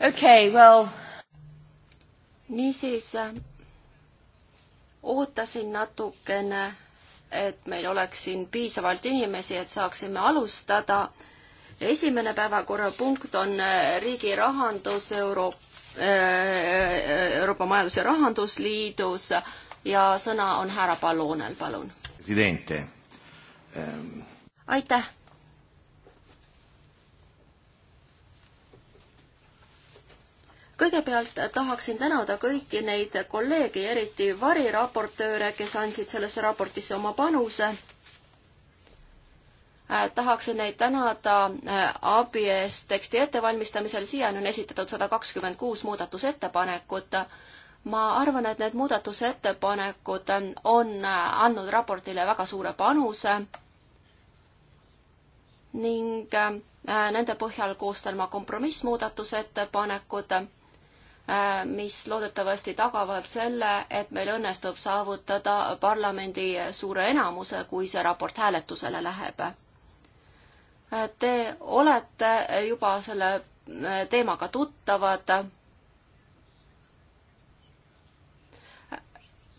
okei okay,, well. niisiis ootasin natukene, et meil oleks siin piisavalt inimesi, et saaksime alustada. esimene päevakorrapunkt on äh, riigi rahandus Euro-, äh, äh, Euroopa Majandus- ja Rahandusliidus ja sõna on härra Pallonel, palun. president ähm.... aitäh kõigepealt tahaksin tänada kõiki neid kolleege, eriti variraportööre, kes andsid sellesse raportisse oma panuse. Äh, tahaksin neid tänada äh, abi eest teksti ettevalmistamisel, siiani on esitatud sada kakskümmend kuus muudatusettepanekut ma arvan, et need muudatusettepanekud on äh, andnud raportile väga suure panuse ning nende põhjal koostan ma kompromissmuudatusettepanekud. Äh, mis loodetavasti tagavad selle, et meil õnnestub saavutada parlamendi suure enamuse, kui see raport hääletusele läheb. Äh, te olete juba selle äh, teemaga tuttavad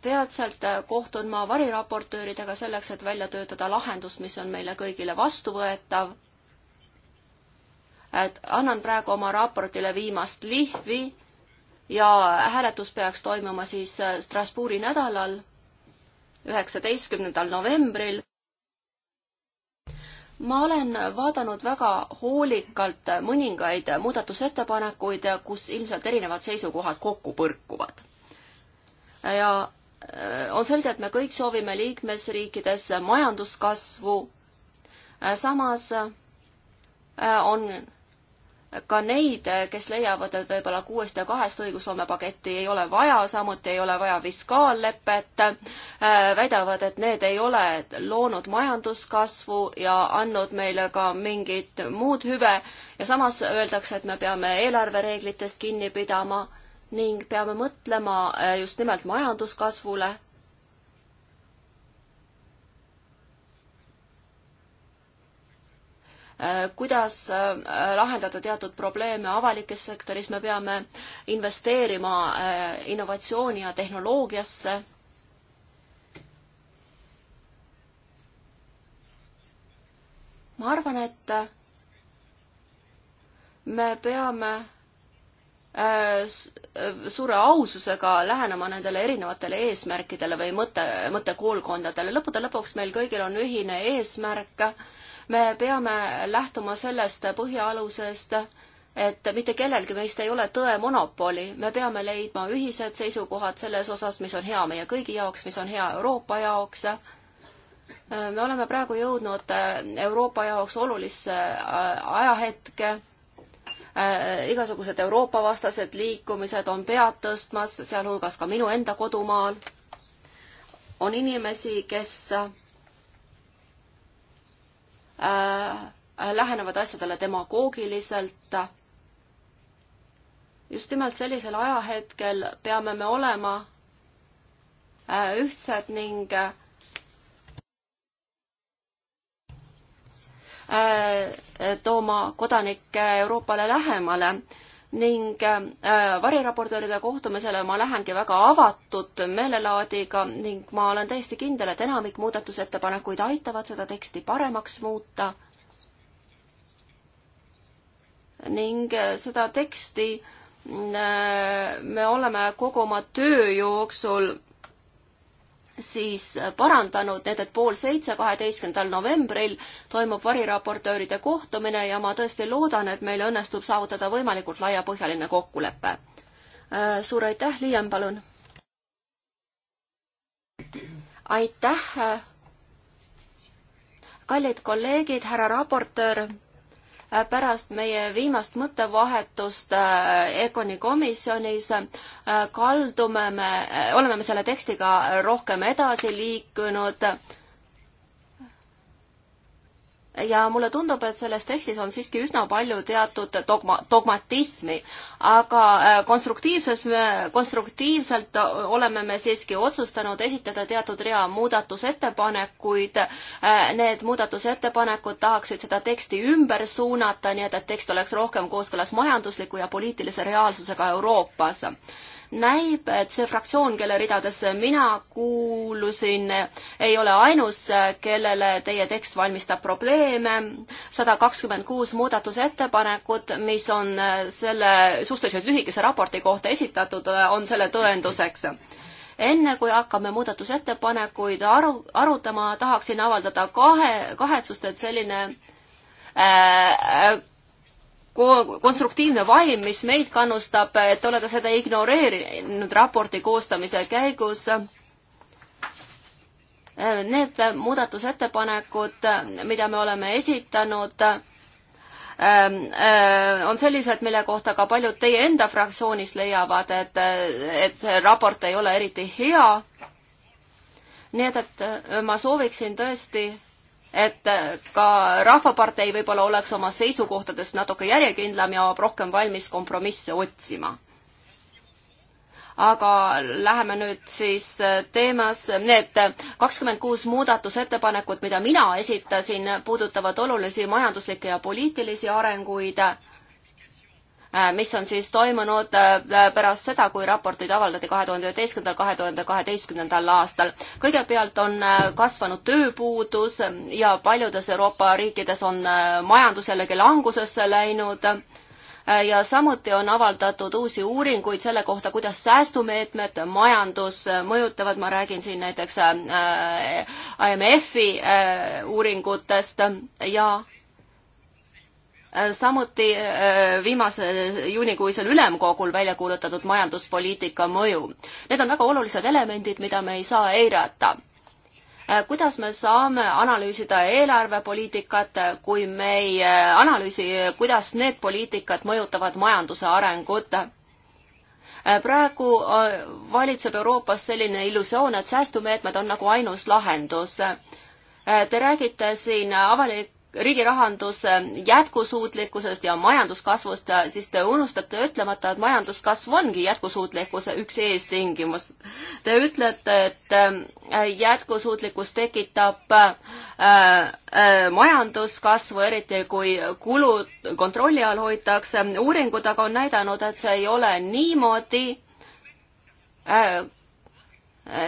peatselt kohtun ma variraportööridega selleks, et välja töötada lahendus, mis on meile kõigile vastuvõetav. et annan praegu oma raportile viimast lihvi ja hääletus peaks toimuma siis äh, Strasbourgi nädalal, üheksateistkümnendal novembril. ma olen vaadanud väga hoolikalt mõningaid muudatusettepanekuid, kus ilmselt erinevad seisukohad kokku põrkuvad. ja äh, on selge, et me kõik soovime liikmesriikides majanduskasvu, äh, samas on ka neid, kes leiavad, et võib-olla kuuest ja kahest õigusloomepaketti ei ole vaja, samuti ei ole vaja fiskaallepet, äh, väidavad, et need ei ole loonud majanduskasvu ja andnud meile ka mingit muud hüve ja samas öeldakse, et me peame eelarvereeglitest kinni pidama ning peame mõtlema äh, just nimelt majanduskasvule Äh, kuidas äh, lahendada teatud probleeme avalikes sektoris, me peame investeerima äh, innovatsiooni ja tehnoloogiasse. ma arvan, et me peame suure aususega lähenema nendele erinevatele eesmärkidele või mõte, mõttekoolkondadele. lõppude lõpuks meil kõigil on ühine eesmärk äh, me peame lähtuma sellest põhialusest, et mitte kellelgi meist ei ole tõemonopoli, me peame leidma ühised seisukohad selles osas, mis on hea meie kõigi jaoks, mis on hea Euroopa jaoks. me oleme praegu jõudnud äh, Euroopa jaoks olulisse äh, ajahetke. Äh, igasugused Euroopa-vastased liikumised on pead tõstmas, sealhulgas ka minu enda kodumaal. on inimesi, kes Äh, lähenevad asjadele demagoogiliselt. just nimelt sellisel ajahetkel peame me olema äh, ühtsed ning äh, tooma kodanikke Euroopale lähemale ning äh, variraportööride kohtumisele ma lähengi väga avatud meelelaadiga ning ma olen täiesti kindel, et enamik muudatusettepanekuid aitavad seda teksti paremaks muuta. ning äh, seda teksti äh, me oleme kogu oma töö jooksul siis parandanud need, et pool seitse, kaheteistkümnendal novembril toimub variraportööride kohtumine ja ma tõesti loodan, et meil õnnestub saavutada võimalikult laiapõhjaline kokkulepe. Äh, suur aitäh, Liian, palun! aitäh! Äh. kallid kolleegid, härra raportöör Äh, pärast meie viimast mõttevahetust äh, EKONi komisjonis äh, kaldume me, oleme me selle tekstiga rohkem edasi liikunud ja mulle tundub, et selles tekstis on siiski üsna palju teatud dogma, dogmatismi, aga äh, konstruktiivselt, konstruktiivselt oleme me siiski otsustanud esitada teatud rea muudatusettepanekuid. Äh, need muudatusettepanekud tahaksid seda teksti ümber suunata, nii et, et tekst oleks rohkem kooskõlas majandusliku ja poliitilise reaalsusega Euroopas näib, et see fraktsioon, kelle ridadesse mina kuulusin, ei ole ainus, kellele teie tekst valmistab probleeme. sada kakskümmend kuus muudatusettepanekut, mis on selle suhteliselt lühikese raporti kohta esitatud, on selle tõenduseks enne kui hakkame muudatusettepanekuid aru, arutama, tahaksin avaldada kahe, kahetsust, et selline äh, konstruktiivne vaim, mis meid kannustab, et olete seda ignoreerinud raporti koostamise käigus. Need muudatusettepanekud, mida me oleme esitanud, ähm, äh, on sellised, mille kohta ka paljud teie enda fraktsioonis leiavad, et, et see raport ei ole eriti hea. nii et, et ma sooviksin tõesti et äh, ka Rahvapartei võib-olla oleks oma seisukohtadest natuke järjekindlam ja rohkem valmis kompromisse otsima. aga läheme nüüd siis äh, teemas, need äh, kakskümmend kuus muudatusettepanekut, mida mina esitasin, puudutavad olulisi majanduslikke ja poliitilisi arenguid Äh, mis on siis toimunud äh, pärast seda, kui raportid avaldati kahe tuhande üheteistkümnendal, kahe tuhande kaheteistkümnendal aastal. kõigepealt on äh, kasvanud tööpuudus ja paljudes Euroopa riikides on majandus jällegi langusesse läinud ja samuti on avaldatud uusi uuringuid selle kohta, kuidas säästumeetmed majandus mõjutavad, ma räägin siin näiteks IMF-i uuringutest ja Äh, samuti äh, viimase juunikuisel ülemkogul välja kuulutatud majanduspoliitika mõju. Need on väga olulised elemendid, mida me ei saa eirata. Äh, kuidas me saame analüüsida eelarvepoliitikat, kui me ei analüüsi, kuidas need poliitikad mõjutavad majanduse arengut? praegu valitseb Euroopas selline illusioon, et säästumeetmed on nagu ainus lahendus Te räägite siin avalik, riigi rahanduse äh, jätkusuutlikkusest ja majanduskasvust, äh, siis te unustate ütlemata, et majanduskasv ongi jätkusuutlikkuse üks eestingimus. Te ütlete, et äh, jätkusuutlikkus tekitab äh, äh, majanduskasvu, eriti kui kulud kontrolli all hoitakse. uuringud aga on näidanud, et see ei ole niimoodi äh,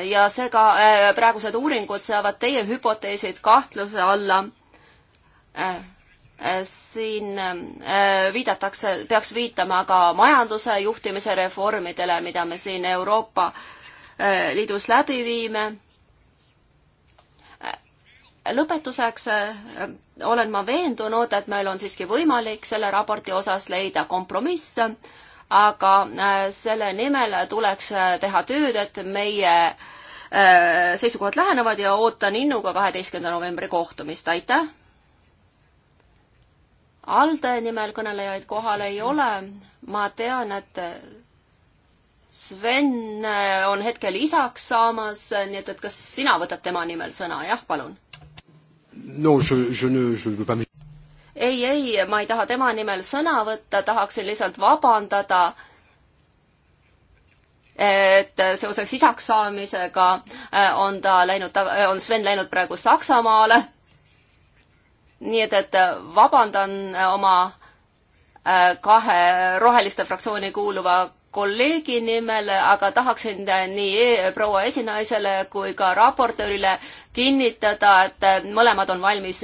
ja seega praegused uuringud seavad teie hüpoteesid kahtluse alla Äh, äh, siin äh, viidatakse, peaks viitama ka majanduse juhtimise reformidele, mida me siin Euroopa Liidus läbi viime lõpetuseks olen ma veendunud, et meil on siiski võimalik selle raporti osas leida kompromiss, aga selle nimel tuleks teha tööd, et meie seisukohad lähenevad ja ootan innuga kaheteistkümnenda novembri kohtumist, aitäh! ALDE nimel kõnelejaid kohal ei ole. ma tean, et Sven on hetkel isaks saamas, nii et, et kas sina võtad tema nimel sõna, jah, palun? no je, je ne, je veux pas ei, ei, ma ei taha tema nimel sõna võtta, tahaksin lihtsalt vabandada, et seoses isaks saamisega eh, on ta läinud, on Sven läinud praegu Saksamaale nii et, et äh, vabandan äh, oma äh, kahe Roheliste fraktsiooni kuuluva kolleegi nimel, aga tahaksin nii proua esinaisele kui ka raportöörile kinnitada, et mõlemad on valmis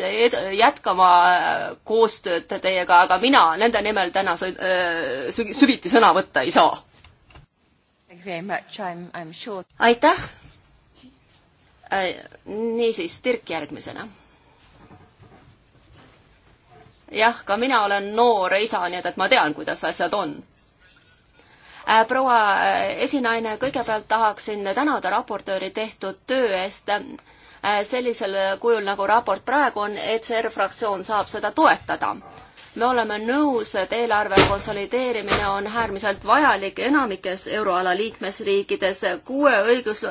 jätkama koostööd teiega, aga mina nende nimel täna süviti sõna võtta ei saa. aitäh. niisiis, Dirk järgmisena jah, ka mina olen noor isa, nii et, et ma tean, kuidas asjad on. Äh, proua äh, esinaine, kõigepealt tahaksin tänada raportööri tehtud töö eest äh, sellisel kujul, nagu raport praegu on, ECR fraktsioon saab seda toetada. me oleme nõus, et eelarve konsolideerimine on äärmiselt vajalik enamikes euroala liikmesriikides. kuue õigus,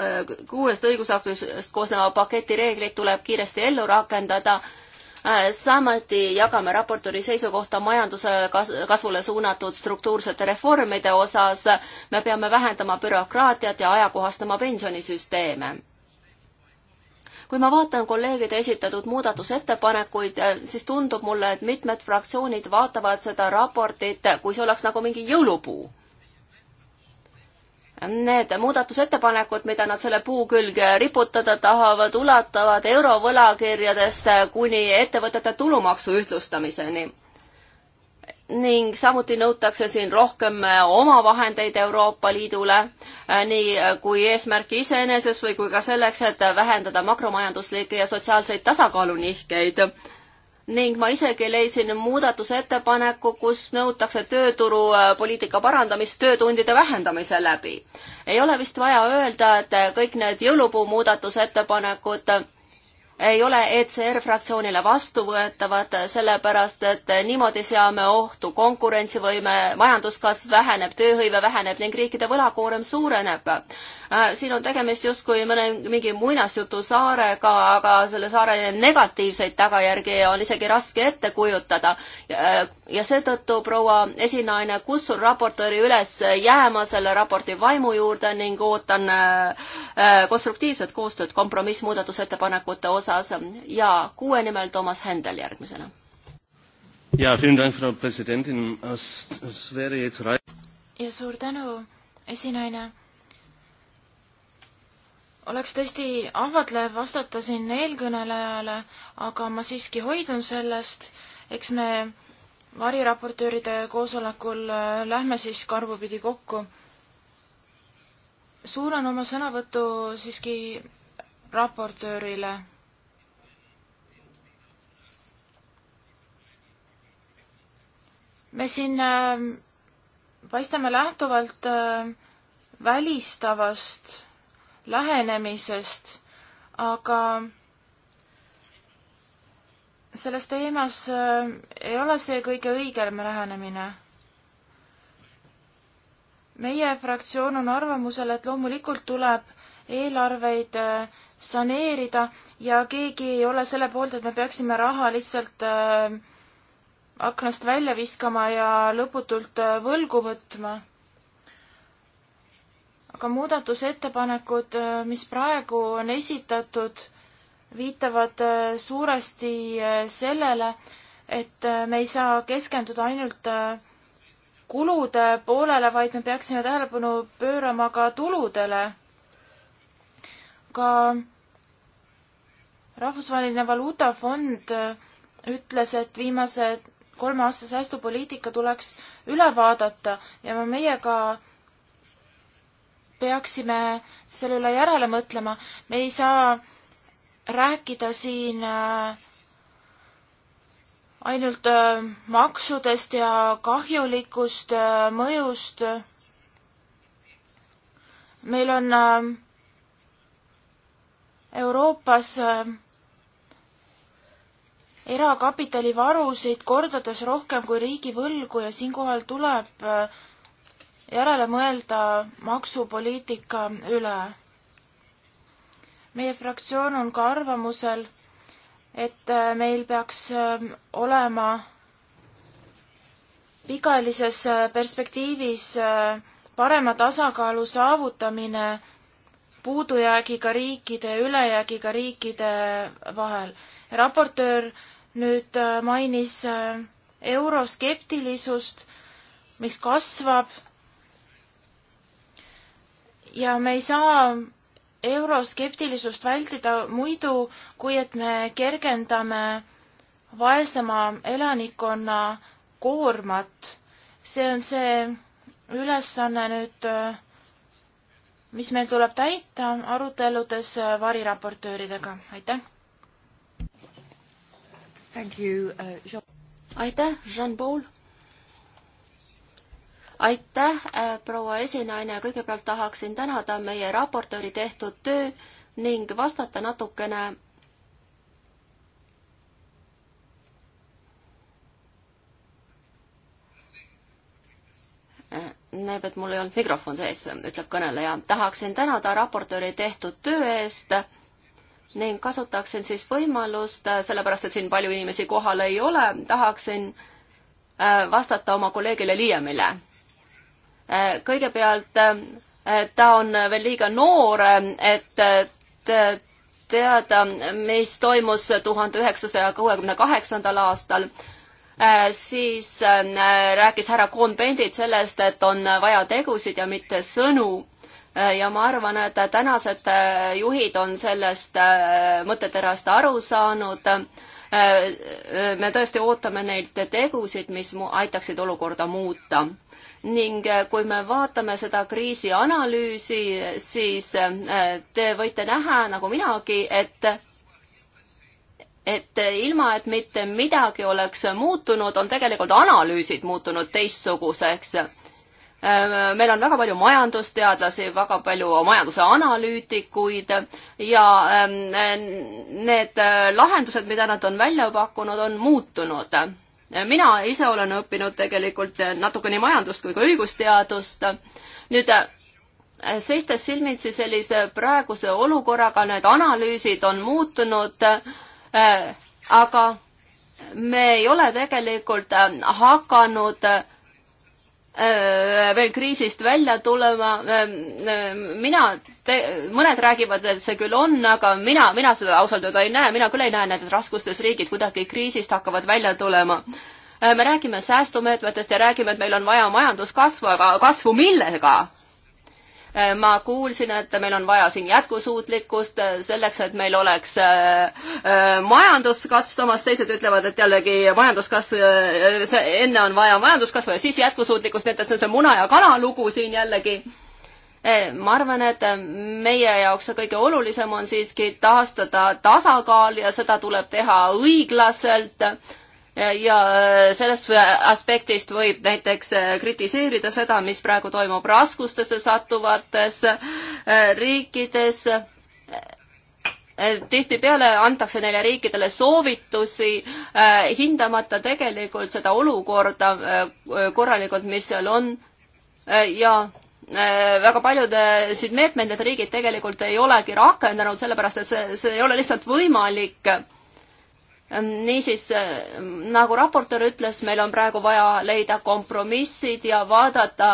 kuuest õigusaktist koosneva paketi reeglid tuleb kiiresti ellu rakendada Äh, samuti jagame raportööri seisukohta majanduse kasvule suunatud struktuursete reformide osas. me peame vähendama bürokraatiat ja ajakohastama pensionisüsteeme kui ma vaatan kolleegide esitatud muudatusettepanekuid, äh, siis tundub mulle, et mitmed fraktsioonid vaatavad seda raportit, kui see oleks nagu mingi jõulupuu Need muudatusettepanekud, mida nad selle puu külge riputada tahavad, ulatavad eurovõlakirjadest kuni ettevõtete tulumaksu ühtlustamiseni. ning samuti nõutakse siin rohkem omavahendeid Euroopa Liidule, äh, nii kui eesmärki iseeneses või kui ka selleks, et vähendada makromajanduslikke ja sotsiaalseid tasakaalunihkeid ning ma isegi leidsin muudatusettepaneku, kus nõutakse tööturupoliitika äh, parandamist töötundide vähendamise läbi. ei ole vist vaja öelda, et kõik need jõulupuu muudatusettepanekud ei ole ECR fraktsioonile vastuvõetavad, sellepärast et niimoodi seame ohtu konkurentsivõime, majanduskasv väheneb, tööhõive väheneb ning riikide võlakoorem suureneb. Äh, siin on tegemist justkui mõne, mingi muinasjutu saarega, aga selle saare negatiivseid tagajärgi on isegi raske ette kujutada. Äh, ja seetõttu, proua esinaine, kutsun raportööri üles jääma selle raporti vaimu juurde ning ootan äh, äh, konstruktiivset koostööd kompromissmuudatusettepanekute osas ja kuue nimel Toomas Händel järgmisena. ja, ja suur tänu, esinaine. oleks tõesti ahvatlev vastata siin eelkõnelejale, aga ma siiski hoidun sellest, eks me variraportööride koosolekul äh, lähme siis karvupidi kokku. suunan oma sõnavõtu siiski raportöörile. me siin äh, paistame lähtuvalt äh, välistavast lähenemisest, aga selles teemas äh, ei ole see kõige õigem lähenemine. meie fraktsioon on arvamusel, et loomulikult tuleb eelarveid äh, saneerida ja keegi ei ole selle poolt, et me peaksime raha lihtsalt äh, aknast välja viskama ja lõputult äh, võlgu võtma. aga muudatusettepanekud äh,, mis praegu on esitatud viitavad äh, suuresti äh, sellele, et äh, me ei saa keskenduda ainult kulude poolele, vaid me peaksime tähelepanu pöörama ka tuludele. ka Rahvusvaheline Valuutafond ütles, et viimase kolme aasta säästupoliitika tuleks üle vaadata ja me meiega peaksime selle üle järele mõtlema. me ei saa rääkida siin äh, ainult äh, maksudest ja kahjulikust äh, mõjust. meil on Euroopas erakapitalivarusid kordades rohkem kui riigivõlgu ja siinkohal tuleb järele mõelda maksupoliitika üle meie fraktsioon on ka arvamusel, et äh, meil peaks ähm, olema pikaajalises äh, perspektiivis äh, parema tasakaalu saavutamine puudujäägiga riikide ja ülejäägiga riikide vahel. raportöör nüüd mainis euroskeptilisust, mis kasvab ja me ei saa euroskeptilisust vältida muidu, kui et me kergendame vaesema elanikkonna koormat. see on see ülesanne nüüd, mis meil tuleb täita aruteludes variraportööridega, aitäh. Uh, aitäh, Jean-Paul aitäh, äh, proua esinaine, kõigepealt tahaksin tänada meie raportööri tehtud töö ning vastata natukene näeb, et mul ei olnud mikrofon sees, ütleb kõneleja. tahaksin tänada raportööri tehtud töö eest ning kasutaksin siis võimalust, äh, sellepärast et siin palju inimesi kohal ei ole, tahaksin äh, vastata oma kolleegile Liiemile Äh, kõigepealt äh, ta on veel liiga noor, äh, et teada, mis toimus tuhande üheksasaja kuuekümne kaheksandal aastal siis rääkis härra Cohn-Bendit sellest, et on vaja tegusid ja mitte sõnu. ja ma arvan, et tänased juhid on sellest mõtteterast aru saanud. me tõesti ootame neilt tegusid, mis aitaksid olukorda muuta ning äh, kui me vaatame seda kriisianalüüsi, siis äh, te võite näha, nagu minagi, et et ilma, et mitte midagi oleks muutunud, on tegelikult analüüsid muutunud teistsuguseks. Äh, meil on väga palju majandusteadlasi, väga palju majanduse analüütikuid ja ähm, need lahendused, mida nad on välja pakkunud, on muutunud mina ise olen õppinud tegelikult natukene majandust kui ka õigusteadust. nüüd äh, seistes silmitsi sellise praeguse olukorraga, need analüüsid on muutunud, äh, aga me ei ole tegelikult äh, hakanud Äh, veel kriisist välja tulema. Ähm, ähm, mina, mõned räägivad, et see küll on, aga mina, mina seda ausalt öelda ei näe, mina küll ei näe, need raskustes riigid kuidagi kriisist hakkavad välja tulema. Äh, me räägime säästumeetmetest ja räägime, et meil on vaja majanduskasvu, aga kasvu millega? Äh, ma kuulsin, et meil on vaja siin jätkusuutlikkust äh, selleks, et meil oleks äh, majanduskasv, samas teised ütlevad, et jällegi majanduskasv, enne on vaja majanduskasvu ja siis jätkusuutlikkust, nii et, et see on see muna ja kana lugu siin jällegi ma arvan, et meie jaoks kõige olulisem on siiski taastada tasakaal ja seda tuleb teha õiglaselt ja äh, sellest aspektist võib näiteks äh, kritiseerida seda, mis praegu toimub raskustesse sattuvates äh, riikides. tihtipeale antakse neile riikidele soovitusi, hindamata tegelikult seda olukorda korralikult, mis seal on ja väga paljudesid meetmeid need riigid tegelikult ei olegi rakendanud, sellepärast et see, see ei ole lihtsalt võimalik Ehm, niisiis, ehm, nagu raportöör ütles, meil on praegu vaja leida kompromissid ja vaadata,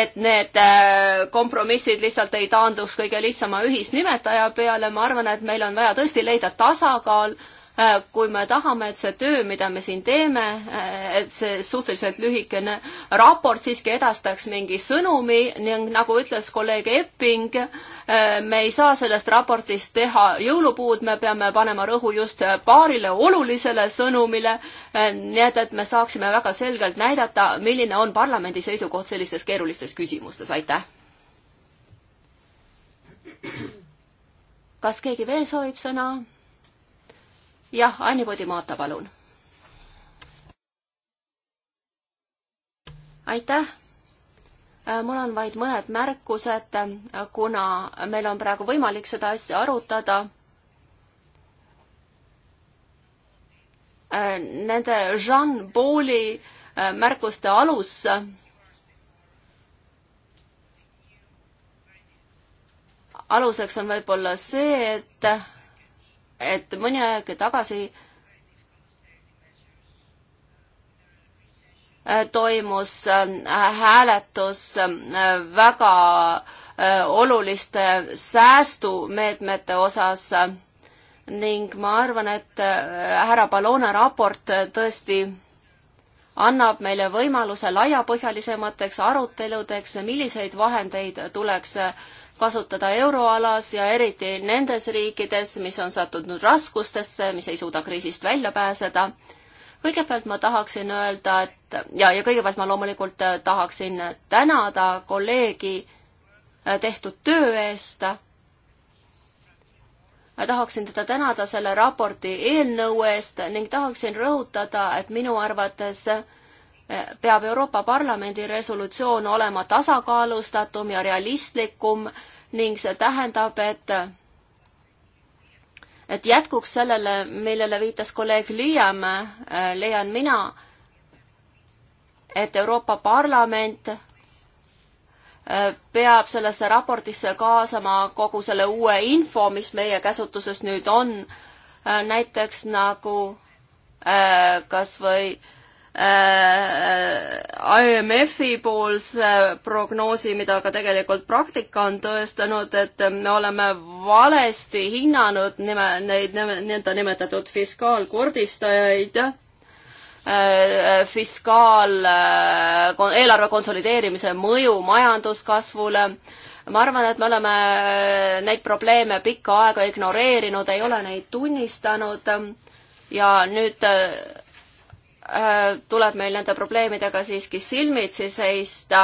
et need ehm, kompromissid lihtsalt ei taanduks kõige lihtsama ühisnimetaja peale, ma arvan, et meil on vaja tõesti leida tasakaal Äh, kui me tahame, et see töö, mida me siin teeme, äh, et see suhteliselt lühikene raport siiski edastaks mingi sõnumi ning nagu ütles kolleeg Epping, äh, me ei saa sellest raportist teha jõulupuud, me peame panema rõhu just paarile olulisele sõnumile, nii et, et me saaksime väga selgelt näidata, milline on parlamendi seisukoht sellistes keerulistes küsimustes, aitäh! kas keegi veel soovib sõna? jah, Anni Podimata, palun. aitäh äh, mul on vaid mõned märkused, äh, kuna meil on praegu võimalik seda asja arutada. Äh, nende Jean Pauli märkuste alus aluseks on võib-olla see, et et mõni aeg tagasi toimus äh, hääletus äh, väga äh, oluliste säästumeetmete osas ning ma arvan, et härra Palone raport tõesti annab meile võimaluse laiapõhjalisemateks aruteludeks, milliseid vahendeid tuleks kasutada euroalas ja eriti nendes riikides, mis on sattunud raskustesse, mis ei suuda kriisist välja pääseda. kõigepealt ma tahaksin öelda, et ja, ja kõigepealt ma loomulikult äh, tahaksin tänada kolleegi äh, tehtud töö eest. tahaksin teda tänada selle raporti eelnõu eest ning tahaksin rõhutada, et minu arvates äh, peab Euroopa Parlamendi resolutsioon olema tasakaalustatum ja realistlikum ning see tähendab, et et jätkuks sellele, millele viitas kolleeg Liiam, äh, leian mina, et Euroopa Parlament äh, peab sellesse raportisse kaasama kogu selle uue info, mis meie käsutuses nüüd on, äh, näiteks nagu kas või äh, Äh, äh, IMF-i poolse prognoosi, mida ka tegelikult praktika on tõestanud, et me oleme valesti hinnanud nime, neid nõndanimetatud fiskaalkordistajaid, äh, fiskaal, eelarve konsolideerimise mõju majanduskasvule ma arvan, et me oleme neid probleeme pikka aega ignoreerinud, ei ole neid tunnistanud ja nüüd Äh, tuleb meil nende probleemidega siiski silmitsi seista.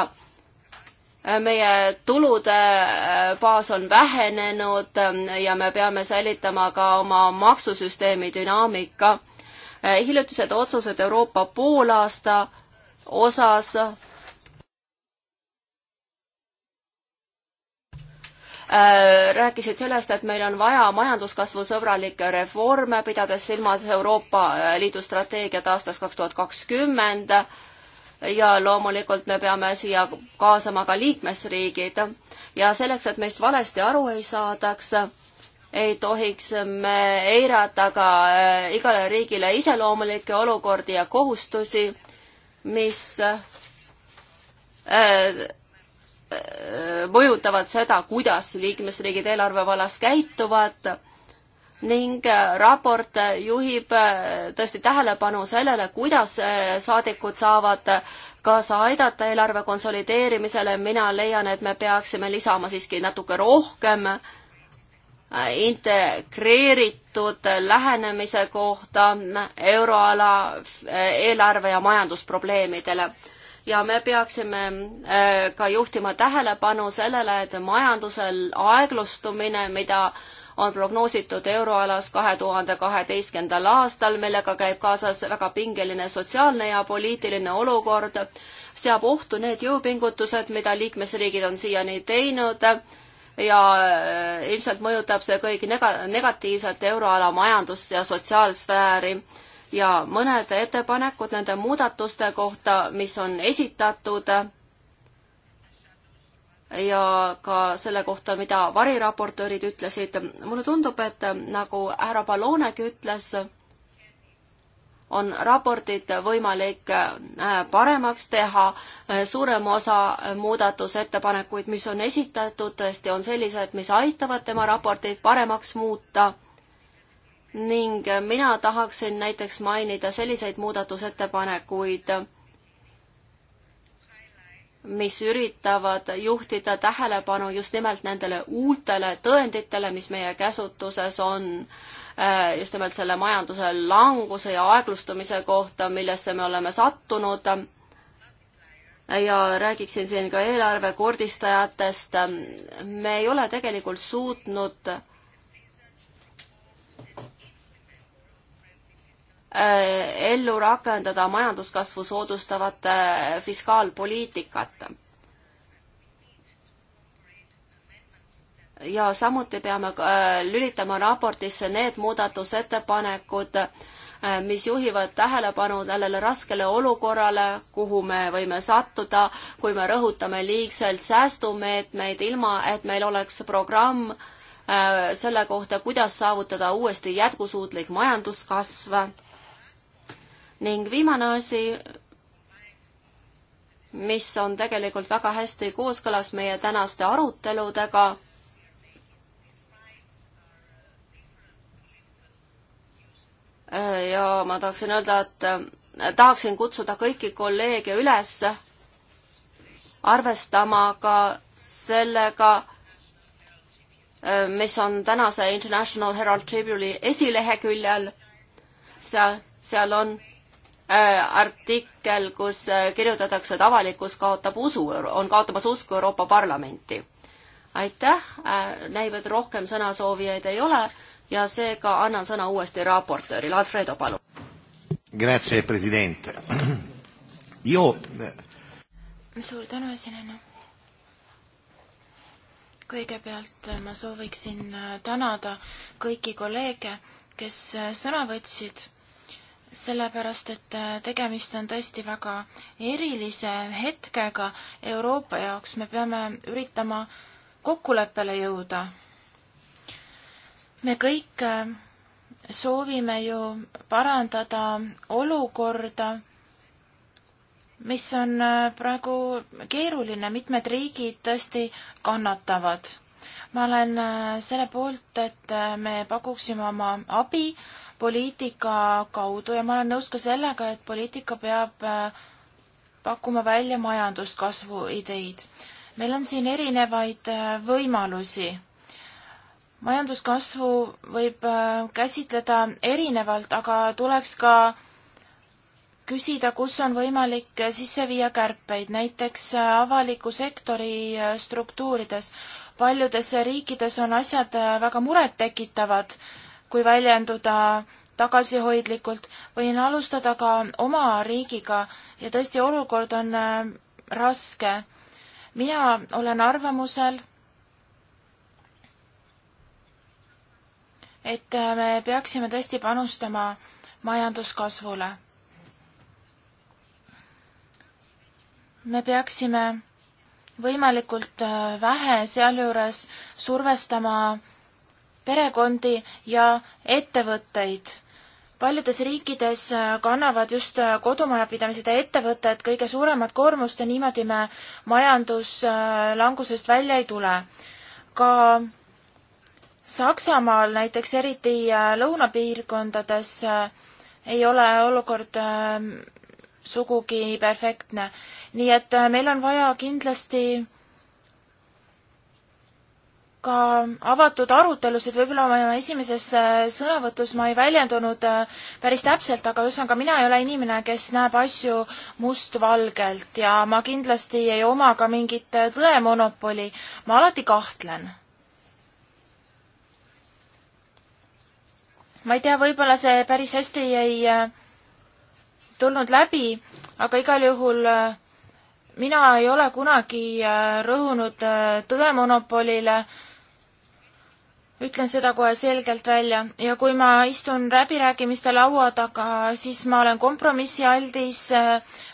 Äh, meie tulude äh, baas on vähenenud ja me peame säilitama ka oma maksusüsteemi dünaamika. hiljutised otsused Euroopa poolaasta osas Äh, rääkisid sellest, et meil on vaja majanduskasvusõbralikke reforme, pidades silmas Euroopa äh, Liidu strateegiat aastast kaks tuhat kakskümmend ja loomulikult me peame siia kaasama ka liikmesriigid ja selleks, et meist valesti aru ei saadaks, ei tohiks me eirata ka äh, igale riigile iseloomulikke olukordi ja kohustusi, mis äh, Äh, mõjutavad seda, kuidas liikmesriigid eelarve vallas käituvad ning äh, raport juhib äh, tõesti tähelepanu sellele, kuidas saadikud saavad kaasa aidata eelarve konsolideerimisele, mina leian, et me peaksime lisama siiski natuke rohkem integreeritud lähenemise kohta euroala eelarve ja majandusprobleemidele ja me peaksime äh, ka juhtima tähelepanu sellele, et majandusel aeglustumine, mida on prognoositud euroalas kahe tuhande kaheteistkümnendal aastal, millega käib kaasas väga pingeline sotsiaalne ja poliitiline olukord, seab ohtu need jõupingutused, mida liikmesriigid on siiani teinud ja äh, ilmselt mõjutab see kõik nega-, negatiivselt euroala majandust ja sotsiaalsfääri ja mõned ettepanekud nende muudatuste kohta, mis on esitatud ja ka selle kohta, mida variraportöörid ütlesid. mulle tundub, et nagu härra Palonegi ütles, on raportit võimalik äh, paremaks teha, äh, suurem osa muudatusettepanekuid, mis on esitatud, tõesti on sellised, mis aitavad tema raportit paremaks muuta ning mina tahaksin näiteks mainida selliseid muudatusettepanekuid, mis üritavad juhtida tähelepanu just nimelt nendele uutele tõenditele, mis meie käsutuses on, äh, just nimelt selle majanduse languse ja aeglustumise kohta, millesse me oleme sattunud. ja räägiksin siin ka eelarvekordistajatest. me ei ole tegelikult suutnud Äh, ellu rakendada majanduskasvu soodustavat äh, fiskaalpoliitikat. ja samuti peame äh, lülitama raportisse need muudatusettepanekud, mis juhivad tähelepanu sellele raskele olukorrale, kuhu me võime sattuda, kui me rõhutame liigselt säästumeetmeid, ilma et meil oleks programm selle kohta, kuidas saavutada uuesti jätkusuutlik majanduskasv ning viimane asi, mis on tegelikult väga hästi kooskõlas meie tänaste aruteludega, ja ma tahaksin öelda, et tahaksin kutsuda kõiki kolleege üles arvestama ka sellega, mis on tänase International Herald Tribune'i esileheküljel. seal, seal on Äh, artikkel, kus äh, kirjutatakse, et avalikkus kaotab usu, on kaotamas usku Euroopa Parlamenti. aitäh, äh, näib, et rohkem sõnasoovijaid ei ole ja seega annan sõna uuesti raportöörile, Alfredo, palun. Grazie, president. Io... suur tänu, esineja. kõigepealt ma sooviksin tänada kõiki kolleege, kes sõna võtsid sellepärast et äh, tegemist on tõesti väga erilise hetkega Euroopa jaoks, me peame üritama kokkuleppele jõuda. me kõik äh, soovime ju parandada olukorda, mis on äh, praegu keeruline, mitmed riigid tõesti kannatavad. ma olen selle poolt, et me pakuksime oma abi poliitika kaudu ja ma olen nõus ka sellega, et poliitika peab äh, pakkuma välja majanduskasvu ideid. meil on siin erinevaid äh, võimalusi. majanduskasvu võib äh, käsitleda erinevalt, aga tuleks ka küsida, kus on võimalik sisse viia kärpeid, näiteks avaliku sektori struktuurides. paljudes riikides on asjad väga murettekitavad kui väljenduda tagasihoidlikult, võin alustada ka oma riigiga ja tõesti, olukord on äh, raske. mina olen arvamusel, et äh, me peaksime tõesti panustama majanduskasvule. me peaksime võimalikult äh, vähe sealjuures survestama perekondi ja ettevõtteid. paljudes riikides äh, kannavad just äh, kodumajapidamised ja ettevõtted kõige suuremat koormust ja niimoodi me majanduslangusest äh, välja ei tule. ka Saksamaal näiteks, eriti lõunapiirkondades, ei ole olukord sugugi perfektne. nii et meil on vaja kindlasti ka avatud arutelusid, võib-olla oma esimeses äh, sõnavõtus ma ei väljendunud äh, päris täpselt, aga ühesõnaga, mina ei ole inimene, kes näeb asju mustvalgelt ja ma kindlasti ei oma ka mingit äh, tõemonopoli. ma alati kahtlen. ma ei tea, võib-olla see päris hästi ei tulnud läbi, aga igal juhul mina ei ole kunagi rõhunud tõemonopolile ütlen seda kohe selgelt välja ja kui ma istun läbirääkimiste laua taga, siis ma olen kompromissialdis.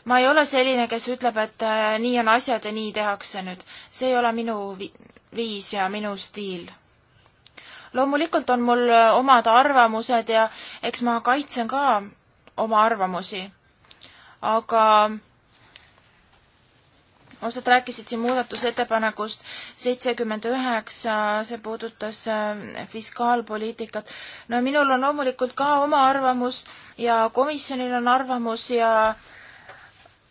ma ei ole selline, kes ütleb, et äh, nii on asjad ja nii tehakse nüüd. see ei ole minu viis ja minu stiil. loomulikult on mul äh, omad arvamused ja eks ma kaitsen ka oma arvamusi. aga osad rääkisid siin muudatusettepanekust seitsekümmend üheksa, see puudutas äh, fiskaalpoliitikat. no minul on loomulikult ka oma arvamus ja komisjonil on arvamus ja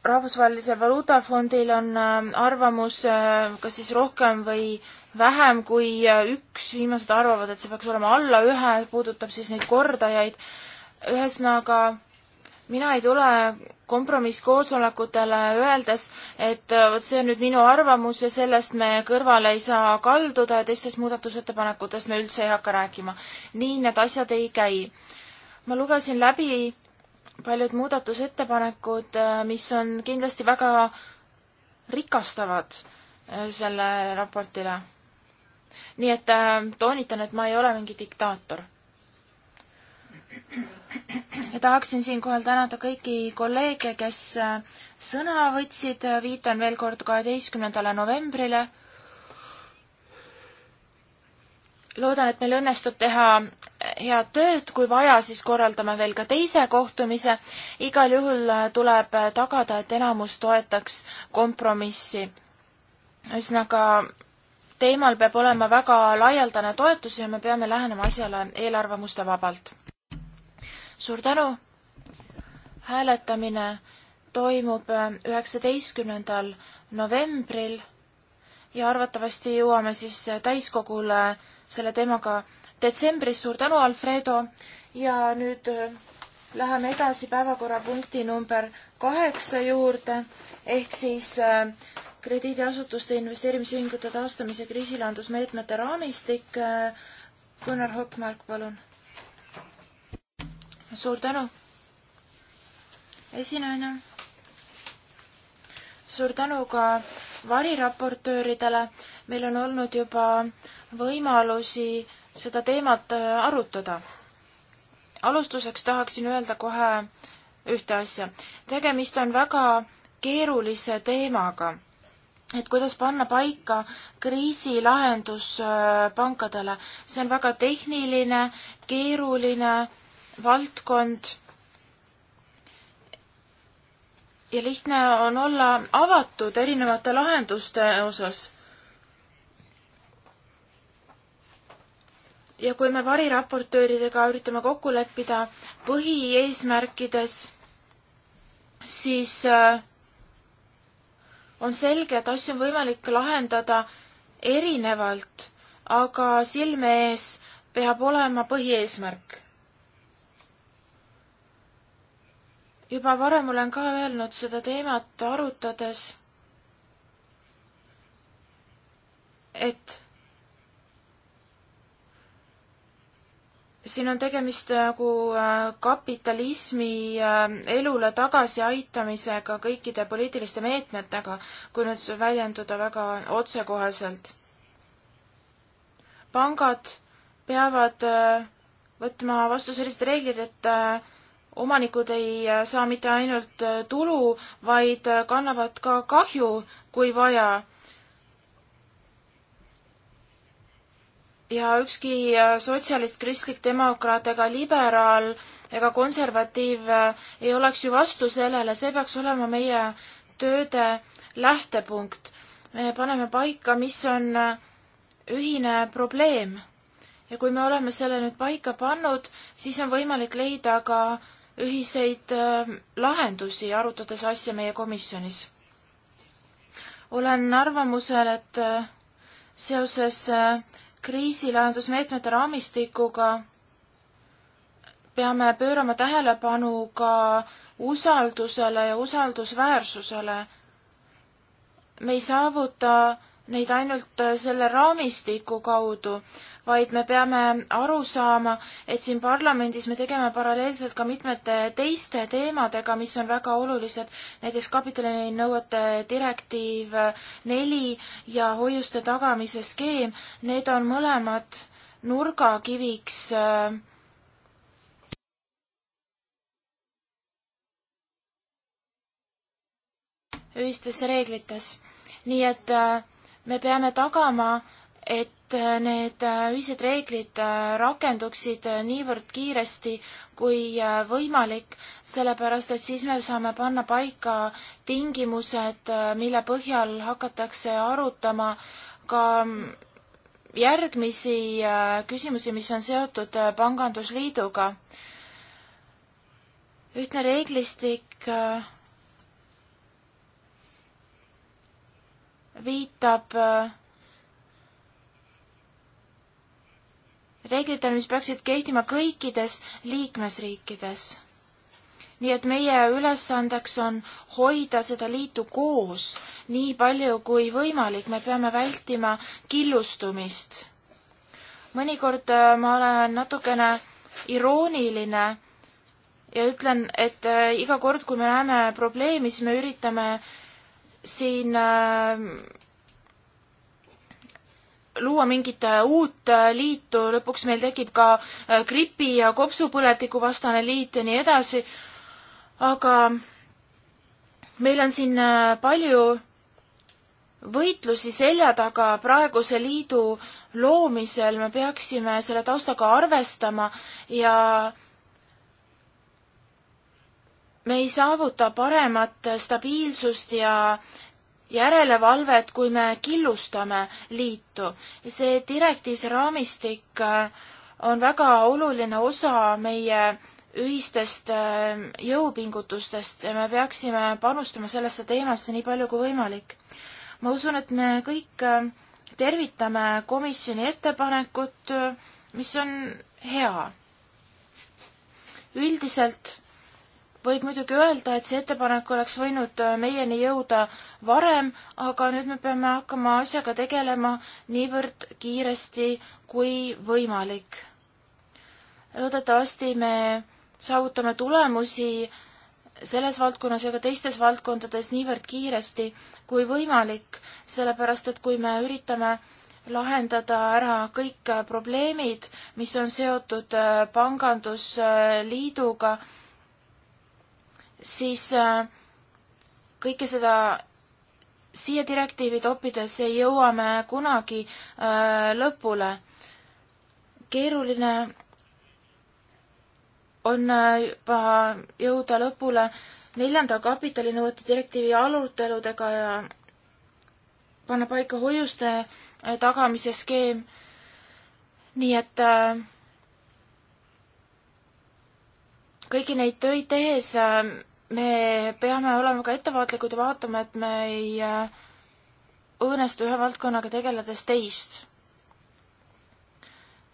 rahvusvahelisel valuutafondil on äh, arvamus äh, kas siis rohkem või vähem kui üks, viimased arvavad, et see peaks olema alla ühe, puudutab siis neid kordajaid. ühesõnaga mina ei tule kompromisskoosolekutele öeldes, et äh, vot see on nüüd minu arvamus ja sellest me kõrvale ei saa kalduda ja teistest muudatusettepanekutest me üldse ei hakka rääkima. nii need asjad ei käi. ma lugesin läbi paljud muudatusettepanekud, äh, mis on kindlasti väga rikastavad äh, selle raportile. nii et toonitan, et ma ei ole mingi diktaator ja tahaksin siinkohal tänada kõiki kolleege, kes äh, sõna võtsid, viitan veel kord kaheteistkümnendale novembrile. loodan, et meil õnnestub teha äh, head tööd, kui vaja, siis korraldame veel ka teise kohtumise. igal juhul äh, tuleb tagada, et enamus toetaks kompromissi. ühesõnaga, teemal peab olema väga laialdane toetus ja me peame lähenema asjale eelarvamuste vabalt suur tänu. hääletamine toimub äh, üheksateistkümnendal novembril ja arvatavasti jõuame siis äh, täiskogule selle teemaga detsembris. suur tänu, Alfredo. ja nüüd äh, läheme edasi päevakorrapunkti number kaheksa juurde ehk siis krediidiasutuste investeerimisühingute taastamise kriisilahendusmeetmete raamistik. Gunnar Hokmark, palun suur tänu, esinaine. suur tänu ka variraportööridele, meil on olnud juba võimalusi seda teemat äh, arutada. alustuseks tahaksin öelda kohe ühte asja. tegemist on väga keerulise teemaga, et kuidas panna paika kriisilahendus äh, pankadele. see on väga tehniline, keeruline valdkond ja lihtne on olla avatud erinevate lahenduste osas. ja kui me variraportööridega üritame kokku leppida põhieesmärkides, siis äh, on selge, et asju on võimalik lahendada erinevalt, aga silme ees peab olema põhieesmärk juba varem olen ka öelnud seda teemat arutades, et siin on tegemist nagu äh, kapitalismi äh, elule tagasiaitamisega kõikide poliitiliste meetmetega, kui nüüd väljenduda väga otsekoheselt. pangad peavad äh, võtma vastu sellised reeglid, et omanikud ei äh, saa mitte ainult äh, tulu, vaid äh, kannavad ka kahju, kui vaja. ja ükski sotsialist, kristlik demokraat ega liberaal ega konservatiiv ei oleks ju vastu sellele, see peaks olema meie tööde lähtepunkt. me paneme paika, mis on ühine probleem ja kui me oleme selle nüüd paika pannud, siis on võimalik leida ka ühiseid äh, lahendusi, arutades asja meie komisjonis. olen arvamusel, et äh, seoses äh, kriisilahendusmeetmete raamistikuga peame pöörama tähelepanu ka usaldusele ja usaldusväärsusele. me ei saavuta neid ainult äh, selle raamistiku kaudu, vaid me peame aru saama, et siin parlamendis me tegeme paralleelselt ka mitmete teiste teemadega, mis on väga olulised, näiteks kapitalinõuete direktiiv äh, neli ja hoiuste tagamise skeem, need on mõlemad nurgakiviks äh, ühistes reeglites. nii et äh, me peame tagama, et äh, need äh, ühised reeglid äh, rakenduksid niivõrd kiiresti kui võimalik, sellepärast et siis me saame panna paika tingimused, mille põhjal hakatakse arutama ka mm, järgmisi küsimusi, mis on seotud pangandusliiduga. ühtne reeglistik viitab äh, reeglitele, mis peaksid kehtima kõikides liikmesriikides. nii et meie ülesandeks on hoida seda liitu koos nii palju kui võimalik, me peame vältima killustumist. mõnikord äh, ma olen natukene irooniline ja ütlen, et äh, iga kord, kui me näeme probleemi, siis me üritame siin äh, luua mingit äh, uut äh, liitu, lõpuks meil tekib ka äh, gripi ja kopsupõletiku vastane liit ja nii edasi. aga meil on siin palju võitlusi selja taga praeguse liidu loomisel, me peaksime selle taustaga arvestama ja me ei saavuta paremat stabiilsust ja järelevalvet, kui me killustame liitu. see direktiivse raamistik äh, on väga oluline osa meie ühistest äh, jõupingutustest ja me peaksime panustama sellesse teemasse nii palju kui võimalik. ma usun, et me kõik äh, tervitame komisjoni ettepanekut, mis on hea. üldiselt võib muidugi öelda, et see ettepanek oleks võinud äh, meieni jõuda varem, aga nüüd me peame hakkama asjaga tegelema niivõrd kiiresti kui võimalik. loodetavasti me saavutame tulemusi selles valdkonnas ja ka teistes valdkondades niivõrd kiiresti kui võimalik, sellepärast et kui me üritame lahendada ära kõik äh, probleemid, mis on seotud äh, pangandusliiduga, siis äh, kõike seda siia direktiivi toppides ei jõua me kunagi äh, lõpule. keeruline on äh, juba jõuda lõpule neljanda kapitalinõuete direktiivi aruteludega ja panna paika hoiuste tagamise skeem. nii et kõiki neid töid tehes me peame olema ka ettevaatlikud ja vaatama, et me ei äh, õõnestu ühe valdkonnaga tegeledes teist.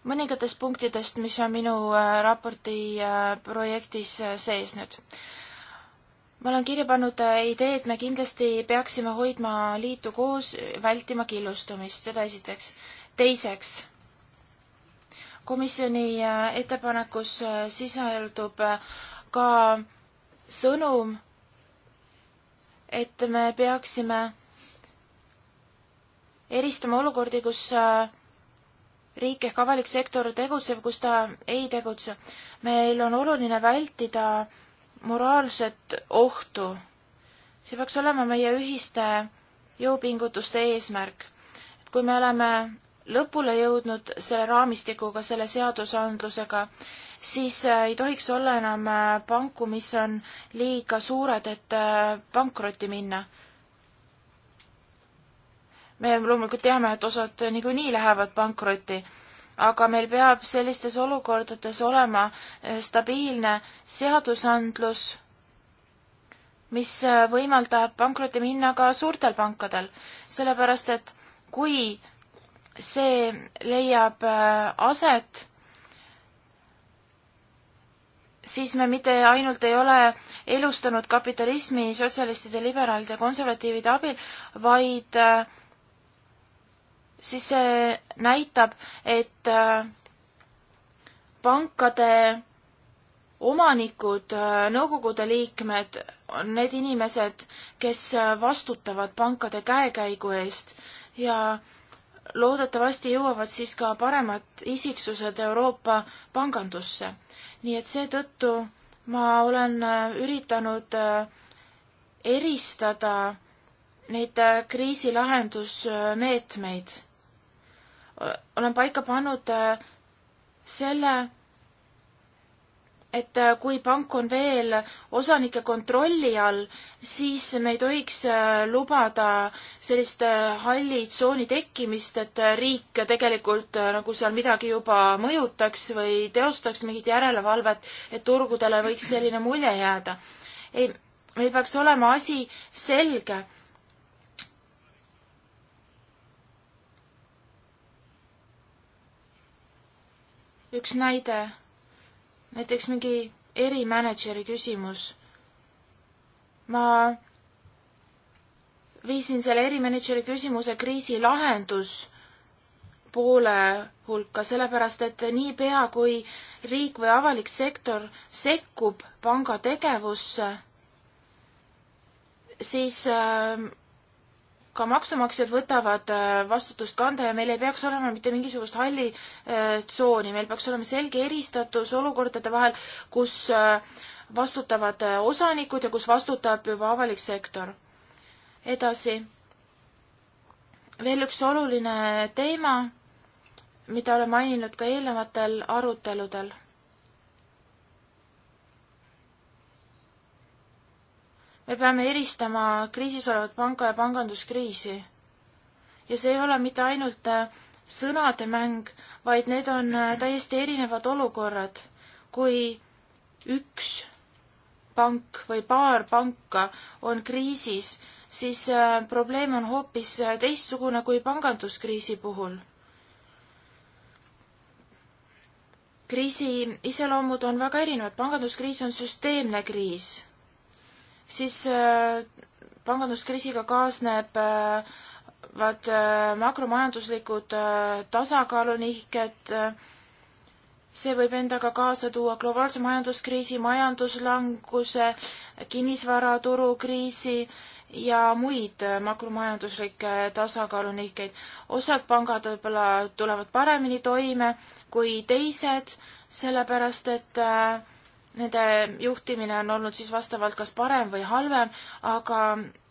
mõningatest punktidest, mis on minu äh, raporti äh, projektis sees nüüd. ma olen kirja pannud idee, et me kindlasti peaksime hoidma liitu koos, vältima killustumist, seda esiteks. teiseks, komisjoni ettepanekus sisaldub ka sõnum, et me peaksime eristama olukordi, kus äh, riik ehk avalik sektor tegutseb, kus ta ei tegutse. meil on oluline vältida moraalset ohtu. see peaks olema meie ühiste jõupingutuste eesmärk. et kui me oleme lõpule jõudnud selle raamistikuga, selle seadusandlusega, siis äh, ei tohiks olla enam äh, panku, mis on liiga suured, et äh, pankrotti minna. me loomulikult teame, et osad niikuinii lähevad pankrotti, aga meil peab sellistes olukordades olema stabiilne seadusandlus, mis võimaldab pankrotti minna ka suurtel pankadel, sellepärast et kui see leiab aset, siis me mitte ainult ei ole elustanud kapitalismi sotsialistide, liberaalide, konservatiivide abil, vaid äh, siis see näitab, et äh, pankade omanikud, äh, nõukogude liikmed on need inimesed, kes vastutavad pankade käekäigu eest ja loodetavasti jõuavad siis ka paremad isiksused Euroopa pangandusse nii et seetõttu ma olen äh, üritanud äh, eristada neid äh, kriisilahendusmeetmeid. olen paika pannud selle, et äh, kui pank on veel osanike kontrolli all, siis me ei tohiks äh, lubada sellist äh, halli tsooni tekkimist, et riik tegelikult nagu seal midagi juba mõjutaks või teostaks mingit järelevalvet, et turgudele võiks selline mulje jääda. ei, meil peaks olema asi selge üks näide näiteks mingi erimänedžeri küsimus. ma viisin selle erimänedžeri küsimuse kriisi lahendus poole hulka, sellepärast et niipea, kui riik või avalik sektor sekkub panga tegevusse, siis äh, ka maksumaksjad võtavad äh, vastutust kanda ja meil ei peaks olema mitte mingisugust halli äh, tsooni, meil peaks olema selge eristatus olukordade vahel, kus äh, vastutavad osanikud ja kus vastutab juba avalik sektor. edasi, veel üks oluline teema, mida olen maininud ka eelnevatel aruteludel me peame eristama kriisis olevat panga ja panganduskriisi. ja see ei ole mitte ainult äh, sõnade mäng, vaid need on äh, täiesti erinevad olukorrad, kui üks pank või paar panka on kriisis, siis äh, probleem on hoopis teistsugune kui panganduskriisi puhul. kriisi iseloomud on väga erinevad, panganduskriis on süsteemne kriis siis äh, panganduskriisiga kaasneb äh, vaat äh, makromajanduslikud tasakaalunihked, see võib endaga kaasa tuua globaalse majanduskriisi, majanduslanguse, kinnisvaraturu kriisi ja muid makromajanduslikke tasakaalunihkeid. osad pangad võib-olla tulevad paremini toime kui teised, sellepärast et äh, Nende juhtimine on olnud siis vastavalt kas parem või halvem, aga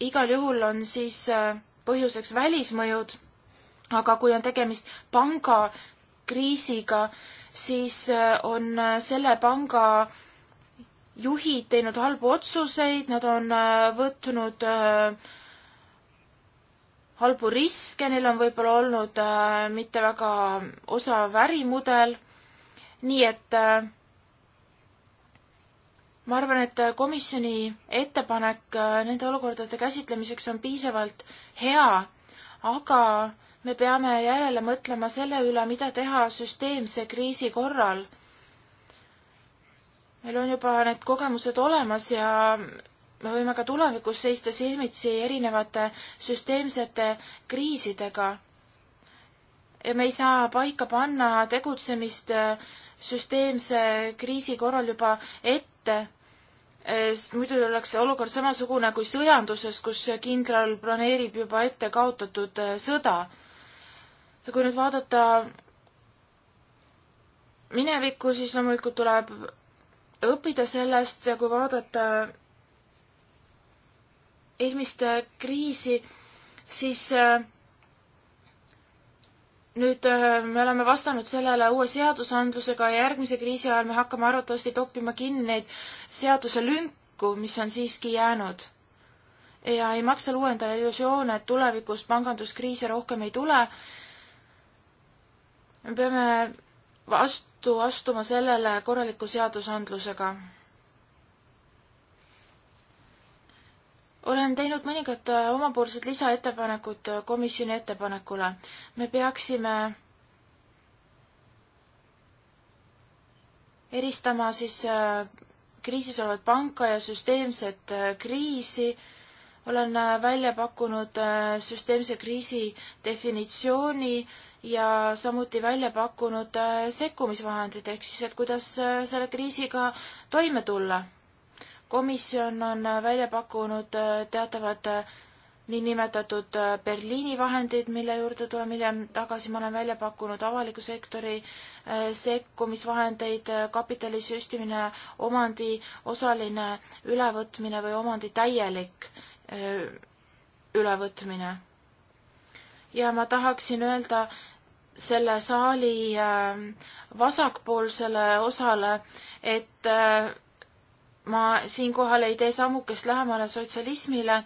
igal juhul on siis äh, põhjuseks välismõjud. aga kui on tegemist pangakriisiga, siis äh, on äh, selle panga juhid teinud halbu otsuseid, nad on võtnud halbu riske, neil on võib-olla olnud mitte väga osav ärimudel. nii et ma arvan, et komisjoni ettepanek äh, nende olukordade käsitlemiseks on piisavalt hea, aga me peame järele mõtlema selle üle, mida teha süsteemse kriisi korral. meil on juba need kogemused olemas ja me võime ka tulevikus seista silmitsi erinevate süsteemsete kriisidega. ja me ei saa paika panna tegutsemist äh, süsteemse kriisi korral juba ette muidu oleks olukord samasugune kui sõjanduses, kus kindral planeerib juba ette kaotatud äh, sõda. ja kui nüüd vaadata minevikku, siis loomulikult tuleb õppida sellest ja kui vaadata eelmist kriisi, siis äh, nüüd äh, me oleme vastanud sellele uue seadusandlusega ja järgmise kriisi ajal me hakkame arvatavasti toppima kinni neid seaduselünku, mis on siiski jäänud. ja ei maksa luua endale illusioone, et tulevikus panganduskriise rohkem ei tule. me peame vastu astuma sellele korraliku seadusandlusega olen teinud mõningad äh, omapoolsed lisaettepanekud äh, komisjoni ettepanekule. me peaksime eristama siis äh, kriisis olevat panka ja süsteemset kriisi. olen välja pakkunud süsteemse kriisi definitsiooni ja samuti välja pakkunud sekkumisvahendid ehk siis, et kuidas selle kriisiga toime tulla komisjon on äh, välja pakkunud äh, teatavad äh, niinimetatud Berliini vahendid, mille juurde tuleme hiljem tagasi, ma olen välja pakkunud avaliku sektori sekkumisvahendeid, kapitali süstimine, omandi osaline ülevõtmine või omandi täielik ülevõtmine. ja ma tahaksin öelda selle saali vasakpoolsele osale, et ma siinkohal ei tee sammukest lähemale sotsialismile,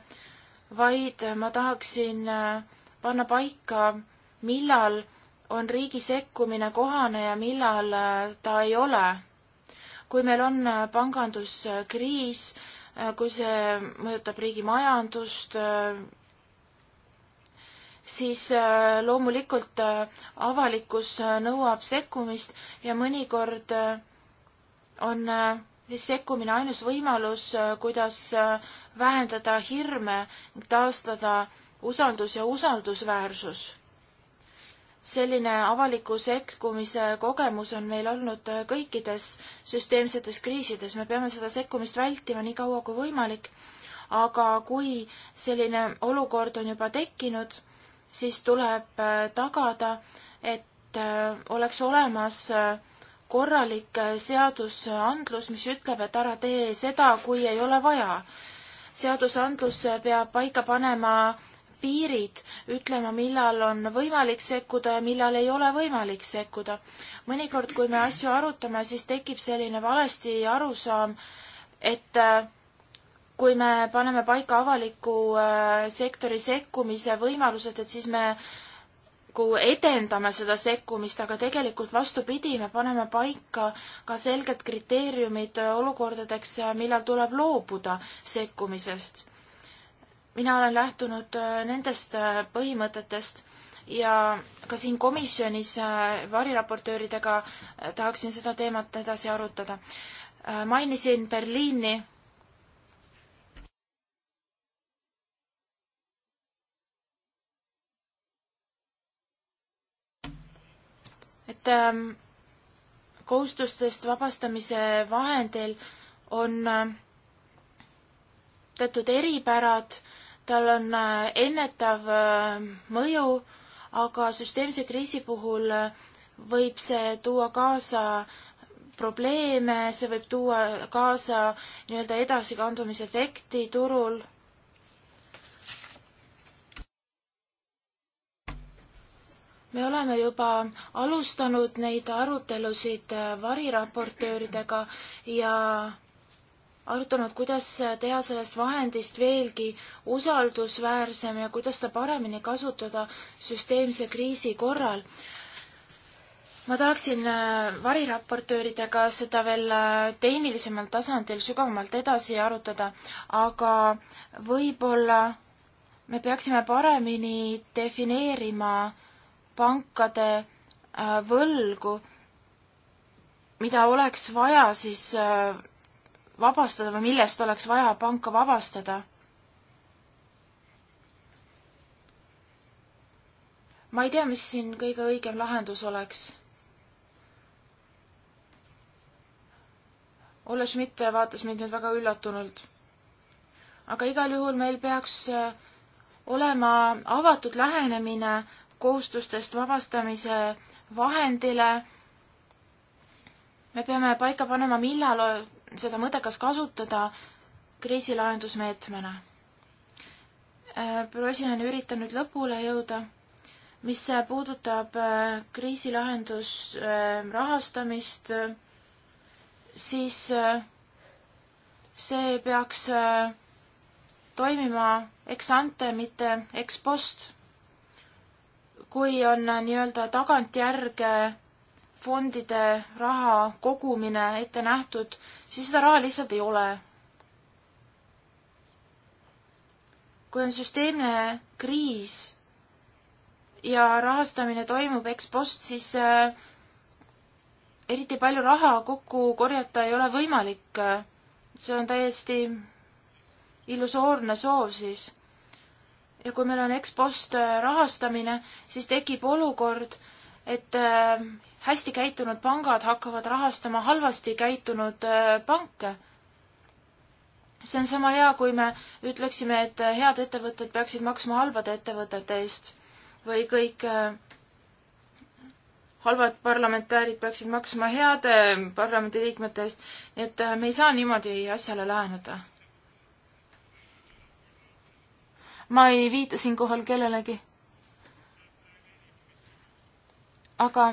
vaid ma tahaksin äh, panna paika, millal on riigi sekkumine kohane ja millal äh, ta ei ole. kui meil on äh, panganduskriis, kui see mõjutab riigi majandust, siis loomulikult avalikkus nõuab sekkumist ja mõnikord on sekkumine ainus võimalus, äh, kuidas äh, vähendada hirme, taastada usaldus ja usaldusväärsus. selline avaliku sekkumise kogemus on meil olnud äh, kõikides süsteemsetes kriisides, me peame seda sekkumist vältima nii kaua kui võimalik, aga kui selline olukord on juba tekkinud, siis tuleb tagada, et oleks olemas äh, korralik seadusandlus, mis ütleb, et ära tee seda, kui ei ole vaja. seadusandlus peab paika panema piirid, ütlema, millal on võimalik sekkuda ja millal ei ole võimalik sekkuda. mõnikord, kui me asju arutame, siis tekib selline valesti arusaam, et äh, kui me paneme paika avaliku äh, sektori sekkumise võimalused, et siis me nagu edendame seda sekkumist, aga tegelikult vastupidi, me paneme paika ka selged kriteeriumid olukordadeks, millal tuleb loobuda sekkumisest. mina olen lähtunud äh, nendest äh, põhimõtetest ja ka siin komisjonis äh, variraportööridega tahaksin seda teemat edasi arutada. mainisin Berliini et ähm, kohustustest vabastamise vahendil on äh, teatud eripärad, tal on äh, ennetav äh, mõju, aga süsteemse kriisi puhul võib see tuua kaasa probleeme, see võib tuua kaasa nii-öelda edasikandumisefekti turul me oleme juba alustanud neid arutelusid äh, variraportööridega ja arutanud, kuidas teha sellest vahendist veelgi usaldusväärsem ja kuidas seda paremini kasutada süsteemse kriisi korral. ma tahaksin äh, variraportööridega seda veel äh, tehnilisemal tasandil sügavamalt edasi arutada, aga võib-olla me peaksime paremini defineerima pankade äh, võlgu, mida oleks vaja siis äh, vabastada või millest oleks vaja panka vabastada. ma ei tea, mis siin kõige õigem lahendus oleks. Olle Schmidt vaatas mind nüüd väga üllatunult. aga igal juhul meil peaks äh, olema avatud lähenemine kohustustest vabastamise vahendile. me peame paika panema, millal seda mõttekas kasutada kriisilahendusmeetmena. Äh, president üritan nüüd lõpule jõuda. mis puudutab äh, kriisilahendus äh, rahastamist, siis see peaks toimima ex ante, mitte ex post kui on äh, nii-öelda tagantjärge fondide raha kogumine ette nähtud, siis seda raha lihtsalt ei ole. kui on süsteemne kriis ja rahastamine toimub ekspost, siis äh, eriti palju raha kokku korjata ei ole võimalik. see on täiesti illusoorne soov siis ja kui meil on ekspost äh, rahastamine, siis tekib olukord, et äh, hästi käitunud pangad hakkavad rahastama halvasti käitunud äh, panke. see on sama hea, kui me ütleksime, et head ettevõtted peaksid maksma halbade ettevõtete eest või kõik halvad parlamentäärid peaksid maksma heade parlamendiliikmete eest, nii et me ei saa niimoodi asjale läheneda ma ei viita siinkohal kellelegi. aga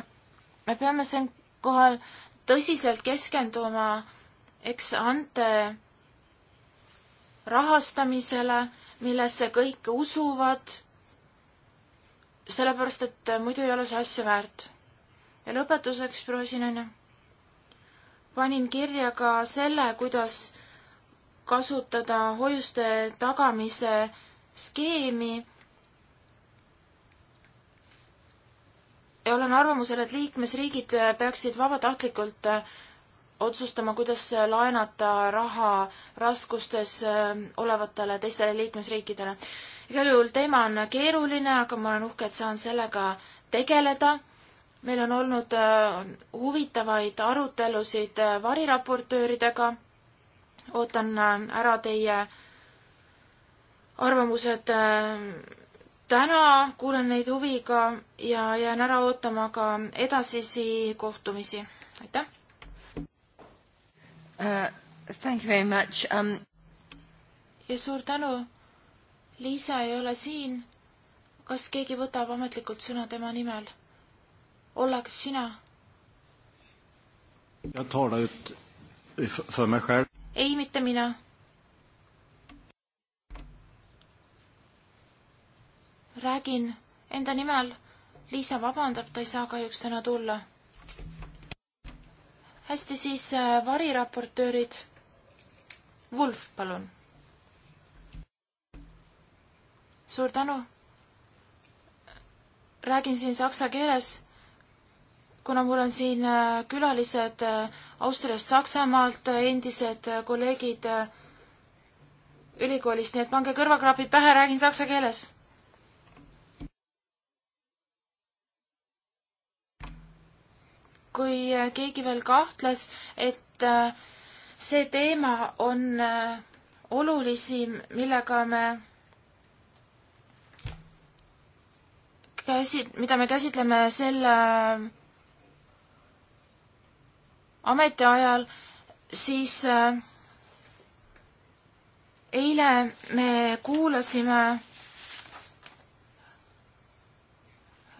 me peame siinkohal tõsiselt keskenduma eks ante rahastamisele, millesse kõik usuvad, sellepärast et muidu ei ole see asja väärt. ja lõpetuseks, proua Sinene, panin kirja ka selle, kuidas kasutada hoiuste tagamise skeemi. ja olen arvamusel, et liikmesriigid peaksid vabatahtlikult äh, otsustama, kuidas äh, laenata raha raskustes äh, olevatele teistele liikmesriikidele. igal juhul teema on keeruline, aga ma olen uhke, et saan sellega tegeleda. meil on olnud huvitavaid arutelusid variraportööridega. ootan ära teie arvamused äh, täna, kuulan neid huviga ja jään ära ootama ka edasisi kohtumisi. aitäh uh,! Thank you very much um.... ja suur tänu. Liisa ei ole siin. kas keegi võtab ametlikult sõna tema nimel? Olla, kas sina? ei, mitte mina räägin enda nimel. Liisa vabandab, ta ei saa kahjuks täna tulla. hästi, siis äh, variraportöörid. Wolf, palun. suur tänu. räägin siin saksa keeles kuna mul on siin äh, külalised äh, Austriast, Saksamaalt, endised kolleegid ülikoolist, nii et pange kõrvaklapid pähe, räägin saksa keeles. kui äh, keegi veel kahtles, et äh, see teema on äh, olulisim, millega me käsi, mida me käsitleme selle ametiajal, siis eile me kuulasime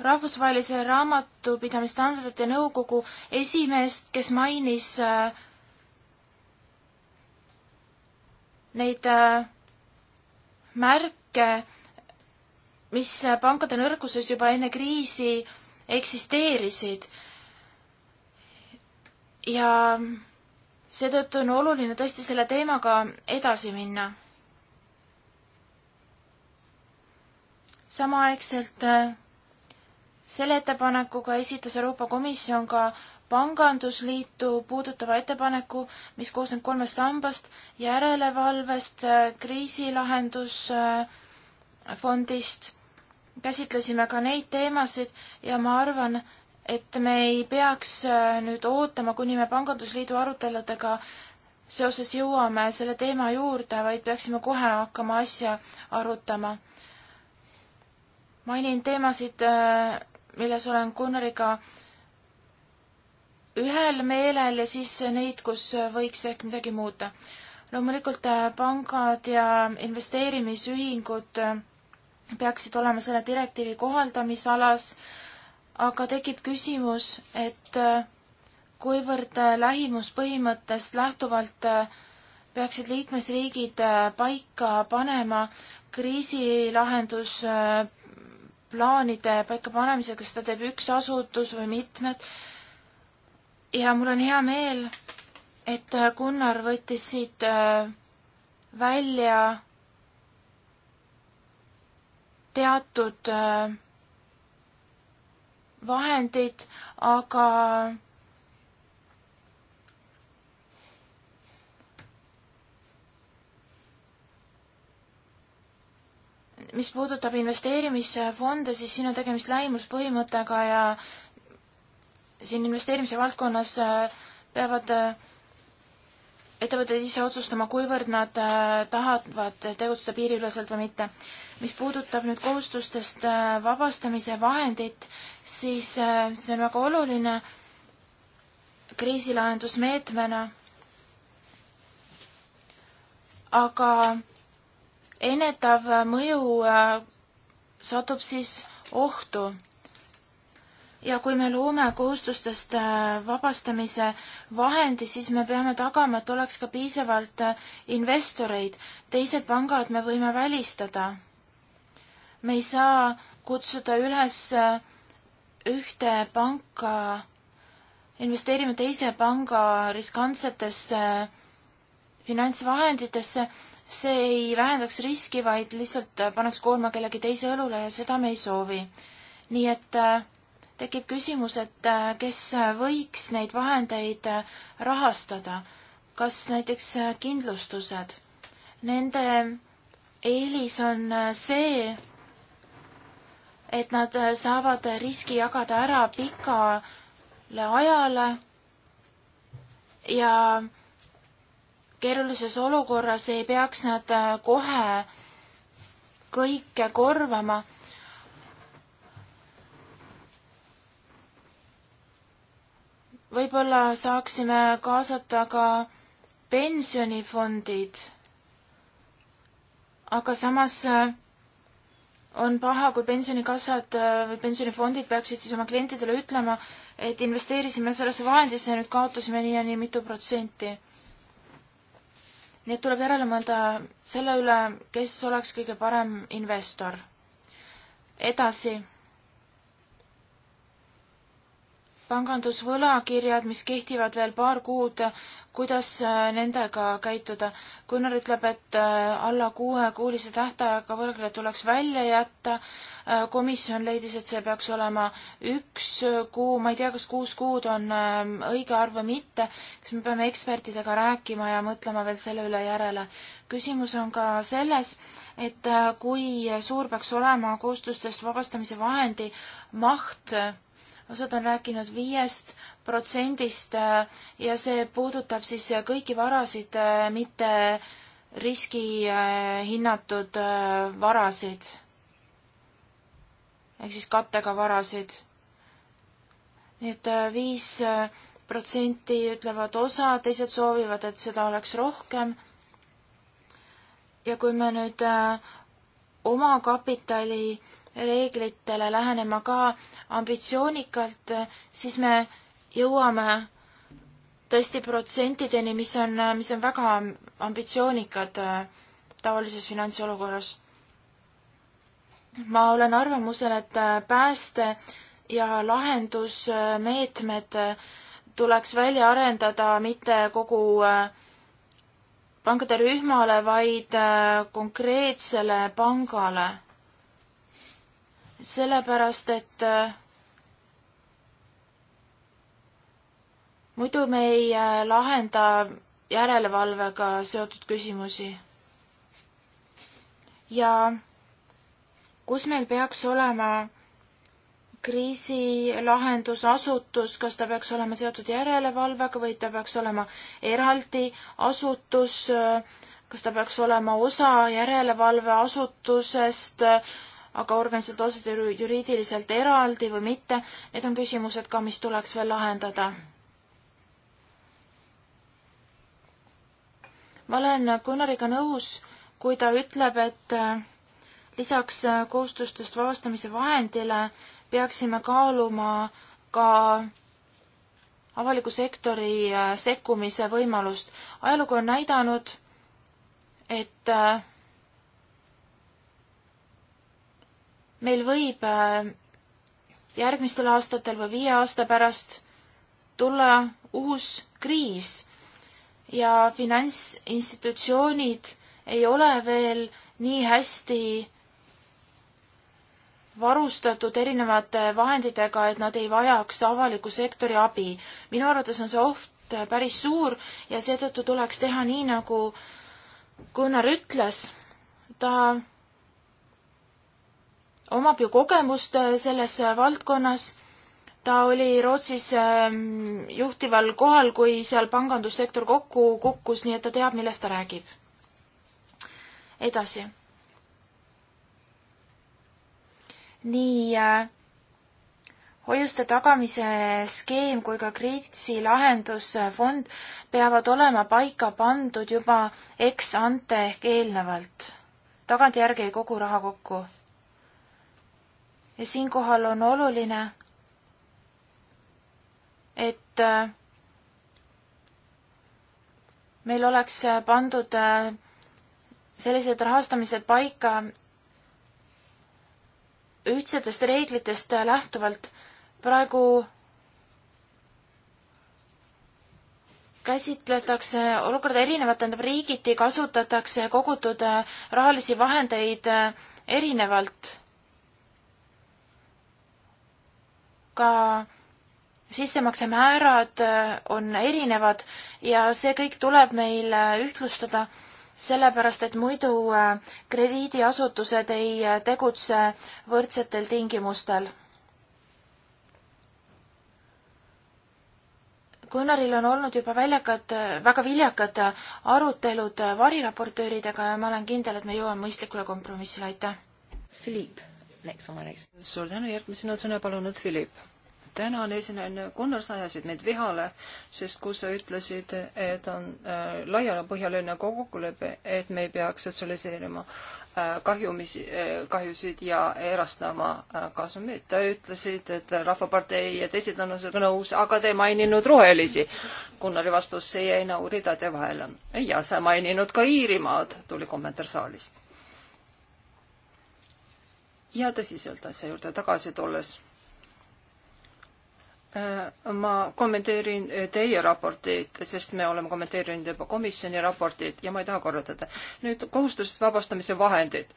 rahvusvahelise raamatupidamisstandardite nõukogu esimeest, kes mainis äh, neid äh, märke, mis pankade nõrgusest juba enne kriisi eksisteerisid. ja seetõttu on oluline tõesti selle teemaga edasi minna. samaaegselt äh, selle ettepanekuga esitas Euroopa Komisjon ka pangandusliitu puudutava ettepaneku, mis koosneb kolmest sambast, järelevalvest, äh, kriisilahendusfondist. käsitlesime ka neid teemasid ja ma arvan, et me ei peaks äh, nüüd ootama, kuni me pangandusliidu aruteludega seoses jõuame selle teema juurde, vaid peaksime kohe hakkama asja arutama. mainin teemasid äh, milles olen Gunnariga ühel meelel ja siis neid, kus võiks ehk midagi muuta. loomulikult äh, pangad ja investeerimisühingud äh, peaksid olema selle direktiivi kohaldamisalas, aga tekib küsimus, et äh, kuivõrd lähimuspõhimõttest lähtuvalt peaksid liikmesriigid paika panema kriisilahendus plaanide paikapanemisega, seda teeb üks asutus või mitmed. ja mul on hea meel, et Gunnar võttis siit äh, välja teatud äh, vahendid, aga mis puudutab investeerimisfonde, siis siin on tegemist lähimuspõhimõttega ja siin investeerimise valdkonnas äh, peavad äh, ettevõtted ise otsustama, kuivõrd nad äh, tahavad tegutseda piiriüleselt või mitte. mis puudutab nüüd kohustustest vabastamise vahendit, siis see on väga oluline kriisilahendusmeetmena, aga ennetav mõju äh, satub siis ohtu. ja kui me loome kohustustest äh, vabastamise vahendi, siis me peame tagama, et oleks ka piisavalt äh, investoreid. teised pangad me võime välistada. me ei saa kutsuda üles ühte panka investeerima teise panga riskantsetesse finantsvahenditesse, see ei vähendaks riski, vaid lihtsalt äh, paneks koorma kellegi teise õlule ja seda me ei soovi. nii et äh, tekib küsimus, et äh, kes võiks neid vahendeid rahastada, kas näiteks kindlustused. Nende eelis on see, et nad saavad riski jagada ära pikale ajale ja keerulises olukorras ei peaks nad äh, kohe kõike korvama. võib-olla saaksime kaasata ka pensionifondid. aga samas äh, on paha, kui pensionikassad äh, või pensionifondid peaksid siis oma klientidele ütlema, et investeerisime sellesse vahendisse ja nüüd kaotasime nii ja nii mitu protsenti nii et tuleb järele mõelda selle üle, kes oleks kõige parem investor. edasi pangandusvõlakirjad, mis kehtivad veel paar kuud, kuidas äh, nendega käituda? Gunnar ütleb, et äh, alla kuuekuulise tähtajaga võlakirjad tuleks välja jätta. Äh, komisjon leidis, et see peaks olema üks kuu, ma ei tea, kas kuus kuud on ähm, õige arv või mitte. kas me peame ekspertidega rääkima ja mõtlema veel selle üle järele? küsimus on ka selles, et kui suur peaks olema kohustustest vabastamise vahendi maht osad on rääkinud viiest protsendist äh, ja see puudutab siis äh, kõiki varasid, äh, mitte riski hinnatud varasid. ehk siis kattega varasid. nii et viis protsenti ütlevad osa, teised soovivad, et seda oleks rohkem. ja kui me nüüd omakapitali reeglitele lähenema ka ambitsioonikalt, siis me jõuame tõesti protsentideni, mis on, mis on väga ambitsioonikad äh, taolises finantsolukorras. ma olen arvamusel, et äh, pääste ja lahendusmeetmed äh, tuleks välja arendada mitte kogu pankade rühmale, vaid konkreetsele pangale sellepärast et äh, muidu me ei äh, lahenda järelevalvega seotud küsimusi. ja kus meil peaks olema kriisilahendusasutus, kas ta peaks olema seotud järelevalvega või ta peaks olema eraldi asutus, äh, kas ta peaks olema osa järelevalveasutusest, aga organisatoorselt ja juriidiliselt eraldi või mitte, need on küsimused ka, mis tuleks veel lahendada. ma olen Gunnariga nõus, kui ta ütleb, et äh, lisaks äh, kohustustest vabastamise vahendile peaksime kaaluma ka avaliku sektori äh, sekkumise võimalust. ajalugu on näidanud, et meil võib äh, järgmistel aastatel või viie aasta pärast tulla uus kriis ja finantsinstitutsioonid ei ole veel nii hästi varustatud erinevate vahenditega, et nad ei vajaks avaliku sektori abi. minu arvates on see oht päris suur ja seetõttu tuleks teha nii, nagu Gunnar ütles. ta omab ju kogemust äh, selles äh, valdkonnas. ta oli Rootsis ähm, juhtival kohal, kui seal pangandussektor kokku kukkus, nii et ta teab, millest ta räägib. edasi. nii äh, hoiuste tagamise skeem kui ka kriisilahendusfond peavad olema paika pandud juba ex ante ehk eelnevalt. tagantjärgi ei kogu raha kokku ja siinkohal on oluline, et äh, meil oleks äh, pandud äh, sellised rahastamised paika ühtsetest reeglitest lähtuvalt. praegu käsitletakse olukorda erinevalt, tähendab riigiti kasutatakse kogutud rahalisi vahendeid erinevalt ka sissemaksemäärad äh, on erinevad ja see kõik tuleb meil äh, ühtlustada, sellepärast et muidu äh, krediidiasutused ei tegutse võrdsetel tingimustel. Gunnaril on olnud juba väljakad, väga viljakad arutelud variraportööridega ja ma olen kindel, et me jõuame mõistlikule kompromissile, aitäh! Philippe next one, next. suur tänu, järgmisena on sõna palunud Philip. tänan, esinejana Gunnar, sa ajasid meid vihale, sest kui sa ütlesid, et on äh, laialapõhjaline kokkulepe, et me ei peaks sotsialiseerima äh, kahjumisi äh,, kahjusid ja erastama äh, kasumit. ta ütlesid, et Rahvapartei ja teised on sellega nõus, aga te ei maininud rohelisi. Gunnari vastus, see jäi nagu ridade vahele. ja sa ei maininud ka Iirimaad, tuli kommentaar saalist ja tõsiselt asja juurde tagasi tulles. Äh, ma kommenteerin äh, teie raporteid, sest me oleme kommenteerinud juba komisjoni raporteid ja ma ei taha korrutada. nüüd kohustustest vabastamise vahendid.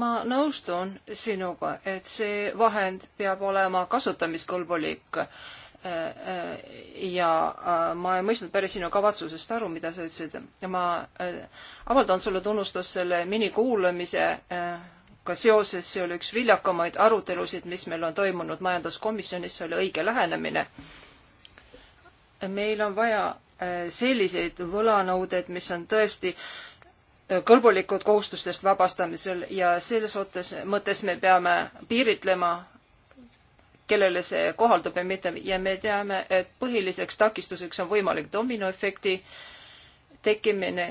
ma nõustun sinuga, et see vahend peab olema kasutamiskõlbulik äh, ja ma ei mõistnud päris sinu kavatsusest aru, mida sa ütlesid. ma avaldan sulle tunnustust selle minikuulamise ka seoses, see oli üks viljakamaid arutelusid, mis meil on toimunud majanduskomisjonis, see oli õige lähenemine. meil on vaja äh, selliseid võlanõudeid, mis on tõesti äh, kõlbulikud kohustustest vabastamisel ja selles ottes, mõttes me peame piiritlema, kellele see kohaldub ja mitte ja me teame, et põhiliseks takistuseks on võimalik dominoefekti tekkimine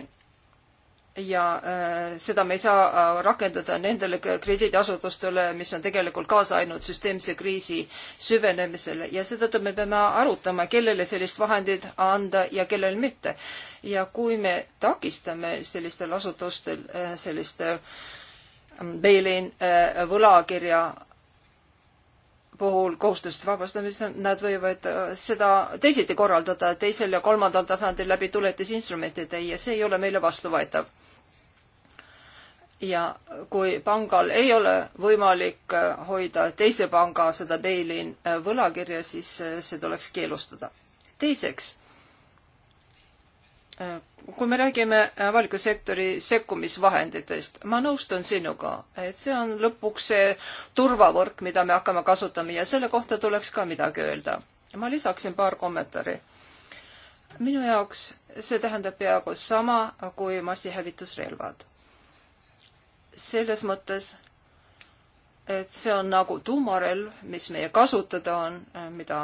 ja äh, seda me ei saa äh, rakendada nendele krediidiasutustele, mis on tegelikult kaasa ainult süsteemse kriisi süvenemisele ja seetõttu me peame arutama, kellele sellist vahendit anda ja kellel mitte. ja kui me takistame sellistel asutustel äh, selliste äh, bail-in äh, võlakirja puhul kohustust vabastamist, nad võivad äh, seda teisiti korraldada, teisel ja kolmandal tasandil läbi tuletisinstrumentide ja see ei ole meile vastuvõetav ja kui pangal ei ole võimalik äh, hoida teise panga seda bail-in äh, võlakirja, siis äh, see tuleks keelustada. teiseks, kui me räägime avaliku sektori sekkumisvahenditest, ma nõustun sinuga, et see on lõpuks see turvavõrk, mida me hakkame kasutama ja selle kohta tuleks ka midagi öelda. ma lisaksin paar kommentaari. minu jaoks see tähendab peaaegu sama kui massihävitusrelvad selles mõttes, et see on nagu tuumarelv, mis meie kasutada on, äh, mida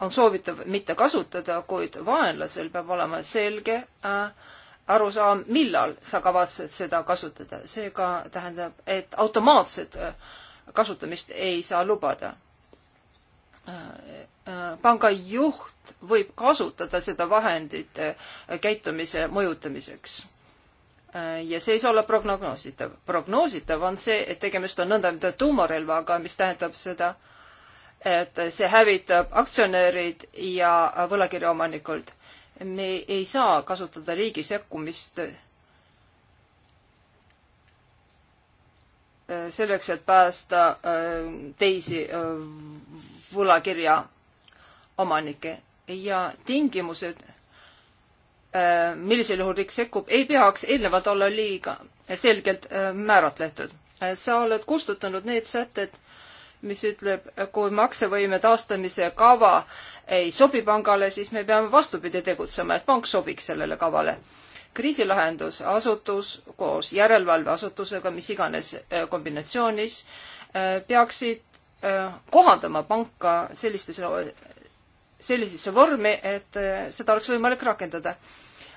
on soovitav mitte kasutada, kuid vaenlasel peab olema selge äh, arusaam, millal sa kavatsed seda kasutada. seega tähendab, et automaatset äh, kasutamist ei saa lubada. panga juht võib kasutada seda vahendit käitumise mõjutamiseks Äh, ja see ei saa olla prognoositav. prognoositav on see, et tegemist on nõndanimetatud tuumarelvaga, mis tähendab seda, et see hävitab aktsionärid ja võlakirjaomanikud. me ei saa kasutada riigi sekkumist äh, selleks, et päästa äh, teisi võlakirja omanikke ja tingimused Äh, millisel juhul riik sekkub, ei peaks eelnevalt olla liiga selgelt äh, määratletud. Äh, sa oled kustutanud need sätted, mis ütleb, kui maksevõime taastamise kava ei sobi pangale, siis me peame vastupidi tegutsema, et pank sobiks sellele kavale. kriisilahendusasutus koos järelevalveasutusega, mis iganes kombinatsioonis, peaksid kohandama panka sellistes sellisesse vormi, et seda oleks võimalik rakendada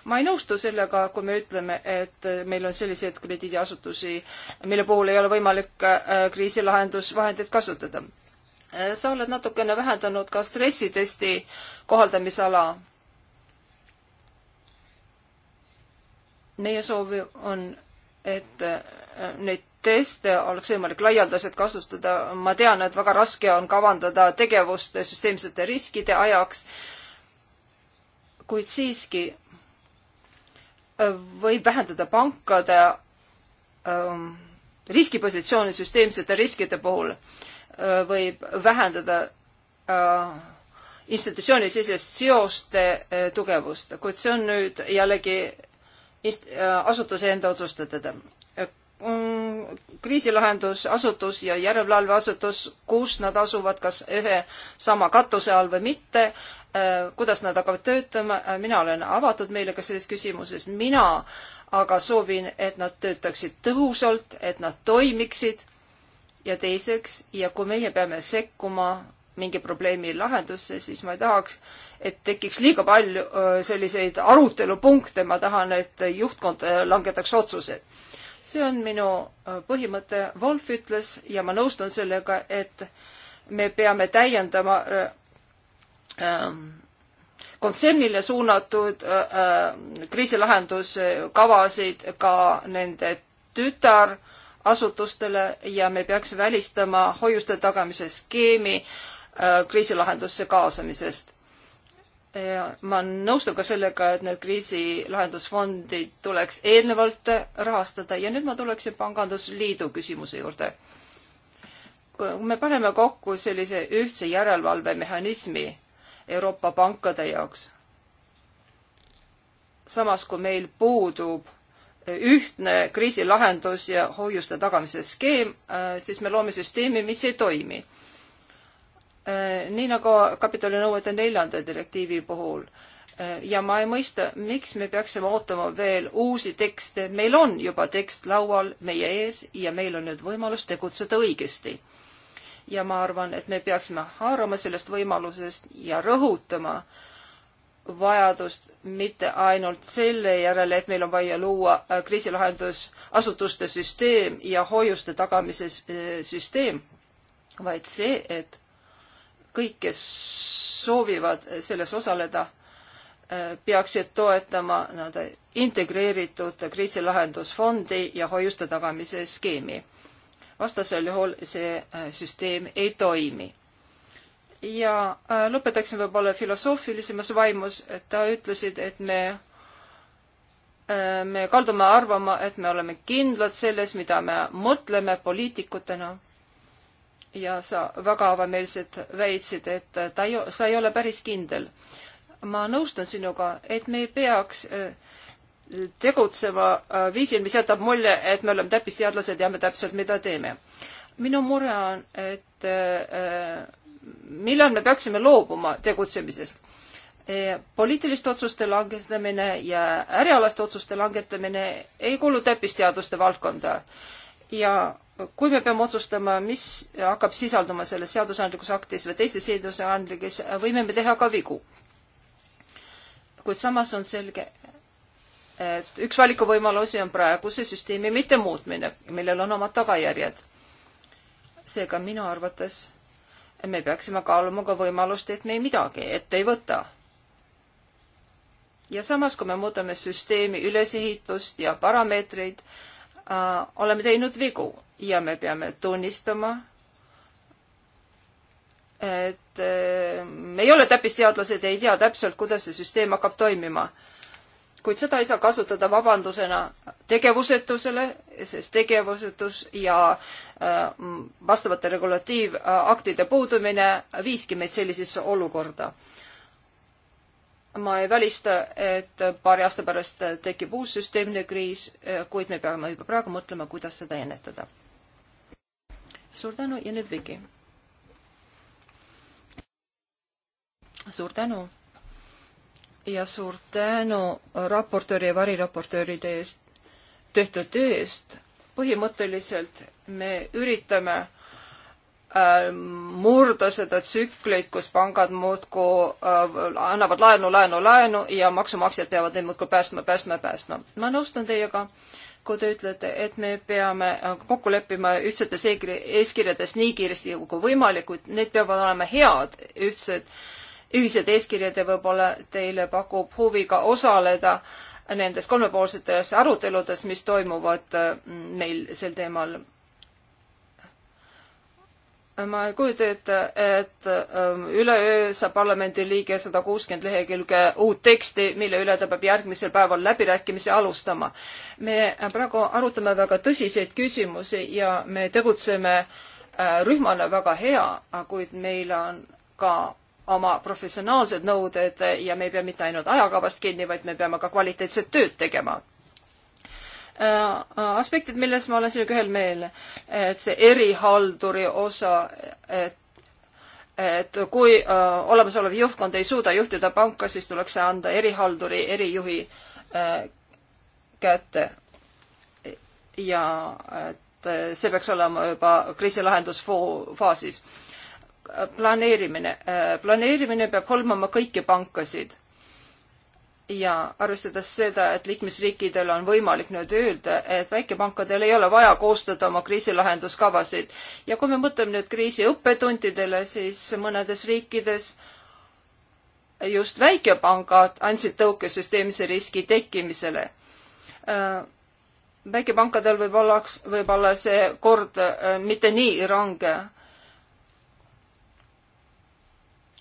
ma ei nõustu sellega, kui me ütleme, et äh, meil on selliseid krediidiasutusi, mille puhul ei ole võimalik äh, kriisilahendusvahendeid kasutada. Äh, sa oled natukene vähendanud ka stressitesti kohaldamisala. meie soov on, et neid teste oleks võimalik laialdaselt kasutada. ma tean, et väga raske on kavandada tegevust süsteemsete riskide ajaks, kuid siiski võib vähendada pankade ähm, riskipositsiooni süsteemsete riskide puhul, äh, võib vähendada äh, institutsioonisisest seoste äh, tugevust, kuid see on nüüd jällegi ist, äh, asutuse enda otsustada kriisilahendusasutus ja järelevalveasutus, kus nad asuvad, kas ühe sama katuse all või mitte, äh, kuidas nad hakkavad töötama, äh, mina olen avatud meile ka selles küsimuses, mina aga soovin, et nad töötaksid tõhusalt, et nad toimiksid ja teiseks, ja kui meie peame sekkuma mingi probleemi lahendusse, siis ma ei tahaks, et tekiks liiga palju äh, selliseid arutelupunkte, ma tahan, et juhtkond langetaks otsused see on minu äh, põhimõte, Wolf ütles ja ma nõustun sellega, et me peame täiendama äh, ähm, kontsernile suunatud äh, kriisilahenduskavasid ka nende tütarasutustele ja me peaks välistama hoiuste tagamise skeemi kriisilahendusse kaasamisest ja ma nõustun ka sellega, et need kriisilahendusfondid tuleks eelnevalt rahastada ja nüüd ma tuleksin Pangandusliidu küsimuse juurde. kui me paneme kokku sellise ühtse järelevalvemehhanismi Euroopa pankade jaoks, samas kui meil puudub ühtne kriisilahendus ja hoiuste tagamise skeem, äh, siis me loome süsteemi, mis ei toimi Äh, nii nagu kapitalinõuete neljanda direktiivi puhul. Äh, ja ma ei mõista, miks me peaksime ootama veel uusi tekste, meil on juba tekst laual meie ees ja meil on nüüd võimalus tegutseda õigesti. ja ma arvan, et me peaksime haarama sellest võimalusest ja rõhutama vajadust mitte ainult selle järele, et meil on vaja luua äh, kriisilahendusasutuste süsteem ja hoiuste tagamise süsteem, vaid see, et kõik, kes soovivad selles osaleda, äh, peaksid toetama nii-öelda integreeritud kriisilahendusfondi ja hoiuste tagamise skeemi. vastasel juhul see äh, süsteem ei toimi. ja äh, lõpetaksin võib-olla filosoofilisemas vaimus, et ta ütlesid, et me me kaldume arvama, et me oleme kindlad selles, mida me mõtleme poliitikutena ja sa väga avameelselt väitsid, et ta ei, sa ei ole päris kindel. ma nõustun sinuga, et me ei peaks äh, tegutsema äh, viisil, mis jätab mulje, et me oleme täppisteadlased, teame täpselt, mida teeme. minu mure on, et äh, millal me peaksime loobuma tegutsemisest. poliitiliste otsuste langetamine ja ärialaste otsuste langetamine ei kuulu täppisteaduste valdkonda ja kui me peame otsustama, mis hakkab sisalduma selles seadusandlikus aktis või teistes seadusandlikes, võime me teha ka vigu. kuid samas on selge, et üks valikuvõimalusi on praeguse süsteemi mittemuutmine, millel on omad tagajärjed. seega minu arvates me peaksime kaaluma ka võimalust, et me ei midagi ette ei võta. ja samas, kui me muudame süsteemi ülesehitust ja parameetreid, Äh, oleme teinud vigu ja me peame tunnistama, et äh, me ei ole täppisteadlased ja ei tea täpselt, kuidas see süsteem hakkab toimima. kuid seda ei saa kasutada vabandusena tegevusetusele, sest tegevusetus ja äh, vastavate regulatiivaktide puudumine viiski meid sellisesse olukorda ma ei välista, et paari aasta pärast tekib uus süsteemne kriis, kuid me peame juba praegu mõtlema, kuidas seda ennetada. suur tänu ja nüüd Viki. suur tänu ja suur tänu raportööri ja variraportööride eest tehtud töö eest. põhimõtteliselt me üritame Äh, murda seda tsükleid, kus pangad muudkui äh, annavad laenu, laenu, laenu ja maksumaksjad peavad neid muudkui päästma, päästma, päästma. ma nõustun teiega, kui te ütlete, et me peame äh, kokku leppima ühtsetes eeskirjades nii kiiresti kui võimalik, kuid need peavad olema head, ühtsed, ühised eeskirjad ja võib-olla teile pakub huvi ka osaleda nendes kolmepoolsetes aruteludes, mis toimuvad meil sel teemal ma ei kujuta ette, et ähm, üleöö saab parlamendiliige sada kuuskümmend lehekülge uut teksti, mille üle ta peab järgmisel päeval läbirääkimisi alustama. me praegu arutame väga tõsiseid küsimusi ja me tegutseme äh, rühmana väga hea, kuid meil on ka oma professionaalsed nõuded ja me ei pea mitte ainult ajakavast kinni, vaid me peame ka kvaliteetset tööd tegema Äh, äh, aspektid, milles ma olen sinuga ühel meel, et see erihalduri osa, et et kui äh, olemasolev juhtkond ei suuda juhtida panka, siis tuleks see anda erihalduri, erijuhi äh, kätte. ja et äh, see peaks olema juba kriisilahendusfaasis. planeerimine äh,, planeerimine peab hõlmama kõiki pankasid ja arvestades seda, et liikmesriikidel on võimalik nüüd öelda, et väikepankadel ei ole vaja koostada oma kriisilahenduskavasid ja kui me mõtleme nüüd kriisi õppetundidele, siis mõnedes riikides just väikepangad andsid tõuke süsteemse riski tekkimisele. Äh, väikepankadel võib olla, võib olla see kord äh, mitte nii range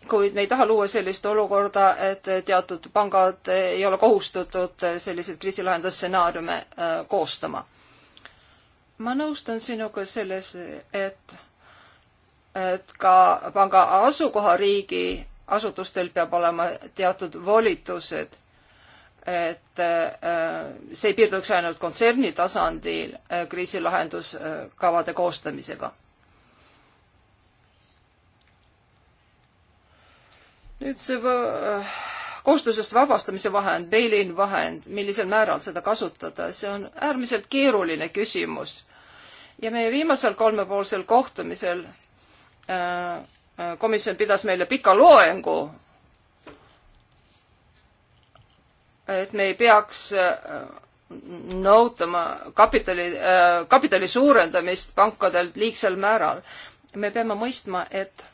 kuid me ei taha luua sellist olukorda, et teatud pangad ei ole kohustatud selliseid kriisilahendusstsenaariume äh, koostama. ma nõustun sinuga selles, et, et ka panga asukohariigi asutustel peab olema teatud volitused, et äh, see ei piirduks ainult kontserni tasandil äh, kriisilahenduskavade koostamisega nüüd see äh, kohustusest vabastamise vahend, bail-in vahend, millisel määral seda kasutada, see on äärmiselt keeruline küsimus. ja meie viimasel kolmepoolsel kohtumisel äh, äh komisjon pidas meile pika loengu, et me ei peaks äh, nõutama kapitali äh,, kapitali suurendamist pankadelt liigsel määral. me peame mõistma, et,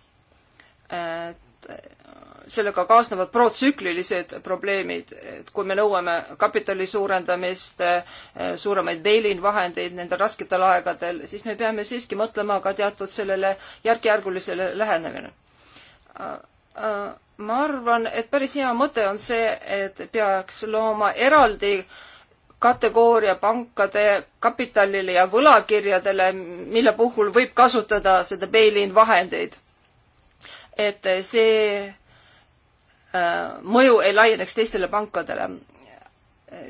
et äh, sellega kaasnevad protsüklilised probleemid, et kui me nõuame kapitali suurendamist, eh, suuremaid bail-in-vahendeid nendel rasketel aegadel, siis me peame siiski mõtlema ka teatud sellele järk-järgulisele lähenemine. ma arvan, et päris hea mõte on see, et peaks looma eraldi kategooria pankade kapitalile ja võlakirjadele, mille puhul võib kasutada seda bail-in vahendeid et see mõju ei laieneks teistele pankadele.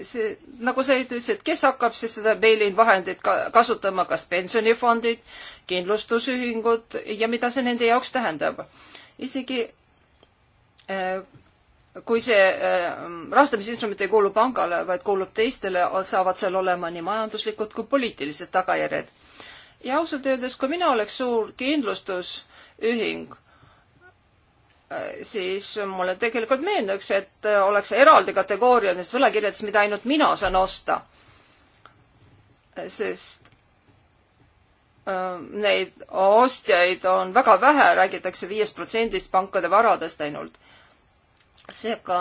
see, nagu sa ütlesid, kes hakkab siis seda bail-in vahendit ka kasutama, kas pensionifondid, kindlustusühingud ja mida see nende jaoks tähendab? isegi äh, kui see äh, rahastamisinstrument ei kuulu pangale, vaid kuulub teistele, saavad seal olema nii majanduslikud kui poliitilised tagajärjed. ja ausalt öeldes, kui mina oleks suur kindlustusühing, siis mulle tegelikult meeldiks, et oleks eraldi kategooria nendest võlakirjadest, mida ainult mina saan osta. sest äh, neid ostjaid on väga vähe räägitakse, räägitakse viiest protsendist pankade varadest ainult. seega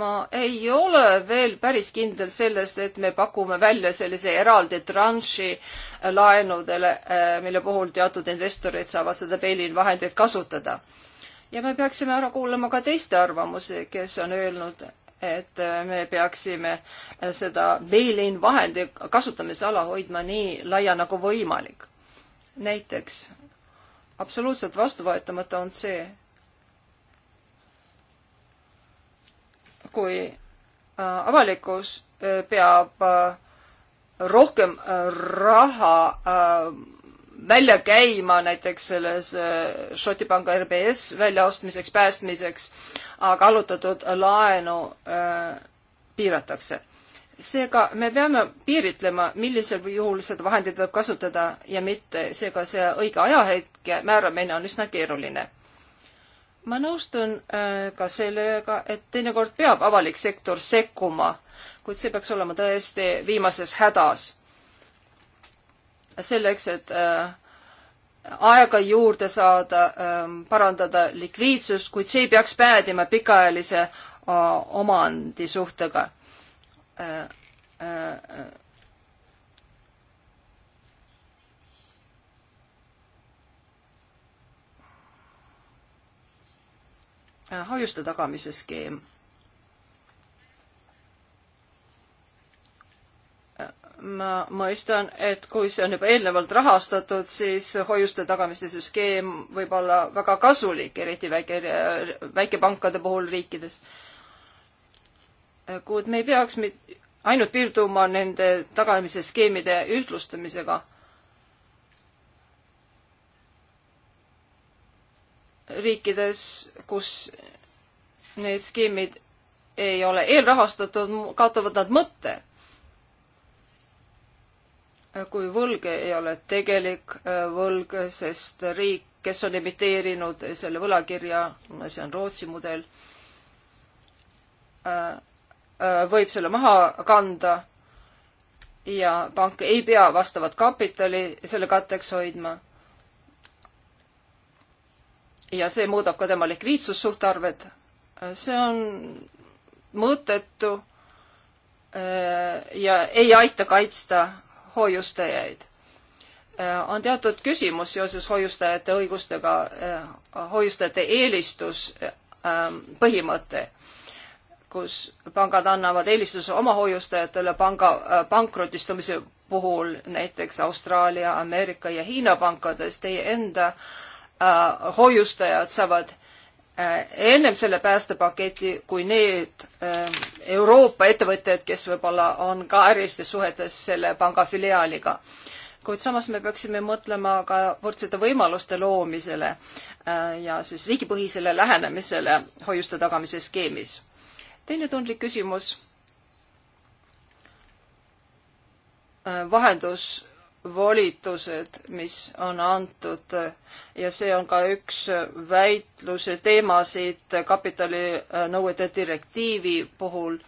ma ei ole veel päris kindel sellest, et me pakume välja sellise eraldi tranši laenudele, äh, mille puhul teatud investorid saavad seda bail-in vahendeid kasutada ja me peaksime ära kuulama ka teiste arvamuse, kes on öelnud, et me peaksime seda bail-in vahendi kasutamisala hoidma nii laia nagu võimalik. näiteks absoluutselt vastuvõetamata on see, kui äh, avalikkus äh, peab äh, rohkem raha välja käima näiteks selles äh, Šoti panga RBS väljaostmiseks, päästmiseks, aga allutatud laenu äh, piiratakse. seega me peame piiritlema, millisel juhul seda vahendit võib kasutada ja mitte, seega see õige ajahetk ja määramine on üsna keeruline ma nõustun äh, ka sellega, et teinekord peab avalik sektor sekkuma, kuid see peaks olema tõesti viimases hädas selleks, et aega juurde saada, parandada likviidsust, kuid see ei peaks päädima pikaajalise omandisuhtega. hoiuste tagamise skeem ma mõistan, et kui see on juba eelnevalt rahastatud, siis hoiuste tagamiste süsteem võib olla väga kasulik, eriti väike, väikepankade puhul riikides. kuid me ei peaks ainult piirduma nende tagamise skeemide ühtlustamisega. riikides, kus need skeemid ei ole eelrahastatud, kaotavad nad mõtte kui võlg ei ole tegelik äh, võlg, sest riik, kes on emiteerinud selle võlakirja, see on Rootsi mudel, äh, äh, võib selle maha kanda ja pank ei pea vastavat kapitali selle katteks hoidma. ja see muudab ka tema likviidsussuhtarved. see on mõttetu ja ei aita kaitsta hoiustajaid. Äh, on teatud küsimus seoses hoiustajate õigustega, äh, hoiustajate eelistuspõhimõte, äh, kus pangad annavad eelistuse oma hoiustajatele panga pankrotistumise puhul näiteks Austraalia, Ameerika ja Hiina pankades teie enda äh, hoiustajad saavad Äh, ennem selle päästepaketi kui need äh, Euroopa ettevõtted, kes võib-olla on ka ärilistes suhetes selle panga filiaaliga. kuid samas me peaksime mõtlema ka võrdsete võimaluste loomisele äh, ja siis riigipõhisele lähenemisele hoiuste tagamise skeemis. teine tundlik küsimus vahendus volitused, mis on antud ja see on ka üks väitluse teemasid kapitalinõuete äh, direktiivi puhul.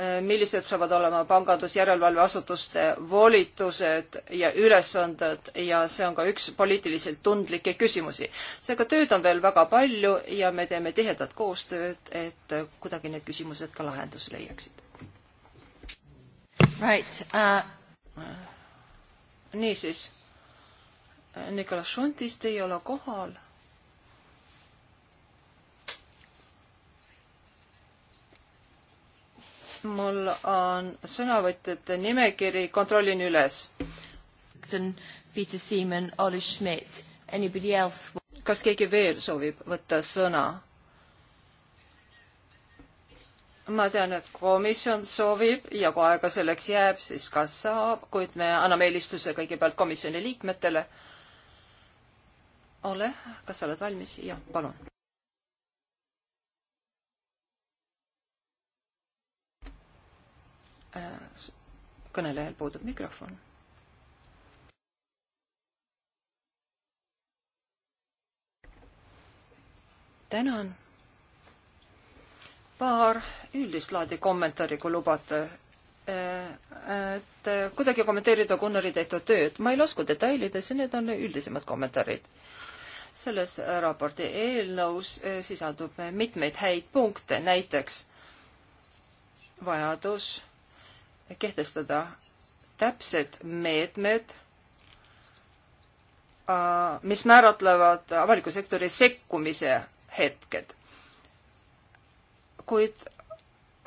Äh, millised saavad olema pangandusjärelevalveasutuste volitused ja ülesanded ja see on ka üks poliitiliselt tundlikke küsimusi. seega tööd on veel väga palju ja me teeme tihedat koostööd, et kuidagi need küsimused ka lahenduse leiaksid. Right uh.... Äh niisiis, Nicolas Šuntist ei ole kohal. mul on sõnavõtjate nimekiri, kontrollin üles. Peter Seaman, Olli Schmidt, anybody else? kas keegi veel soovib võtta sõna? ma tean, et komisjon soovib ja kui aega selleks jääb, siis kas saab, kuid me anname eelistuse kõigepealt komisjoni liikmetele. ole, kas sa oled valmis? jah, palun. Äh, kõnelejal puudub mikrofon tänan paar üldist laadi kommentaari, kui lubate. Äh, et äh, kuidagi kommenteerida Gunnari tehtud tööd. ma ei lasku detailidesse, need on üldisemad kommentaarid. selles raporti eelnõus äh, sisaldub mitmeid häid punkte, näiteks vajadus kehtestada täpsed meetmed, mis määratlevad avaliku sektori sekkumise hetked kuid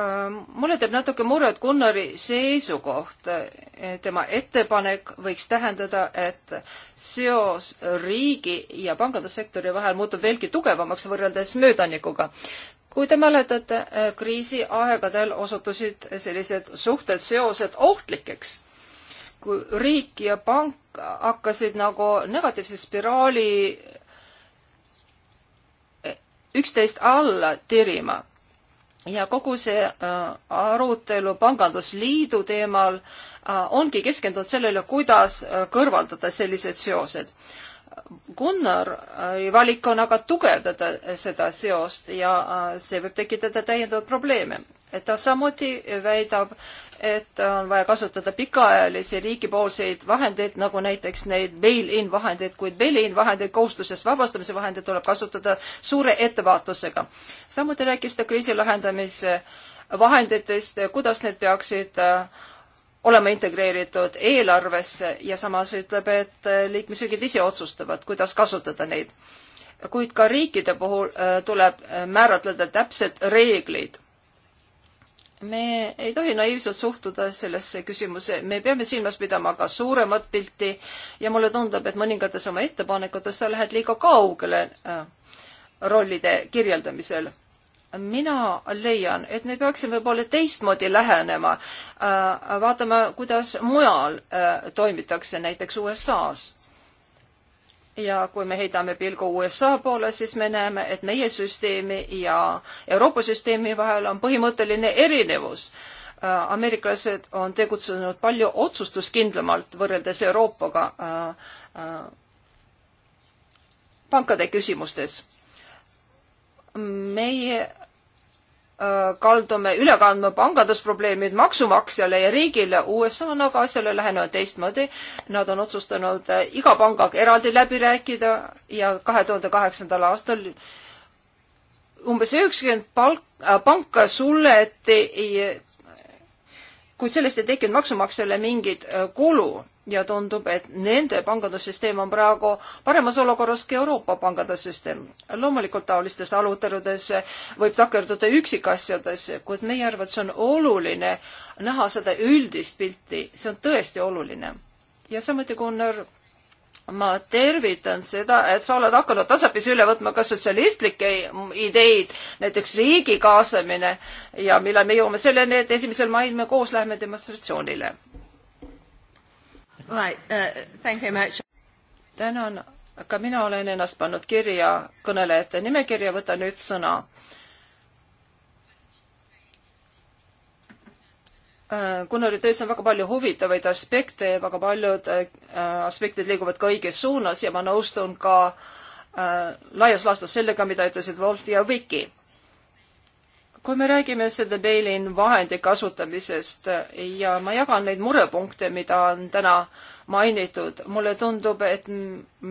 ähm, mulle teeb natuke muret Gunnari seisukoht. Eh, tema ettepanek võiks tähendada, et seos riigi ja pangandussektori vahel muutub veelgi tugevamaks võrreldes möödanikuga. kui te mäletate, eh, kriisiaegadel osutusid sellised suhted, seosed ohtlikeks. kui riik ja pank hakkasid nagu negatiivse spiraali eh, üksteist alla tirima ja kogu see äh, arutelu Pangandusliidu teemal äh, ongi keskendunud sellele, kuidas äh, kõrvaldada sellised seosed. Gunnari valik on aga tugevdada seda seost ja see võib tekitada täiendavaid probleeme. ta samuti väidab, et on vaja kasutada pikaajalisi riigipoolseid vahendeid, nagu näiteks neid bail-in vahendeid, kuid bail-in vahendeid, kohustusest vabastamise vahendeid tuleb kasutada suure ettevaatusega. samuti rääkis ta kriisi lahendamise vahenditest, kuidas need peaksid äh, olema integreeritud eelarvesse ja samas ütleb, et äh, liikmesriigid ise otsustavad, kuidas kasutada neid. kuid ka riikide puhul äh, tuleb määratleda täpsed reeglid me ei tohi naiivselt suhtuda sellesse küsimusse, me peame silmas pidama ka suuremat pilti ja mulle tundub, et mõningates oma ettepanekutes sa lähed liiga kaugele äh, rollide kirjeldamisel. mina leian, et me peaksime võib-olla teistmoodi lähenema, äh, vaatama, kuidas mujal äh, toimitakse, näiteks USA-s ja kui me heidame pilgu USA poole, siis me näeme, et meie süsteemi ja Euroopa süsteemi vahel on põhimõtteline erinevus. Äh, ameeriklased on tegutsenud palju otsustuskindlamalt võrreldes Euroopaga äh, äh, pankade küsimustes. meie Äh, kaldume üle kandma pangandusprobleemid maksumaksjale ja riigile. USA on aga asjale lähenenud teistmoodi. Nad on otsustanud äh, iga pangaga eraldi läbi rääkida ja kahe tuhande kaheksandal aastal umbes üheksakümmend palk, äh, panka suleti, kuid sellest ei tekkinud maksumaksjale mingit kulu ja tundub, et nende pangandussüsteem on praegu paremas olukorras kui Euroopa pangandussüsteem. loomulikult taolistes aruteludes võib takerduda üksikasjadesse, kuid meie arvates on oluline näha seda üldist pilti, see on tõesti oluline. ja samuti, Gunnar, ma tervitan seda, et sa oled hakanud tasapisi üle võtma ka sotsialistlikke ideid, näiteks riigi kaasamine ja millal me jõuame selleni, et esimesel mail me koos läheme demonstratsioonile Right, uh, thank you much. tänan, aga mina olen ennast pannud kirja kõnelejate nimekirja, võtan nüüd sõna. Gunnari äh, töös on väga palju huvitavaid aspekte ja väga paljud äh, aspektid liiguvad ka õiges suunas ja ma nõustun ka äh, laias laastus sellega, mida ütlesid Wolf ja Viki kui me räägime seda bail-in vahendi kasutamisest ja ma jagan neid murepunkte, mida on täna mainitud, mulle tundub, et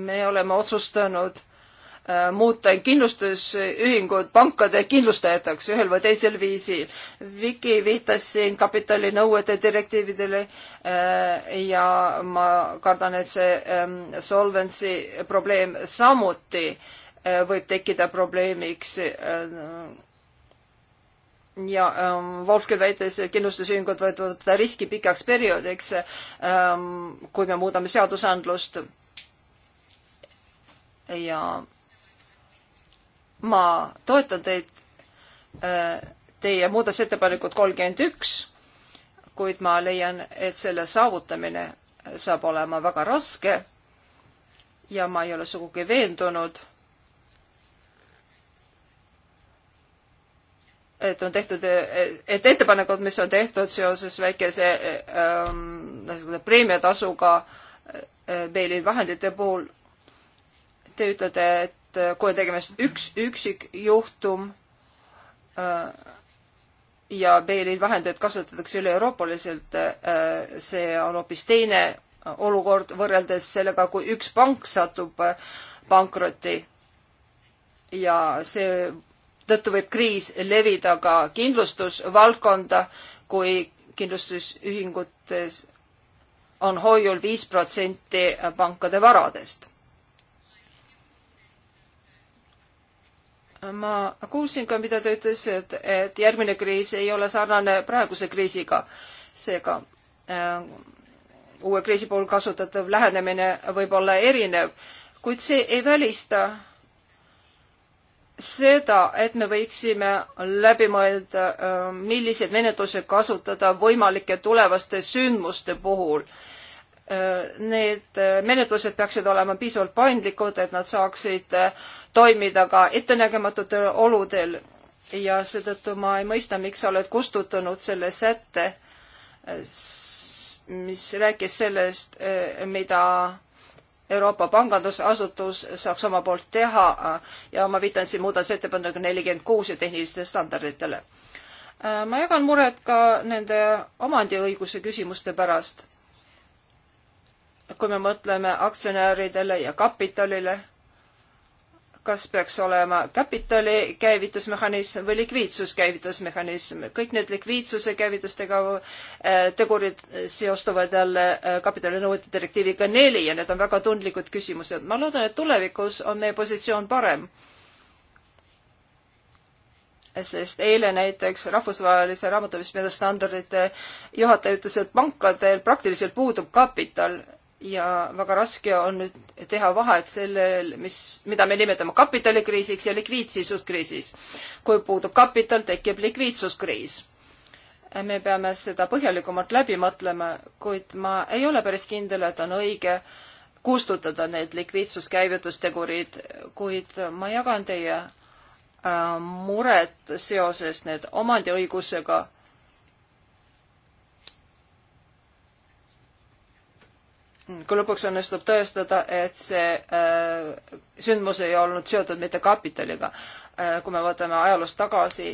me oleme otsustanud äh, muuta kindlustusühingud pankade kindlustajateks ühel või teisel viisil. Viki viitas siin kapitalinõuete direktiividele äh, ja ma kardan, et see ähm, solvency probleem samuti äh, võib tekkida probleemiks ja ähm, Wolfkill väites, et kindlustusühingud võtavad võtta riski pikaks perioodiks ähm,, kui me muudame seadusandlust. ja ma toetan teid äh,, teie muudatusettepanekut kolmkümmend üks, kuid ma leian, et selle saavutamine saab olema väga raske ja ma ei ole sugugi veendunud et on tehtud, et ettepanekud, mis on tehtud seoses väikese ähm, preemiatasuga äh, meilivahendite puhul. Te ütlete, et äh, kui on tegemist üks üksikjuhtum äh, ja meilivahendeid kasutatakse üle-euroopaliselt äh,, see on hoopis teine olukord võrreldes sellega, kui üks pank satub äh, pankrotti ja see tõttu võib kriis levida ka kindlustusvaldkonda, kui kindlustusühingutes on hoiul viis protsenti pankade varadest. ma kuulsin ka, mida te ütlesite, et järgmine kriis ei ole sarnane praeguse kriisiga. seega äh, uue kriisi puhul kasutatav lähenemine võib olla erinev, kuid see ei välista seda, et me võiksime läbi mõelda, ähm, milliseid menetlusi kasutada võimalike tulevaste sündmuste puhul. Äh, need äh, menetlused peaksid olema piisavalt paindlikud, et nad saaksid äh, toimida ka ettenägematutel oludel ja seetõttu ma ei mõista, miks sa oled kustutanud selle sätte, mis rääkis sellest, mida Euroopa pangandusasutus saaks oma poolt teha äh, ja ma viitan siin muudatusettepaneku nelikümmend kuus ja tehnilistele standarditele. Äh, ma jagan muret ka nende omandiõiguse küsimuste pärast. kui me mõtleme aktsionäridele ja kapitalile kas peaks olema kapitali käivitusmehhanism või likviidsuskäivitusmehhanism. kõik need likviidsuse käivitustega äh, tegurid seostuvad jälle äh, kapitalinõuete direktiiviga neli ja need on väga tundlikud küsimused. ma loodan, et tulevikus on meie positsioon parem sest eile näiteks rahvusvahelise raamatupidamise standardite juhataja ütles, et pankadel praktiliselt puudub kapital ja väga raske on nüüd teha vahet sellel, mis, mida me nimetame kapitalikriisiks ja likviidsuskriisis. kui puudub kapital, tekib likviidsuskriis. me peame seda põhjalikumalt läbi mõtlema, kuid ma ei ole päris kindel, et on õige kustutada need likviidsuskäivitustegurid, kuid ma jagan teie äh, muret seoses need omandiõigusega kui lõpuks õnnestub tõestada, et see äh, sündmus ei olnud seotud mitte kapitaliga äh,. kui me võtame ajaloos tagasi,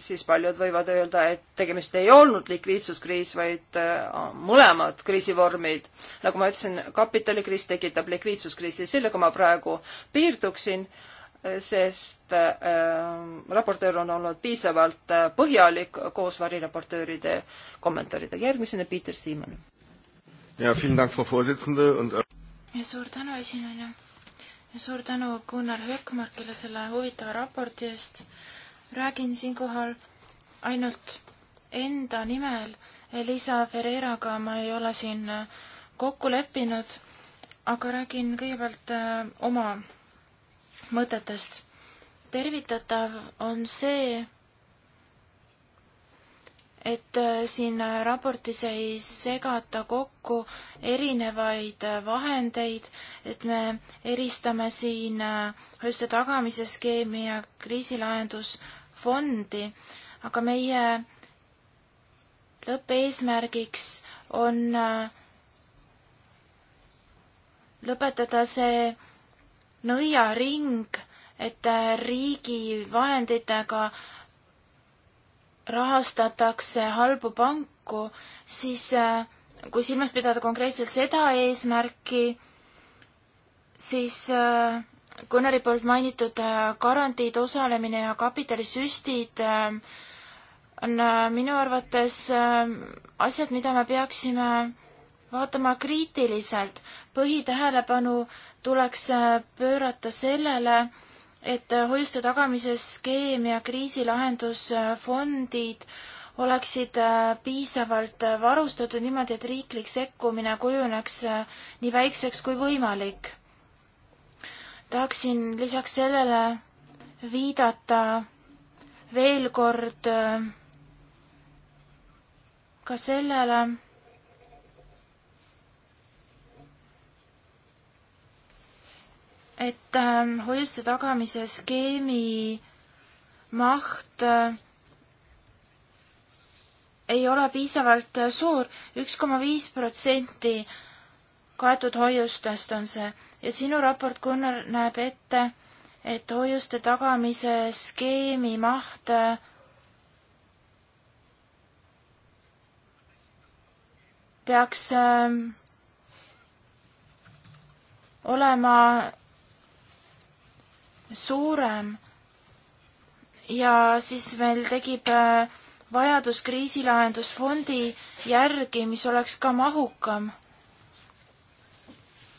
siis paljud võivad öelda, et tegemist ei olnud likviidsuskriis, vaid äh, mõlemad kriisivormid. nagu ma ütlesin, kapitalikriis tekitab likviidsuskriisi, sellega ma praegu piirduksin, äh, sest äh, raportöör on olnud piisavalt äh, põhjalik koos variraportööride kommentaaridega. järgmisena Peter Siimann Äh, ja suur tänu, esinejana. ja suur tänu Gunnar Höökmarkile selle huvitava raporti eest. räägin siinkohal ainult enda nimel. Elisa Ferreiraga ma ei ole siin äh, kokku leppinud, aga räägin kõigepealt äh, oma mõtetest. tervitatav on see, et äh, siin äh, raportis ei segata kokku erinevaid äh, vahendeid, et me eristame siin hoiuste tagamise skeemi ja kriisilahendusfondi, aga meie lõppeesmärgiks on lõpetada see nõiaring, et riigi vahenditega rahastatakse halbu panku, siis äh, kui silmas pidada konkreetselt seda eesmärki, siis äh, Gunnari poolt mainitud äh, garantiid, osalemine ja kapitalisüstid on minu arvates asjad, mida me peaksime vaatama kriitiliselt. põhitähelepanu tuleks pöörata sellele, et hoiuste tagamise skeem ja kriisilahendusfondid oleksid äh, piisavalt äh, varustatud niimoodi, et riiklik sekkumine kujuneks äh, nii väikseks kui võimalik. tahaksin lisaks sellele viidata veel kord ka sellele, et ähm, hoiuste tagamise skeemi maht äh, ei ole piisavalt äh, suur, üks koma viis protsenti kaetud hoiustest on see ja sinu raport, Gunnar, näeb ette, et hoiuste tagamise skeemi maht äh, peaks ähm, olema suurem. ja siis meil tekib äh, vajadus kriisilahendusfondi järgi, mis oleks ka mahukam.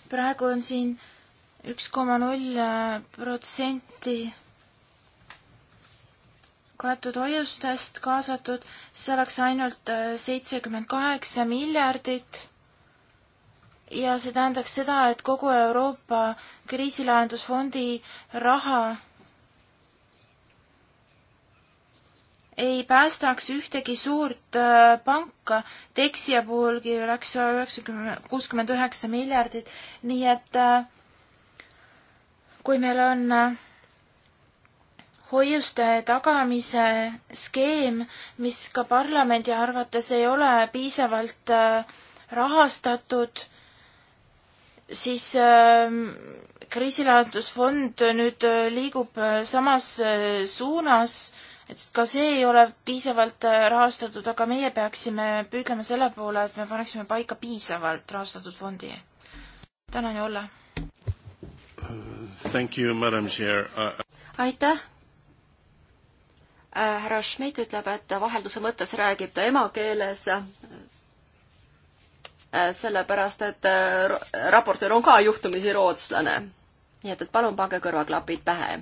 praegu on siin üks koma null protsenti kaetud hoiustest kaasatud, see oleks ainult äh, seitsekümmend kaheksa miljardit ja see tähendaks seda, et kogu Euroopa kriisilahendusfondi raha ei päästaks ühtegi suurt äh, panka, Dexia puhulgi oleks üheksakümmend, kuuskümmend üheksa miljardit, nii et äh, kui meil on äh, hoiuste tagamise skeem, mis ka parlamendi arvates ei ole piisavalt äh, rahastatud, siis ähm, kriisilahendusfond nüüd äh, liigub äh, samas äh, suunas, et ka see ei ole piisavalt rahastatud, aga meie peaksime püüdlema selle poole, et me paneksime paika piisavalt rahastatud fondi. tänan ja Olle! Thank you, madam chair uh.... uh aitäh! härra Schmidt ütleb, et vahelduse mõttes räägib ta emakeeles. Äh, sellepärast et äh, raportöör on ka juhtumisi rootslane. nii et, et palun pange kõrvaklapid pähe.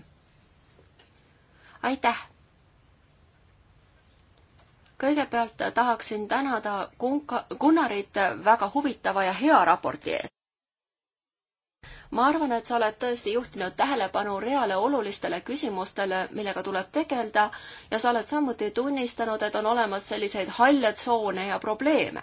aitäh! kõigepealt tahaksin tänada Kunka-, Gunnarit väga huvitava ja hea raporti eest. ma arvan, et sa oled tõesti juhtinud tähelepanu reale olulistele küsimustele, millega tuleb tegeleda ja sa oled samuti tunnistanud, et on olemas selliseid halle tsoone ja probleeme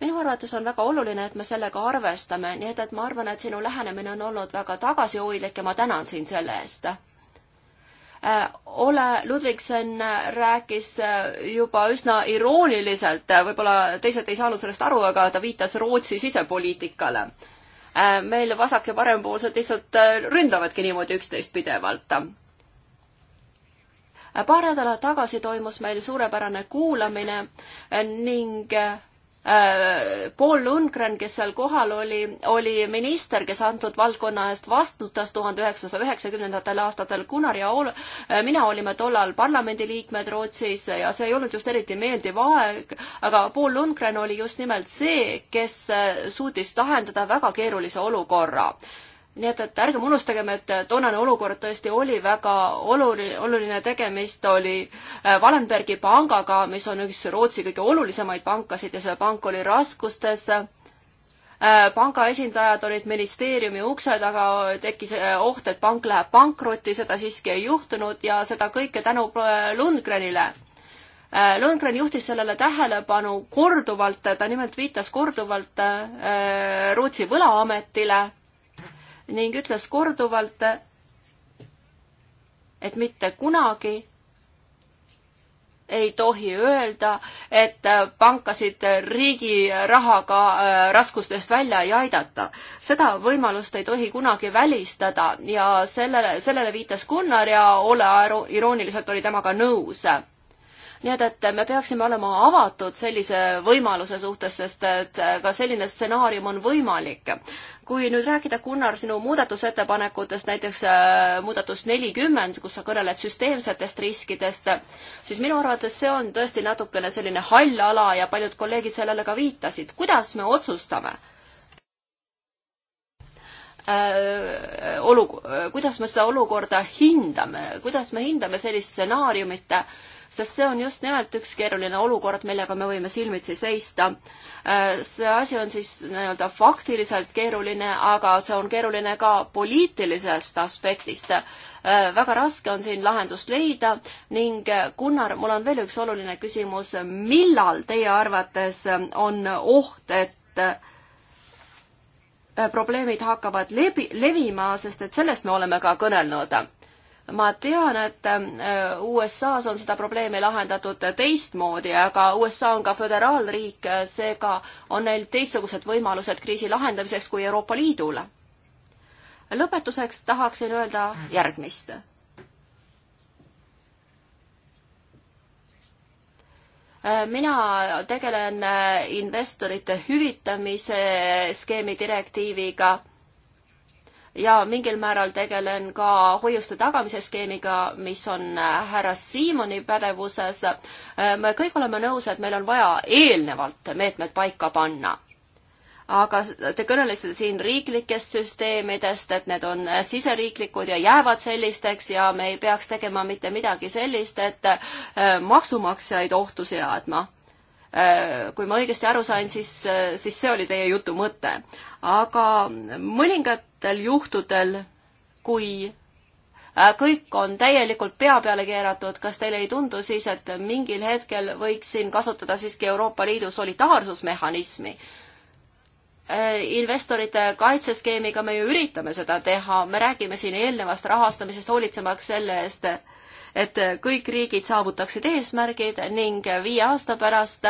minu arvates on väga oluline, et me sellega arvestame, nii et, et ma arvan, et sinu lähenemine on olnud väga tagasihoidlik ja ma tänan sind selle eest. Äh, Ole Ludvigsen rääkis äh, juba üsna irooniliselt, äh, võib-olla teised ei saanud sellest aru, aga ta viitas Rootsi sisepoliitikale. meil vasak- ja parempoolsed lihtsalt ründavadki niimoodi üksteist pidevalt paar nädalat tagasi toimus meil suurepärane kuulamine ning Äh, Paul Lundgren, kes seal kohal oli, oli minister, kes antud valdkonna eest vastutas tuhande üheksasaja üheksakümnendatel aastatel. Gunnar ja Ol-, äh, mina olime tollal parlamendiliikmed Rootsis ja see ei olnud just eriti meeldiv aeg, aga Paul Lundgren oli just nimelt see, kes äh, suutis lahendada väga keerulise olukorra nii et, et ärgem unustagem, et toonane olukord tõesti oli väga oluline, oluline tegemist oli äh, Wallenbergi pangaga, mis on üks Rootsi kõige olulisemaid pankasid ja see pank oli raskustes. Äh, panga esindajad olid ministeeriumi ukse taga, tekkis äh, oht, et pank läheb pankrotti, seda siiski ei juhtunud ja seda kõike tänu Lundgrenile Lundgren juhtis sellele tähelepanu korduvalt, ta nimelt viitas korduvalt Rootsi võlaametile ning ütles korduvalt, et mitte kunagi ei tohi öelda, et pankasid riigi rahaga äh, raskustest välja ei aidata. seda võimalust ei tohi kunagi välistada ja sellele, sellele viitas Gunnar ja ole irooniliselt oli temaga nõus nii et, et me peaksime olema avatud sellise võimaluse suhtes, sest et äh, ka selline stsenaarium on võimalik. kui nüüd rääkida, Gunnar, sinu muudatusettepanekutest, näiteks äh, muudatus nelikümmend, kus sa kõneled süsteemsetest riskidest, siis minu arvates see on tõesti natukene selline hall ala ja paljud kolleegid sellele ka viitasid. kuidas me otsustame? Äh, olu-, kuidas me seda olukorda hindame, kuidas me hindame sellist stsenaariumit äh, sest see on just nimelt üks keeruline olukord, millega me võime silmitsi seista. Äh, see asi on siis nii-öelda faktiliselt keeruline, aga see on keeruline ka poliitilisest aspektist. Äh, väga raske on siin lahendust leida ning äh, Gunnar, mul on veel üks oluline küsimus, millal teie arvates on oht, et probleemid hakkavad lebi, levima, sest et sellest me oleme ka kõnelnud ma tean, et äh, USA-s on seda probleemi lahendatud teistmoodi, aga USA on ka föderaalriik, seega on neil teistsugused võimalused kriisi lahendamiseks kui Euroopa Liidul. lõpetuseks tahaksin öelda järgmist. Äh, mina tegelen äh, investorite hüvitamise skeemi direktiiviga ja mingil määral tegelen ka hoiuste tagamise skeemiga, mis on äh, härra Siimoni pädevuses. Äh, me kõik oleme nõus, et meil on vaja eelnevalt meetmed paika panna aga te kõnelesite siin riiklikest süsteemidest, et need on äh, siseriiklikud ja jäävad sellisteks ja me ei peaks tegema mitte midagi sellist, et maksumaksjaid ohtu seadma. kui ma õigesti aru sain, siis, siis see oli teie jutu mõte. aga mõningad sellistel juhtudel, kui äh, kõik on täielikult pea peale keeratud, kas teile ei tundu siis, et mingil hetkel võiks siin kasutada siiski Euroopa Liidu solidaarsusmehhanismi? Äh, investorite kaitseskeemiga me ju üritame seda teha, me räägime siin eelnevast rahastamisest, hoolitsemaks selle eest, et kõik riigid saavutaksid eesmärgid ning viie aasta pärast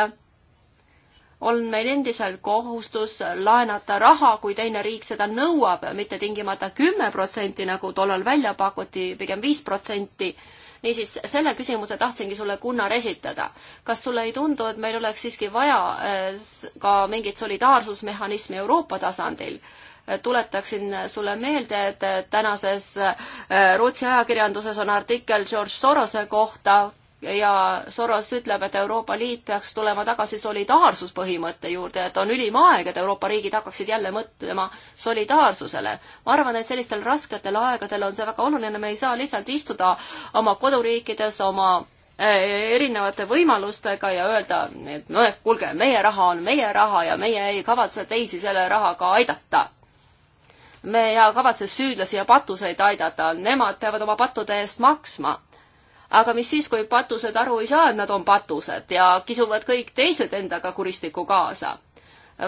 on meil endiselt kohustus laenata raha, kui teine riik seda nõuab, mitte tingimata kümme protsenti, nagu tollal välja pakuti, pigem viis protsenti. niisiis, selle küsimuse tahtsingi sulle, Gunnar, esitada. kas sulle ei tundu, et meil oleks siiski vaja äh, ka mingit solidaarsusmehhanismi Euroopa tasandil? tuletaksin sulle meelde, et tänases äh, Rootsi ajakirjanduses on artikkel George Sorose kohta, ja Soros ütleb, et Euroopa Liit peaks tulema tagasi solidaarsuspõhimõtte juurde, et on ülim aeg, et Euroopa riigid hakkaksid jälle mõtlema solidaarsusele. ma arvan, et sellistel rasketel aegadel on see väga oluline, me ei saa lihtsalt istuda oma koduriikides, oma eh, erinevate võimalustega ja öelda, et no kuulge, meie raha on meie raha ja meie ei kavatse teisi selle rahaga aidata me ei kavatse süüdlasi ja patuseid aidata, nemad peavad oma pattude eest maksma aga mis siis, kui patused aru ei saa, et nad on patused ja kisuvad kõik teised endaga kuristikku kaasa?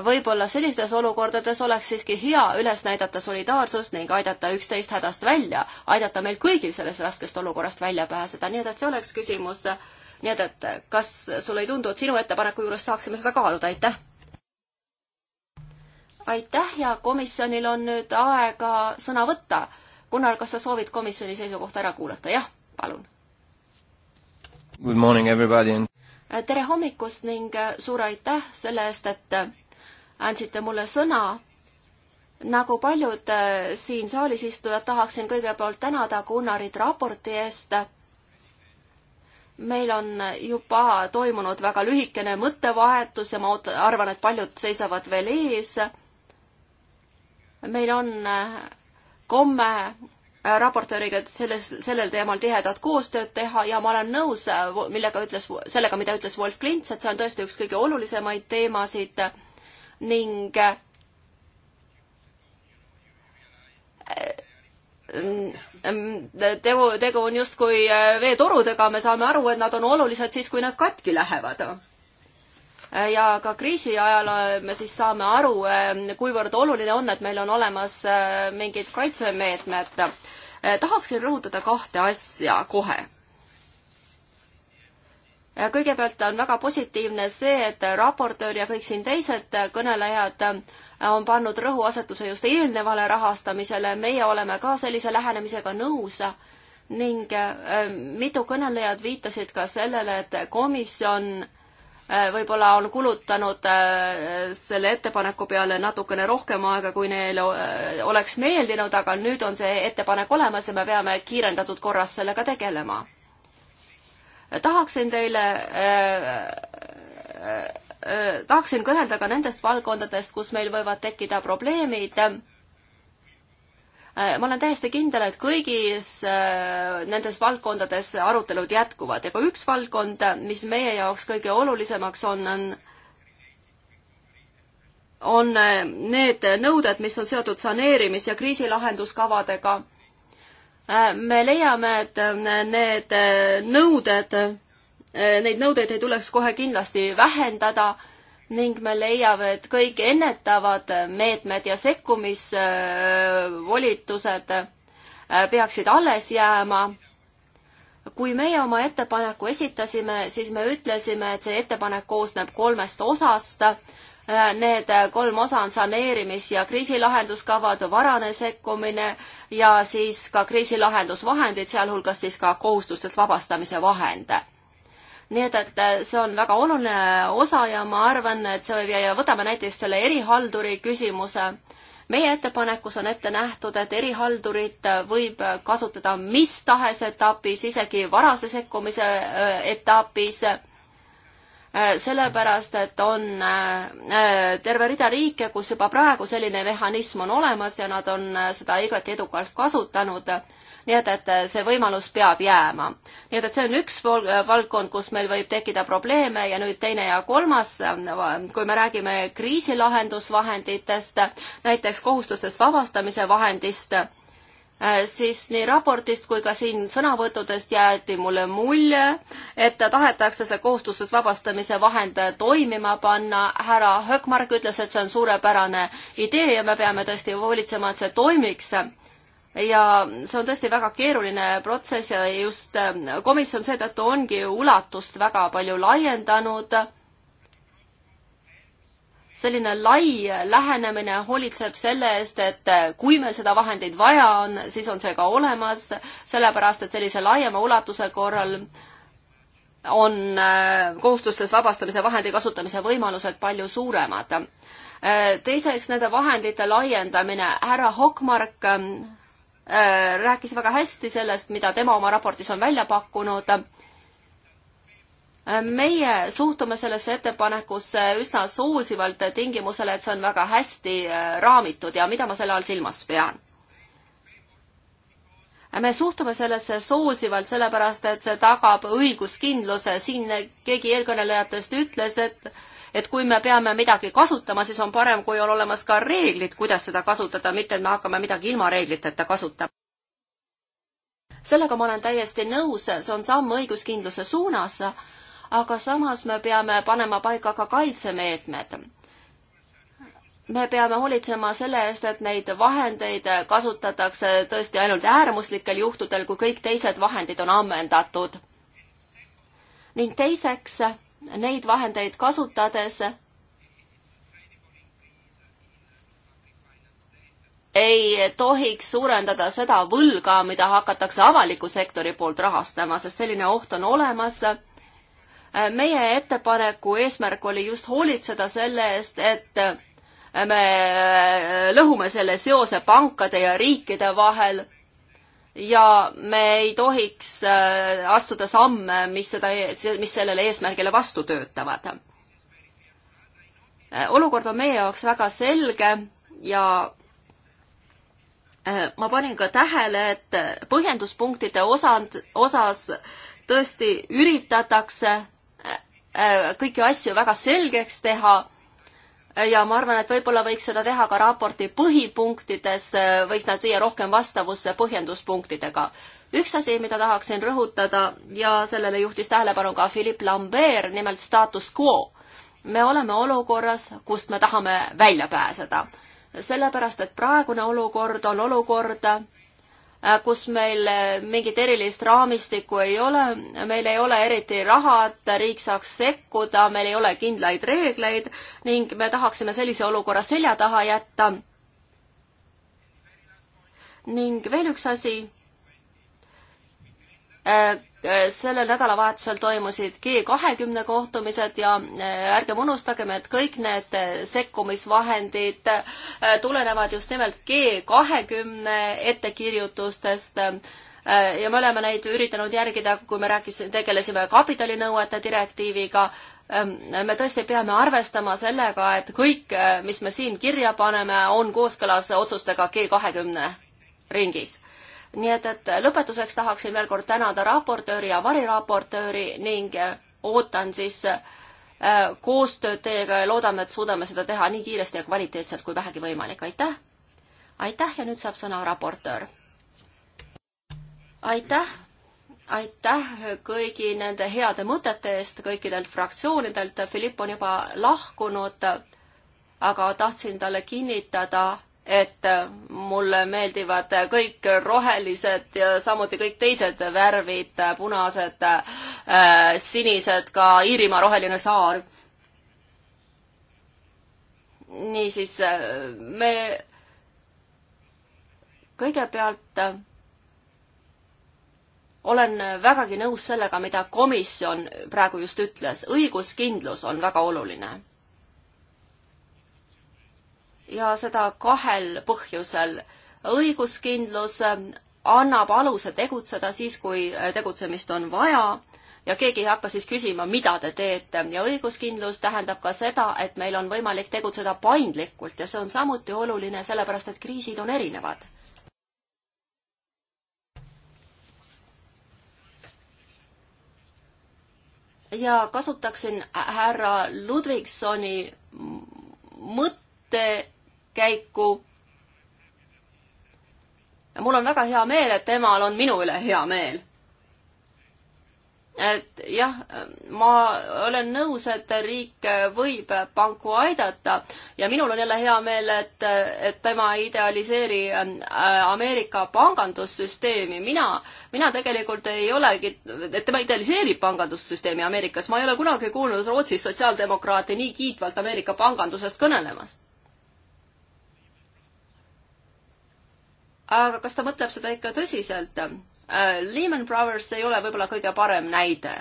võib-olla sellistes olukordades oleks siiski hea üles näidata solidaarsust ning aidata üksteist hädast välja, aidata meil kõigil sellest raskest olukorrast välja pääseda, nii et, et see oleks küsimus. nii et, et kas sulle ei tundu, et sinu ettepaneku juures saaksime seda kaaluda, aitäh! aitäh ja komisjonil on nüüd aega sõna võtta. Gunnar, kas sa soovid komisjoni seisukohta ära kuulata? jah, palun Good morning everybody! tere hommikust ning äh, suur aitäh selle eest, et äh, andsite mulle sõna. nagu paljud äh, siin saalis istujad, tahaksin kõigepealt tänada Gunnarit raporti eest. meil on juba toimunud väga lühikene mõttevahetus ja ma ootan, arvan, et paljud seisavad veel ees. meil on komme Äh, raportööriga selles, sellel teemal tihedat koostööd teha ja ma olen nõus, äh, millega ütles, sellega, mida ütles Wolf Klints, et see on tõesti üks kõige olulisemaid teemasid ning äh, mm, tegu, tegu on justkui veetorudega, me saame aru, et nad on olulised siis, kui nad katki lähevad ja ka kriisi ajal äh, me siis saame aru, äh, kuivõrd oluline on, et meil on olemas äh, mingid kaitsemeetmed. tahaksin rõhutada kahte asja kohe. kõigepealt on väga positiivne see, et raportöör ja kõik siin teised kõnelejad on pannud rõhuasetuse just eelnevale rahastamisele, meie oleme ka sellise lähenemisega nõus ning mitu kõnelejat viitasid ka sellele, et komisjon Äh, võib-olla on kulutanud äh, selle ettepaneku peale natukene rohkem aega, kui neile äh, oleks meeldinud, aga nüüd on see ettepanek olemas ja me peame kiirendatud korras sellega tegelema. tahaksin teile äh, äh, tahaksin kõnelda ka nendest valdkondadest, kus meil võivad tekkida probleemid äh, Äh, ma olen täiesti kindel, et kõigis äh, nendes valdkondades arutelud jätkuvad ja ka üks valdkond, äh, mis meie jaoks kõige olulisemaks on, on on need nõuded, mis on seotud saneerimis- ja kriisilahenduskavadega. me leiame, et need nõuded, neid nõudeid ei tuleks kohe kindlasti vähendada ning me leiame, et kõik ennetavad meetmed ja sekkumisvolitused äh, peaksid alles jääma. kui meie oma ettepaneku esitasime, siis me ütlesime, et see ettepanek koosneb kolmest osast. Äh, need kolm osa on saneerimis- ja kriisilahenduskavad, varane sekkumine ja siis ka kriisilahendusvahendid, sealhulgas siis ka kohustustest vabastamise vahend nii et, et äh, see on väga oluline osa ja ma arvan, et see võib ja võtame näiteks selle erihalduri küsimuse. meie ettepanekus on ette nähtud, et erihaldurit äh, võib äh, kasutada mis tahes etapis, isegi varase sekkumise etapis sellepärast, et on terve rida riike, kus juba praegu selline mehhanism on olemas ja nad on seda igati edukalt kasutanud nii et, et äh, see võimalus peab jääma. nii et, et see on üks pool, äh, valdkond, kus meil võib tekkida probleeme ja nüüd teine ja kolmas, äh, kui me räägime kriisilahendusvahenditest, näiteks kohustustest vabastamise vahendist, siis nii raportist kui ka siin sõnavõttudest jäeti mulle mulje, et tahetakse see kohustusest vabastamise vahend toimima panna. härra Höökmark ütles, et see on suurepärane idee ja me peame tõesti hoolitsema, et see toimiks ja see on tõesti väga keeruline protsess ja just äh, komisjon seetõttu ongi ulatust väga palju laiendanud. selline lai lähenemine hoolitseb selle eest, et äh, kui meil seda vahendeid vaja on, siis on see ka olemas, sellepärast et sellise laiema ulatuse korral on äh, kohustustest vabastamise vahendi kasutamise võimalused palju suuremad. teiseks nende vahendite laiendamine, härra Hokmark ähm, Äh, rääkis väga hästi sellest, mida tema oma raportis on välja pakkunud. Äh, meie suhtume sellesse ettepanekusse üsna soosivalt tingimusele, et see on väga hästi äh, raamitud ja mida ma selle all silmas pean me suhtume sellesse soosivalt, sellepärast et see tagab õiguskindluse. siin keegi eelkõnelejatest ütles, et et kui me peame midagi kasutama, siis on parem, kui on olemas ka reeglid, kuidas seda kasutada, mitte et me hakkame midagi ilma reegliteta kasutama. sellega ma olen täiesti nõus, see on samm õiguskindluse suunas, aga samas me peame panema paika ka kaitsemeetmed me peame hoolitsema selle eest, et neid vahendeid kasutatakse tõesti ainult äärmuslikel juhtudel, kui kõik teised vahendid on ammendatud. ning teiseks neid vahendeid kasutades ei tohiks suurendada seda võlga, mida hakatakse avaliku sektori poolt rahastama, sest selline oht on olemas. meie ettepaneku eesmärk oli just hoolitseda selle eest, et me lõhume selle seose pankade ja riikide vahel ja me ei tohiks äh, astuda samme, mis seda, e-, mis sellele eesmärgile vastu töötavad. Äh, olukord on meie jaoks väga selge ja äh, ma panin ka tähele, et põhjenduspunktide osand, osas tõesti üritatakse kõiki asju väga selgeks teha ja ma arvan, et võib-olla võiks seda teha ka raporti põhipunktides, äh, võiks nad viia rohkem vastavusse põhjenduspunktidega. üks asi, mida tahaksin rõhutada ja sellele juhtis tähelepanu ka Philippe Lambert, nimelt status quo. me oleme olukorras, kust me tahame välja pääseda. sellepärast, et praegune olukord on olukord, Äh, kus meil äh, mingit erilist raamistikku ei ole, meil ei ole eriti raha, et riik saaks sekkuda, meil ei ole kindlaid reegleid ning me tahaksime sellise olukorra selja taha jätta. ning veel üks asi Äh, äh, sellel nädalavahetusel toimusid G kahekümne kohtumised ja äh, ärgem unustagem, et kõik need sekkumisvahendid tulenevad just nimelt G kahekümne ettekirjutustest ja me oleme neid üritanud järgida, kui me rääkisime, tegelesime kapitalinõuete direktiiviga. Ähm, me tõesti peame arvestama sellega, et kõik, mis me siin kirja paneme, on kooskõlas otsustega G kahekümne ringis nii et, et lõpetuseks tahaksin veel kord tänada raportööri ja variraportööri ning äh, ootan siis äh, koostööd teiega ja loodame, et suudame seda teha nii kiiresti ja kvaliteetselt kui vähegi võimalik, aitäh! aitäh ja nüüd saab sõna raportöör. aitäh, aitäh kõigi nende heade mõtete eest kõikidelt fraktsioonidelt, Philipp on juba lahkunud, aga tahtsin talle kinnitada, et mulle meeldivad kõik rohelised ja samuti kõik teised värvid, punased, äh, sinised, ka Iirimaa roheline saar. niisiis, me kõigepealt olen vägagi nõus sellega, mida komisjon praegu just ütles, õiguskindlus on väga oluline ja seda kahel põhjusel. õiguskindlus ähm, annab aluse tegutseda siis, kui äh, tegutsemist on vaja ja keegi ei hakka siis küsima, mida te teete ja õiguskindlus tähendab ka seda, et meil on võimalik tegutseda paindlikult ja see on samuti oluline, sellepärast et kriisid on erinevad. ja kasutaksin härra Ludvigsoni mõtte käiku. mul on väga hea meel, et temal on minu üle hea meel. et jah, ma olen nõus, et riik võib panku aidata ja minul on jälle hea meel, et, et tema ei idealiseeri äh, Ameerika pangandussüsteemi. mina, mina tegelikult ei olegi, et tema idealiseerib pangandussüsteemi Ameerikas. ma ei ole kunagi kuulnud Rootsis sotsiaaldemokraate nii kiitvalt Ameerika pangandusest kõnelemast aga kas ta mõtleb seda ikka tõsiselt? Äh, Lehman Brothers ei ole võib-olla kõige parem näide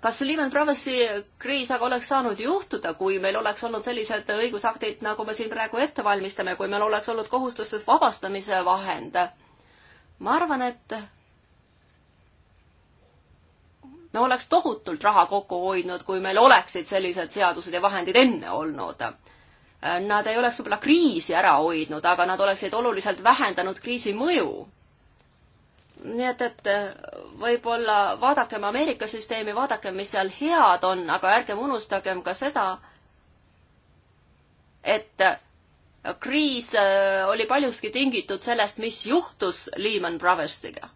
kas Lehman Brothersi kriis aga oleks saanud juhtuda, kui meil oleks olnud sellised õigusaktid, nagu me siin praegu ette valmistame, kui meil oleks olnud kohustustest vabastamise vahend? ma arvan, et me oleks tohutult raha kokku hoidnud, kui meil oleksid sellised seadused ja vahendid enne olnud. Nad ei oleks võib-olla kriisi ära hoidnud, aga nad oleksid oluliselt vähendanud kriisi mõju. nii et, et võib-olla vaadakem Ameerika süsteemi, vaadakem, mis seal head on, aga ärgem unustagem ka seda, et kriis oli paljuski tingitud sellest, mis juhtus Lehman Brothersiga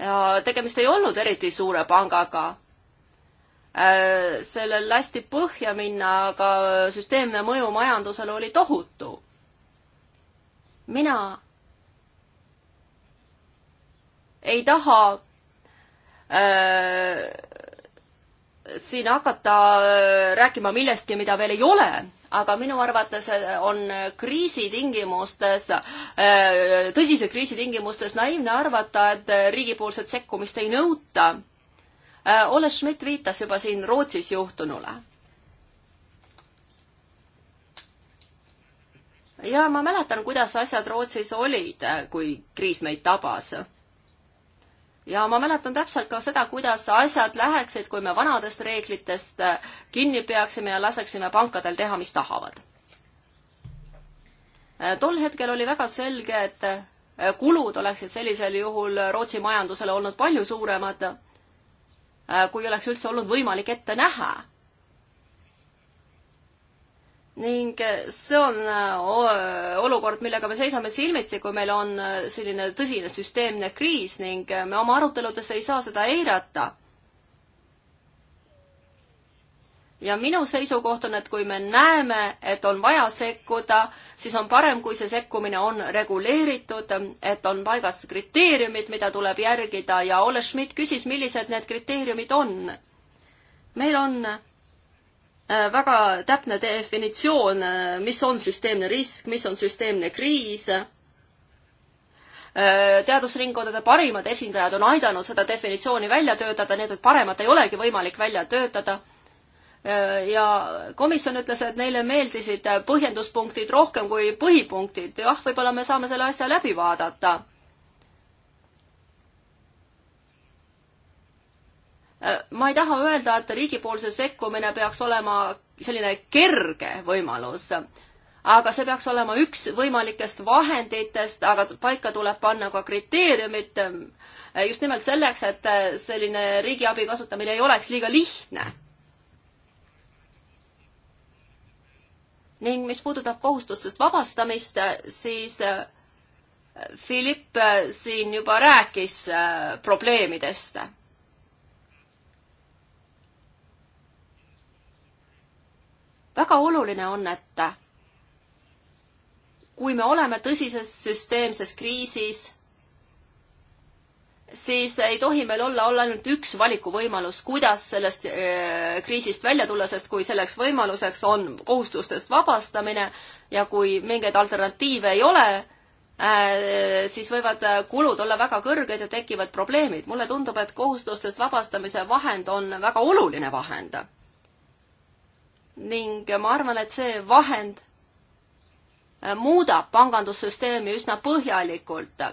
ja tegemist ei olnud eriti suure pangaga. Äh, sellel lasti põhja minna, aga süsteemne mõju majandusele oli tohutu. mina ei taha äh, siin hakata äh, rääkima millestki, mida veel ei ole, aga minu arvates äh, on kriisitingimustes, äh, tõsise kriisi tingimustes naiivne arvata, et riigipoolset sekkumist ei nõuta. Olle Schmidt viitas juba siin Rootsis juhtunule. ja ma mäletan, kuidas asjad Rootsis olid, kui kriis meid tabas ja ma mäletan täpselt ka seda, kuidas asjad läheksid, kui me vanadest reeglitest äh, kinni peaksime ja laseksime pankadel teha, mis tahavad. Äh, tol hetkel oli väga selge, et äh, kulud oleksid sellisel juhul Rootsi majandusele olnud palju suuremad, kui oleks üldse olnud võimalik ette näha ning see on äh, olukord, millega me seisame silmitsi, kui meil on äh, selline tõsine süsteemne kriis ning äh, me oma aruteludes ei saa seda eirata. ja minu seisukoht on, et kui me näeme, et on vaja sekkuda, siis on parem, kui see sekkumine on reguleeritud, et on paigas kriteeriumid, mida tuleb järgida ja Olle Schmidt küsis, millised need kriteeriumid on. meil on Äh, väga täpne definitsioon, äh, mis on süsteemne risk, mis on süsteemne kriis. Äh, teadusringkondade parimad esindajad on aidanud seda definitsiooni välja töötada, nii et paremat ei olegi võimalik välja töötada ja komisjon ütles, et neile meeldisid põhjenduspunktid rohkem kui põhipunktid. jah, võib-olla me saame selle asja läbi vaadata. Äh, ma ei taha öelda, et riigipoolse sekkumine peaks olema selline kerge võimalus, aga see peaks olema üks võimalikest vahenditest, aga paika tuleb panna ka kriteeriumid äh, just nimelt selleks, et äh, selline riigiabi kasutamine ei oleks liiga lihtne. ning mis puudutab kohustustest vabastamist, siis Philipp siin juba rääkis probleemidest väga oluline on, et kui me oleme tõsises süsteemses kriisis, siis ei tohi meil olla, olla ainult üks valikuvõimalus, kuidas sellest äh, kriisist välja tulla, sest kui selleks võimaluseks on kohustustest vabastamine ja kui mingeid alternatiive ei ole, äh, siis võivad kulud olla väga kõrged ja tekivad probleemid. mulle tundub, et kohustustest vabastamise vahend on väga oluline vahend ning ma arvan, et see vahend äh, muudab pangandussüsteemi üsna põhjalikult.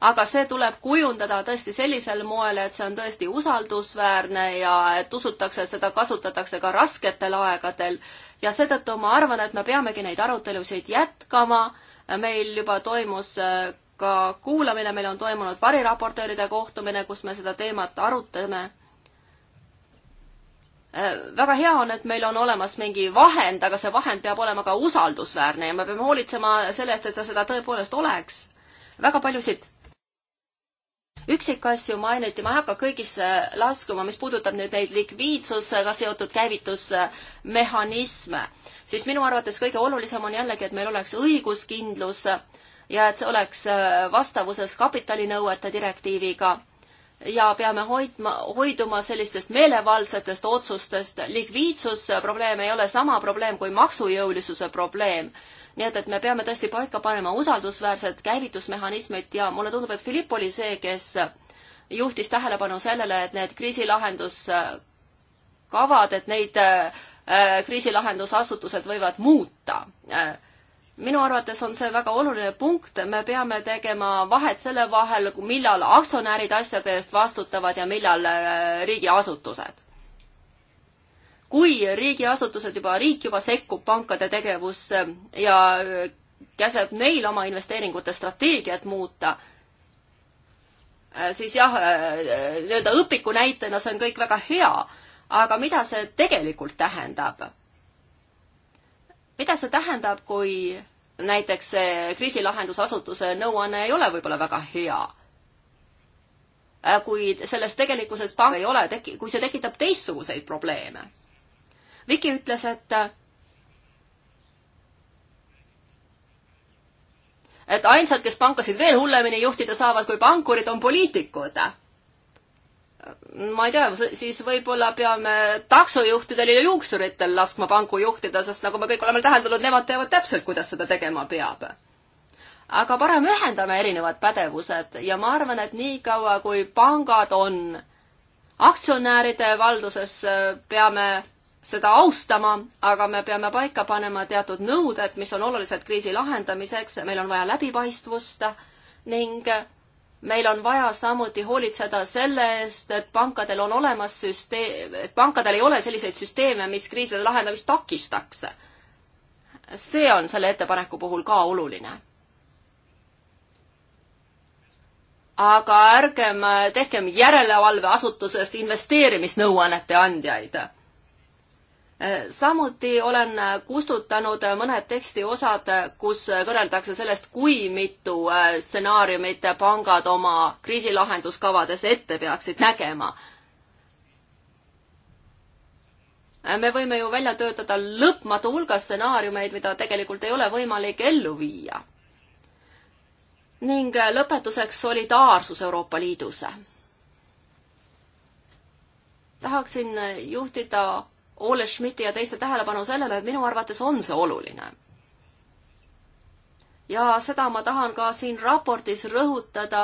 aga see tuleb kujundada tõesti sellisel moel, et see on tõesti usaldusväärne ja et usutakse, et seda kasutatakse ka rasketel aegadel ja seetõttu ma arvan, et me peamegi neid arutelusid jätkama. meil juba toimus äh, ka kuulamine, meil on toimunud variraportööride kohtumine, kus me seda teemat arutame Äh, väga hea on, et meil on olemas mingi vahend, aga see vahend peab olema ka usaldusväärne ja me peame hoolitsema selle eest, et ta seda tõepoolest oleks. väga paljusid üksikasju mainiti, ma ei hakka kõigisse laskuma, mis puudutab nüüd neid likviidsusega seotud käivitusmehhanisme, siis minu arvates kõige olulisem on jällegi, et meil oleks õiguskindlus ja et see oleks äh, vastavuses kapitalinõuete direktiiviga ja peame hoidma, hoiduma sellistest meelevaldsetest otsustest. likviidsusprobleem ei ole sama probleem kui maksujõulisuse probleem. nii et, et me peame tõesti paika panema usaldusväärsed käivitusmehhanismid ja mulle tundub, et Philipp oli see, kes juhtis tähelepanu sellele, et need kriisilahenduskavad, et neid äh, äh, kriisilahendusasutused võivad muuta äh, minu arvates on see väga oluline punkt, me peame tegema vahet selle vahel, millal aktsionärid asjade eest vastutavad ja millal äh, riigiasutused. kui riigiasutused juba, riik juba sekkub pankade tegevusse ja äh, käseb neil oma investeeringute strateegiat muuta, äh, siis jah, nii-öelda õpiku näitena see on kõik väga hea, aga mida see tegelikult tähendab? mida see tähendab, kui näiteks kriisilahendusasutuse nõuanne ei ole võib-olla väga hea? Äh, kui selles tegelikkuses pang ei ole, teki-, kui see tekitab teistsuguseid probleeme. Viki ütles, et et ainsad, kes pankasid veel hullemini juhtida saavad kui pankurid, on poliitikud ma ei tea, siis võib-olla peame taksojuhtidel ja juuksuritel laskma panku juhtida, sest nagu me kõik oleme täheldanud, nemad teavad täpselt, kuidas seda tegema peab. aga parem ühendame erinevad pädevused ja ma arvan, et niikaua, kui pangad on aktsionäride valduses, peame seda austama, aga me peame paika panema teatud nõuded, mis on olulised kriisi lahendamiseks, meil on vaja läbipaistvust ning meil on vaja samuti hoolitseda selle eest, et pankadel on olemas süsteem, et pankadel ei ole selliseid süsteeme, mis kriiside lahendamist takistaks. see on selle ettepaneku puhul ka oluline. aga ärgem tehkem järelevalveasutusest investeerimisnõuannete andjaid samuti olen kustutanud mõned tekstiosad, kus kõneldakse sellest, kui mitu äh, stsenaariumit pangad oma kriisilahenduskavades ette peaksid nägema. Äh, me võime ju välja töötada lõpmatu hulga stsenaariumeid, mida tegelikult ei ole võimalik ellu viia. ning äh, lõpetuseks solidaarsus Euroopa Liidus. tahaksin juhtida Ole Schmidti ja teiste tähelepanu sellele, et minu arvates on see oluline. ja seda ma tahan ka siin raportis rõhutada.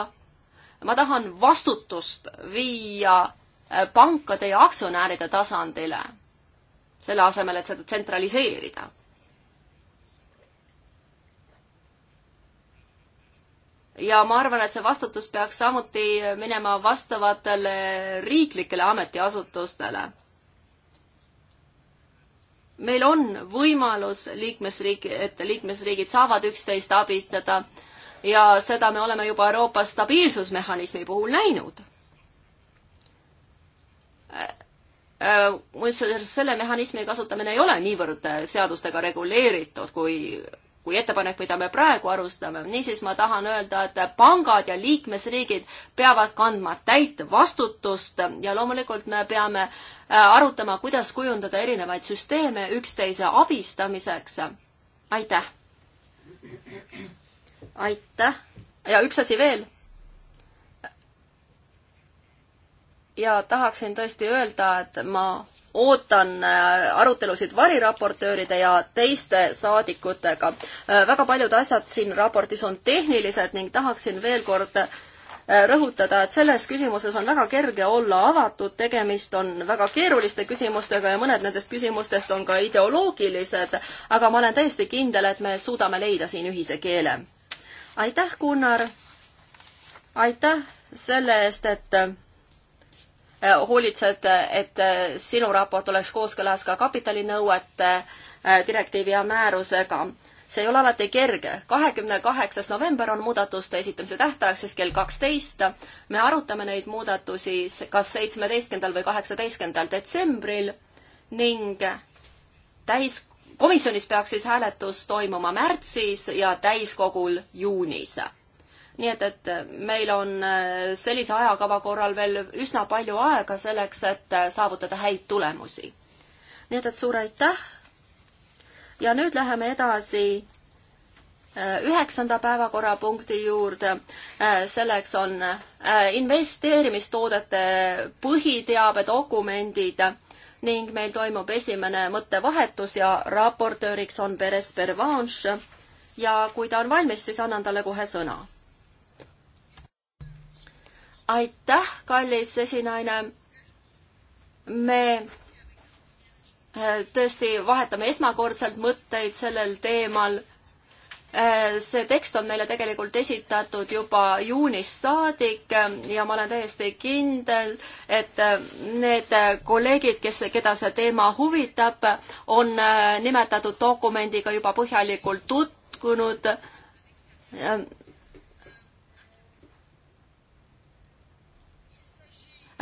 ma tahan vastutust viia äh, pankade ja aktsionäride tasandile, selle asemel, et seda tsentraliseerida ja ma arvan, et see vastutus peaks samuti minema vastavatele riiklikele ametiasutustele meil on võimalus liikmesriik, et liikmesriigid saavad üksteist abistada ja seda me oleme juba Euroopa stabiilsusmehhanismi puhul näinud. Äh, äh, muuseas, selle mehhanismi kasutamine ei ole niivõrd seadustega reguleeritud, kui kui ettepanek, mida me praegu arutame. niisiis ma tahan öelda, et pangad ja liikmesriigid peavad kandma täit vastutust ja loomulikult me peame äh, arutama, kuidas kujundada erinevaid süsteeme üksteise abistamiseks. aitäh! aitäh! ja üks asi veel ja tahaksin tõesti öelda, et ma ootan äh, arutelusid variraportööride ja teiste saadikutega. Äh, väga paljud asjad siin raportis on tehnilised ning tahaksin veel kord äh, rõhutada, et selles küsimuses on väga kerge olla avatud, tegemist on väga keeruliste küsimustega ja mõned nendest küsimustest on ka ideoloogilised, aga ma olen täiesti kindel, et me suudame leida siin ühise keele. aitäh, Gunnar! aitäh selle eest, et Äh, hoolitsed, et äh, sinu raport oleks kooskõlas ka kapitalinõuete äh, direktiivi ja määrusega. see ei ole alati kerge. kahekümne kaheksas november on muudatuste esitamise tähtaeg, siis kell kaksteist. me arutame neid muudatusi kas seitsmeteistkümnendal või kaheksateistkümnendal detsembril ning täis, komisjonis peaks siis hääletus toimuma märtsis ja täiskogul juunis nii et, et meil on äh, sellise ajakava korral veel üsna palju aega selleks, et äh, saavutada häid tulemusi. nii et, et suur aitäh. ja nüüd läheme edasi äh, üheksanda päevakorrapunkti juurde. selleks on investeerimistoodete põhiteabedokumendid ning meil toimub esimene mõttevahetus ja raportööriks on Peres Pervanche ja kui ta on valmis, siis annan talle kohe sõna aitäh, kallis esinaine. me äh, tõesti vahetame esmakordselt mõtteid sellel teemal. Äh, see tekst on meile tegelikult esitatud juba juunist saadik äh, ja ma olen täiesti kindel, et need kolleegid, kes, keda see teema huvitab, on nimetatud dokumendiga juba põhjalikult tutvunud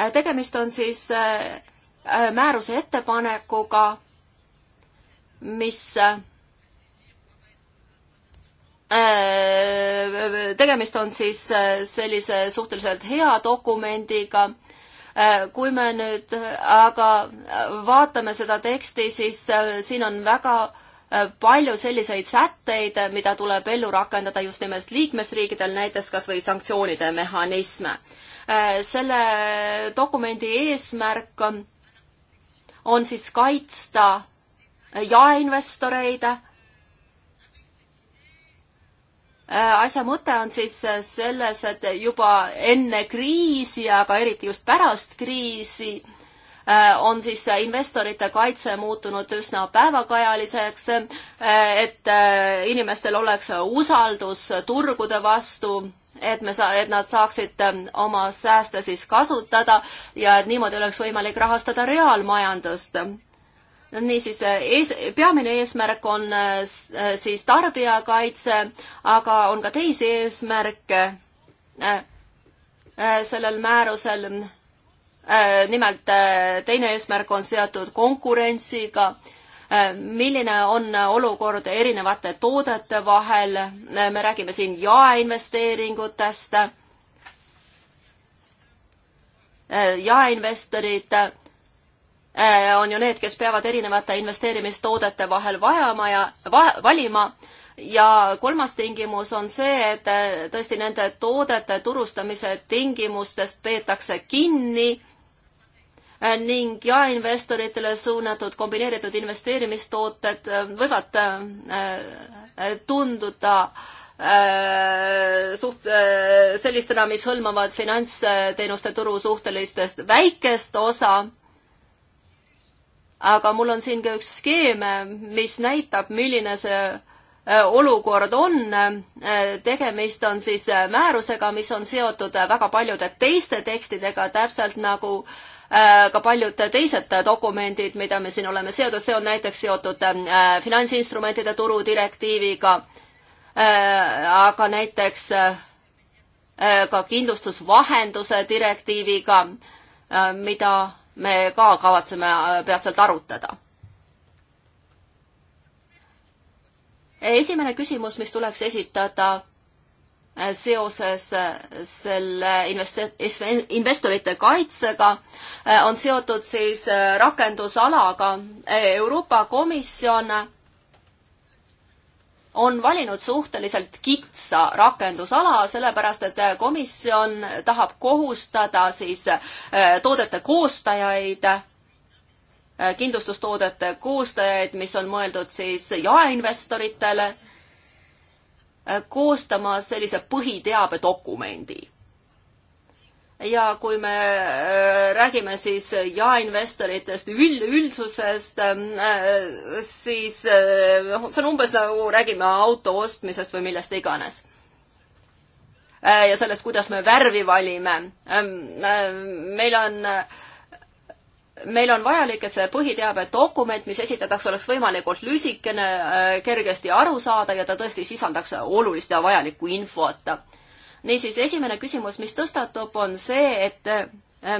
Äh, tegemist on siis äh, äh, määruse ettepanekuga, mis tegemist on siis sellise suhteliselt hea dokumendiga. kui me nüüd aga vaatame seda teksti, siis siin on väga palju selliseid sätteid, mida tuleb ellu rakendada just nimelt liikmesriikidel, näiteks kas või sanktsioonide mehhanisme. Äh, selle dokumendi eesmärk on siis kaitsta jaeinvestoreid. Äh, asja mõte on siis selles, et juba enne kriisi, aga eriti just pärast kriisi, äh, on siis investorite kaitse muutunud üsna päevakajaliseks, et inimestel oleks usaldus turgude vastu et me saa-, et nad saaksid ähm, oma sääste siis kasutada ja et niimoodi oleks võimalik rahastada reaalmajandust. niisiis, äh, ees-, peamine eesmärk on äh, äh, siis tarbijakaitse, aga on ka teisi eesmärke sellel määrusel. nimelt teine eesmärk on seotud konkurentsiga Äh, milline on olukord erinevate toodete vahel, äh, me räägime siin jaeinvesteeringutest, äh, jaeinvestorid on ju need, kes peavad erinevate investeerimistoodete vahel vajama ja va, valima ja kolmas tingimus on see, et tõesti nende toodete turustamise tingimustest peetakse kinni Äh, ning jaeinvestoritele suunatud kombineeritud investeerimistooted äh, võivad äh, tunduda suht-, sellistena, mis hõlmavad finantsteenuste turu suhtelistest väikest osa, aga mul on siin ka üks skeem, mis näitab, milline see olukord on, tegemist on siis määrusega, mis on seotud väga paljude teiste tekstidega, täpselt nagu äh, Äh, ka paljud teised dokumendid, mida me siin oleme seotud, see on näiteks seotud äh, finantsinstrumentide turu direktiiviga, äh, aga näiteks ka kindlustusvahenduse direktiiviga, mida me ka kavatseme peatselt arutada esimene küsimus, mis tuleks esitada, seoses äh, selle investorite kaitsega äh, on seotud siis äh, rakendusalaga. Euroopa Komisjon on valinud suhteliselt kitsa rakendusala, sellepärast et komisjon tahab kohustada siis toodete koostajaid, kindlustustoodete koostajaid, mis on mõeldud siis jaeinvestoritele Äh, koostama sellise põhiteabedokumendi. ja kui me äh, räägime siis jaeinvestoritest üld, üldsusest, äh, siis noh, see on umbes nagu räägime auto ostmisest või millest iganes ja sellest, kuidas me värvi valime. Ähm, meil on äh, meil on vajalik, et see põhiteabedokument, mis esitatakse, oleks võimalikult lüsikene, äh, kergesti arusaadav ja ta tõesti sisaldaks olulist ja vajalikku infot. niisiis, esimene küsimus, mis tõstatub, on see, et äh,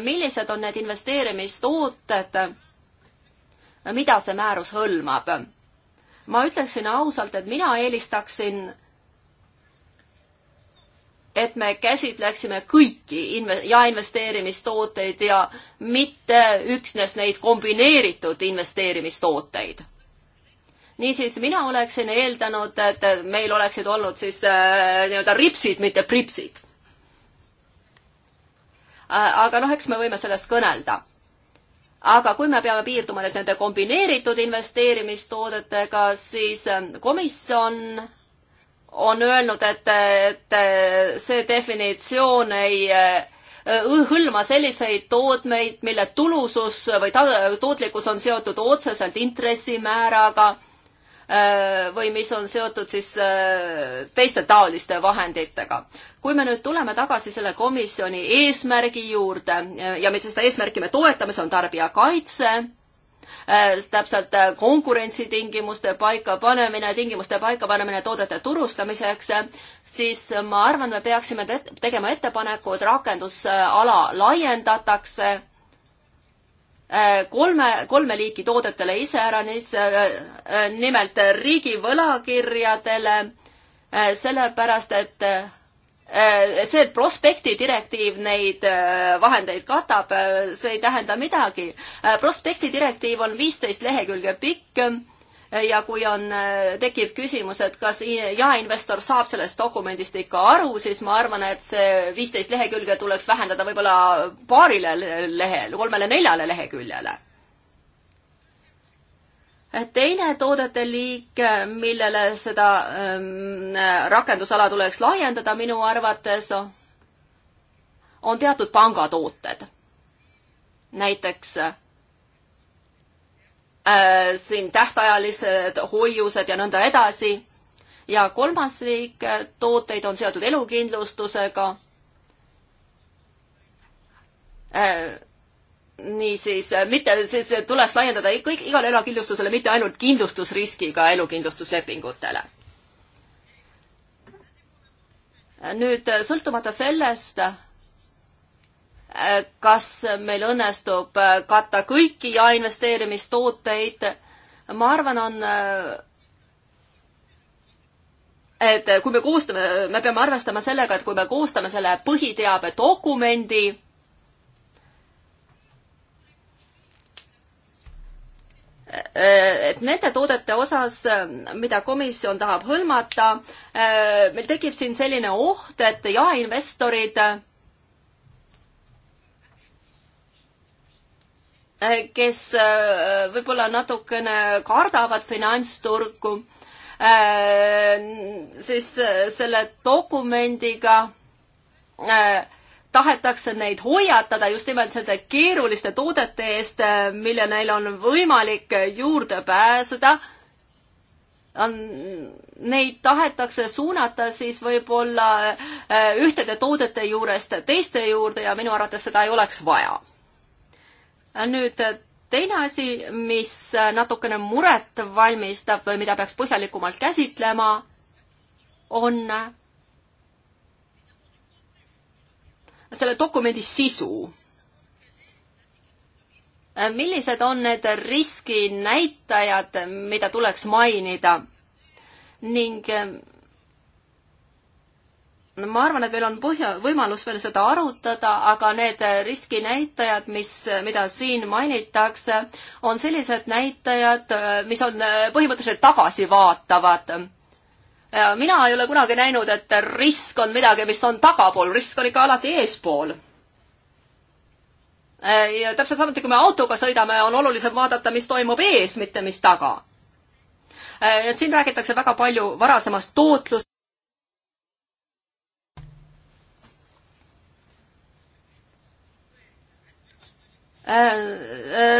millised on need investeerimistooted, äh, mida see määrus hõlmab. ma ütleksin ausalt, et mina eelistaksin et me käsitleksime kõiki inve- ja investeerimistooteid ja mitte üksnes neid kombineeritud investeerimistooteid. niisiis, mina oleksin eeldanud, et meil oleksid olnud siis äh, nii-öelda ripsid, mitte pripsid äh,. aga noh, eks me võime sellest kõnelda aga kui me peame piirduma nüüd nende kombineeritud investeerimistoodetega, siis ähm, komisjon on öelnud, et, et see definitsioon ei äh, hõlma selliseid tootmeid, mille tulusus või tootlikkus on seotud otseselt intressimääraga äh, või mis on seotud siis äh, teiste taoliste vahenditega. kui me nüüd tuleme tagasi selle komisjoni eesmärgi juurde ja me seda eesmärki me toetame, see on tarbijakaitse Äh, täpselt äh, konkurentsitingimuste paikapanemine, tingimuste paikapanemine toodete turustamiseks, äh, siis ma arvan, me peaksime tegema ettepaneku, et rakendusala laiendatakse kolme, kolme liiki toodetele iseäranis, nimelt riigivõlakirjadele, sellepärast et Äh, see, et prospekti direktiiv neid äh, vahendeid katab, äh, see ei tähenda midagi. prospekti direktiiv on viisteist lehekülge pikk ja kui on, tekib küsimus, et kas jaeinvestor saab sellest dokumendist ikka aru, siis ma arvan, et see viisteist lehekülge tuleks vähendada võib-olla paarile lehele, kolmele-neljale leheküljele teine toodete liik, millele seda ähm, rakendusala tuleks laiendada minu arvates, on teatud pangatooted. näiteks äh, siin tähtajalised hoiused ja nõnda edasi. ja kolmas liik tooteid on seotud elukindlustusega äh, niisiis, äh, mitte, siis äh, tuleks laiendada kõik, igale elukindlustusele, mitte ainult kindlustusriskiga elukindlustuslepingutele. nüüd äh, sõltumata sellest, kas meil õnnestub katta kõiki ja investeerimistooteid, ma arvan, on et kui me koostame, me peame arvestama sellega, et kui me koostame selle põhiteabe dokumendi, Äh, et nende toodete osas, äh, mida komisjon tahab hõlmata, äh, meil tekib siin selline oht, et jaeinvestorid, kes võib-olla natukene kardavad finantsturgu, siis selle dokumendiga äh, tahetakse neid hoiatada just nimelt nende keeruliste toodete eest, mille neil on võimalik juurde pääseda. Neid tahetakse suunata siis võib-olla eh, ühtede toodete juurest teiste juurde ja minu arvates seda ei oleks vaja. nüüd eh, teine asi, mis eh, natukene muret valmistab või mida peaks põhjalikumalt käsitlema, on selle dokumendi sisu. millised on need riskinäitajad, mida tuleks mainida ning ma arvan, et meil on põhja, võimalus veel seda arutada, aga need riskinäitajad, mis, mida siin mainitakse, on sellised näitajad, mis on põhimõtteliselt tagasivaatavad Äh, mina ei ole kunagi näinud, et risk on midagi, mis on tagapool, risk on ikka alati eespool. Äh, ja täpselt samuti, kui me autoga sõidame, on olulisem vaadata, mis toimub ees, mitte mis taga. Äh, et siin räägitakse väga palju varasemast tootlust.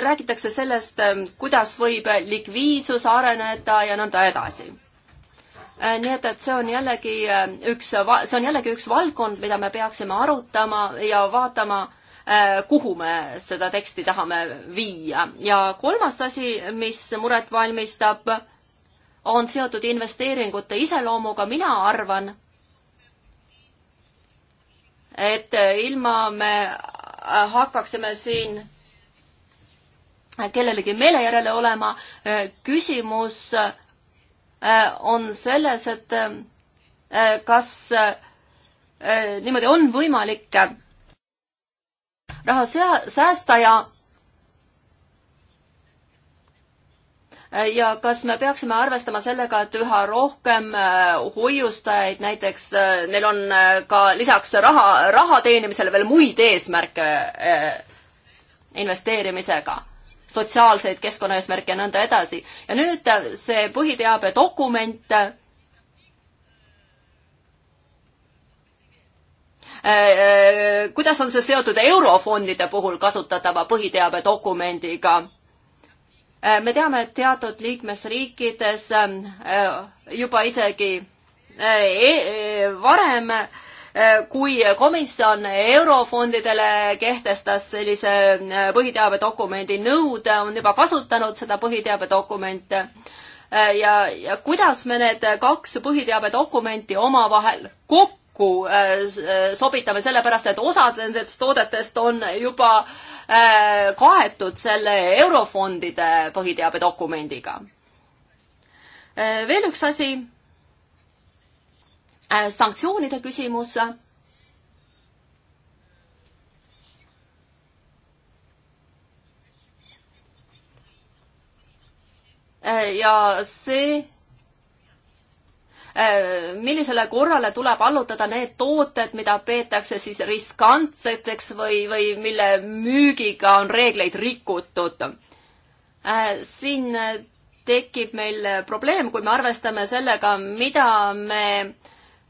räägitakse sellest, ähm, kuidas võib likviidsus areneda ja nõnda edasi Äh, nii et, et see on jällegi äh, üks, äh, see on jällegi üks valdkond, mida me peaksime arutama ja vaatama, kuhu me seda teksti tahame viia. ja kolmas asi, mis muret valmistab, on seotud investeeringute iseloomuga, mina arvan, et ilma me hakkaksime siin kellelegi meele järele olema, küsimus äh, Äh, on selles, et äh, kas äh, niimoodi on võimalik raha sea-, säästa ja ja kas me peaksime arvestama sellega, et üha rohkem hoiustajaid näiteks, neil on ka lisaks raha, raha teenimisele veel muid eesmärke investeerimisega sotsiaalseid keskkonnaeesmärke ja nõnda edasi. ja nüüd see põhiteabedokument äh, äh, kuidas on see seotud eurofondide puhul kasutatava põhiteabedokumendiga? Äh, me teame, et teatud liikmesriikides juba isegi e-, e-, varem Äh, kui komisjon eurofondidele kehtestas sellise äh, põhiteabedokumendi nõude, on juba kasutanud seda põhiteabedokumente äh, ja, ja kuidas me need kaks põhiteabedokumenti omavahel kokku kokku sobitame, sellepärast et osad nendest toodetest on juba kaetud selle eurofondide põhiteabedokumendiga. veel üks asi Äh, sanktsioonide küsimus. Äh, ja see, äh, millisele korrale tuleb allutada need tooted, mida peetakse siis riskantseteks või, või mille müügiga on reegleid rikutud. siin tekib meil probleem, kui me arvestame sellega, mida me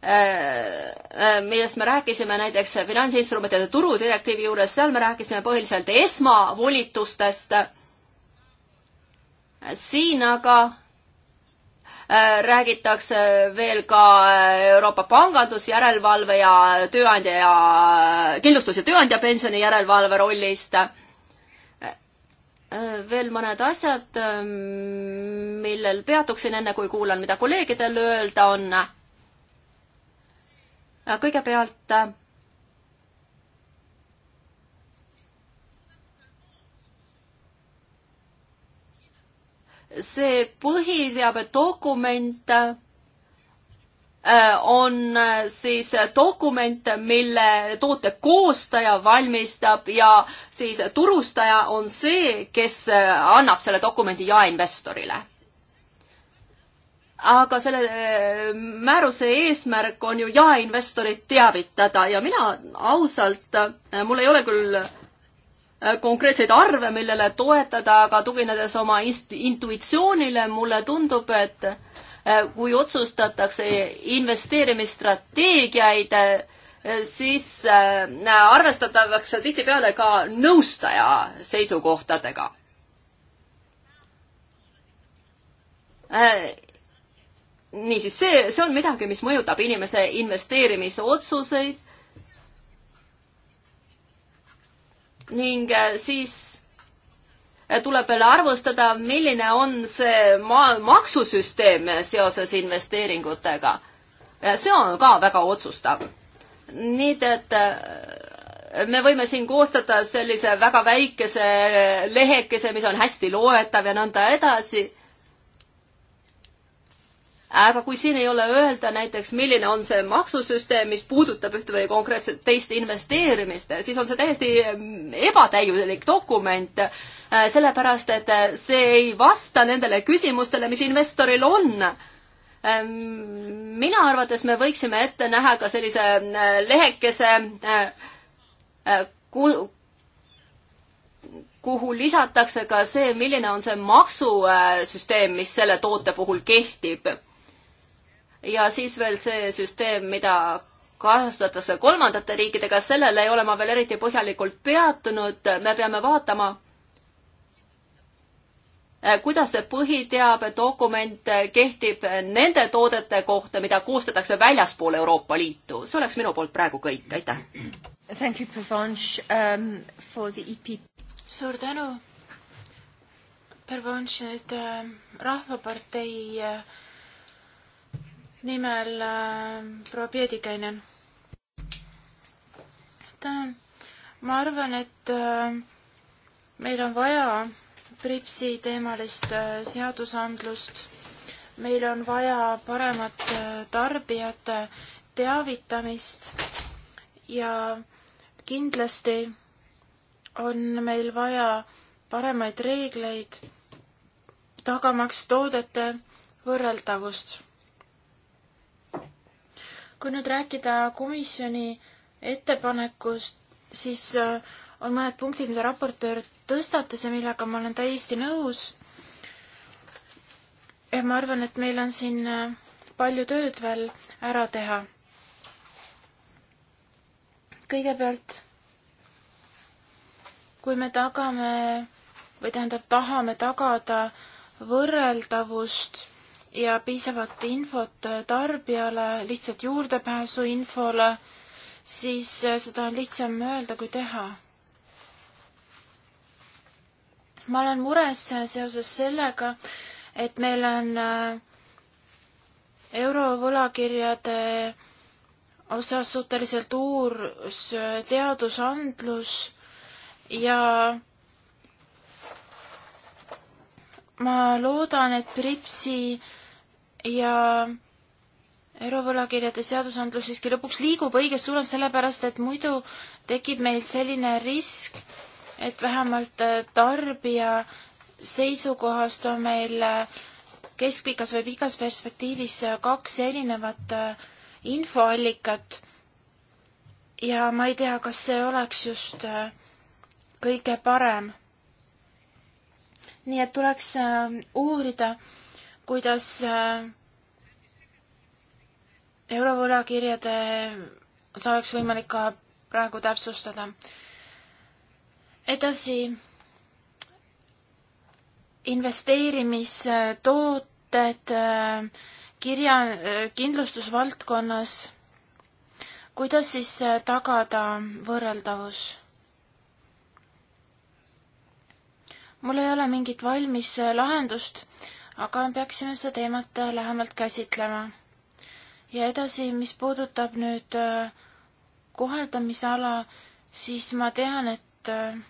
Äh, äh, millest me rääkisime näiteks finantsinstrumentide turudirektiivi juures, seal me rääkisime põhiliselt esmavolitustest. siin aga äh, räägitakse veel ka Euroopa pangandusjärelevalve ja tööandja ja kindlustus- ja tööandjapensioni järelevalve rollist. veel mõned asjad, ähm, millel peatuksin, enne kui kuulan, mida kolleegidel öelda on Äh, kõigepealt äh, see põhiteabedokument äh, on siis dokument, mille toote koostaja valmistab ja siis turustaja on see, kes annab selle dokumendi jaeinvestorile aga selle äh, määruse eesmärk on ju jaeinvestorit teavitada ja mina ausalt, äh, mul ei ole küll äh, konkreetseid arve, millele toetada, aga tuginedes oma intuitsioonile, mulle tundub, et kui otsustatakse investeerimisstrateegiaid, siis arvestatakse tihtipeale ka nõustaja seisukohtadega niisiis, see, see on midagi, mis mõjutab inimese investeerimisotsuseid. ning äh, siis äh, tuleb veel arvustada, milline on see ma-, maksusüsteem seoses investeeringutega. see on ka väga otsustav. nii et äh, me võime siin koostada sellise väga väikese lehekese, mis on hästi loetav ja nõnda edasi aga kui siin ei ole öelda näiteks, milline on see maksusüsteem, mis puudutab ühte või konkreetset teist investeerimist, siis on see täiesti mm, ebatäiulik dokument, äh, sellepärast et äh, see ei vasta nendele küsimustele, mis investoril on ähm, mina arvates me võiksime ette näha ka sellise äh, lehekese, kuhu lisatakse ka see, milline on see maksusüsteem, mis selle toote puhul kehtib ja siis veel see süsteem, mida kasutatakse kolmandate riikidega, sellele ei ole ma veel eriti põhjalikult peatunud, me peame vaatama, eh, kuidas see põhiteabedokument kehtib nende toodete kohta, mida koostatakse väljaspool Euroopa Liitu. see oleks minu poolt praegu kõik, aitäh! Um, e suur tänu! Pervanche nüüd äh, Rahvapartei äh, nimel äh, proua Piedikäinen. tänan. ma arvan, et äh, meil on vaja Pripsi teemalist äh, seadusandlust. meil on vaja paremat äh, tarbijate teavitamist ja kindlasti on meil vaja paremaid reegleid tagamaks toodete võrreldavust kui nüüd rääkida komisjoni ettepanekust, siis äh, on mõned punktid, mida raportöör tõstatas ja millega ma olen täiesti nõus. ja ma arvan, et meil on siin äh, palju tööd veel ära teha. kõigepealt, kui me tagame või tähendab, tahame tagada võrreldavust ja piisavat infot tarbijale, lihtsalt juurdepääsu infole, siis äh, seda on lihtsam öelda kui teha. ma olen mures äh, seoses sellega, et meil on äh, eurovõlakirjade osas suhteliselt uus teadusandlus ja ma loodan, et Pripsi äh, ja eurovõlakirjade seadusandlus siiski lõpuks liigub õiges suunas, sellepärast et muidu tekib meil selline risk, et vähemalt äh, tarbija seisukohast on meil äh, keskpikas või pikas perspektiivis äh, kaks erinevat infoallikat. ja ma ei tea, kas see oleks just kõige parem. nii et tuleks uurida äh, kuidas äh, eurovõlakirjade, seda oleks võimalik ka praegu täpsustada. edasi, investeerimistooted äh, kirja, äh, kindlustusvaldkonnas, kuidas siis tagada võrreldavus? mul ei ole mingit valmis lahendust aga me peaksime seda teemat äh, lähemalt käsitlema. ja edasi, mis puudutab nüüd äh, kohaldamisala, siis ma tean, et äh,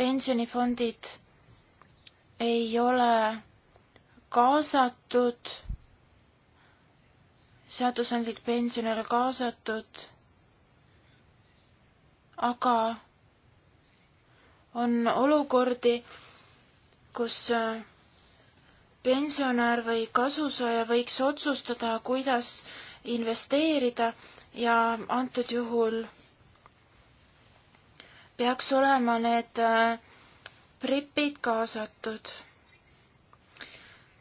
pensionifondid ei ole kaasatud, seadusandlik pension ei ole kaasatud, aga on olukordi, kus äh, pensionär või kasusaaja võiks otsustada, kuidas investeerida ja antud juhul peaks olema need äh, PRIP-id kaasatud.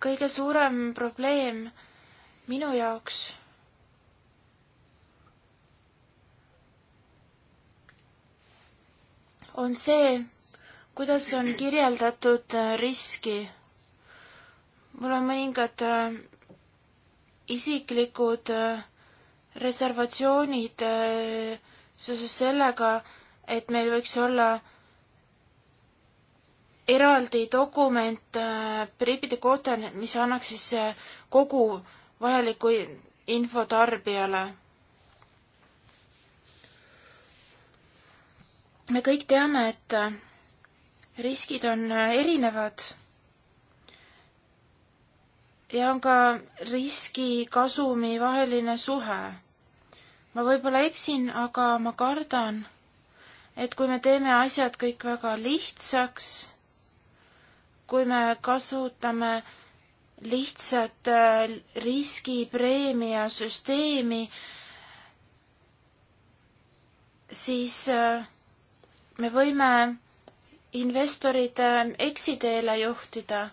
kõige suurem probleem minu jaoks on see, kuidas on kirjeldatud äh, riski mul on mõningad äh, isiklikud äh, reservatsioonid äh, seoses sellega, et meil võiks olla eraldi dokument äh, Pripide Koten, mis annaks siis äh, kogu vajaliku info tarbijale. me kõik teame, et äh, riskid on äh, erinevad ja on ka riski-kasumi vaheline suhe. ma võib-olla eksin, aga ma kardan, et kui me teeme asjad kõik väga lihtsaks, kui me kasutame lihtsat äh, riskipreemia süsteemi, siis äh, me võime investorid äh, eksiteele juhtida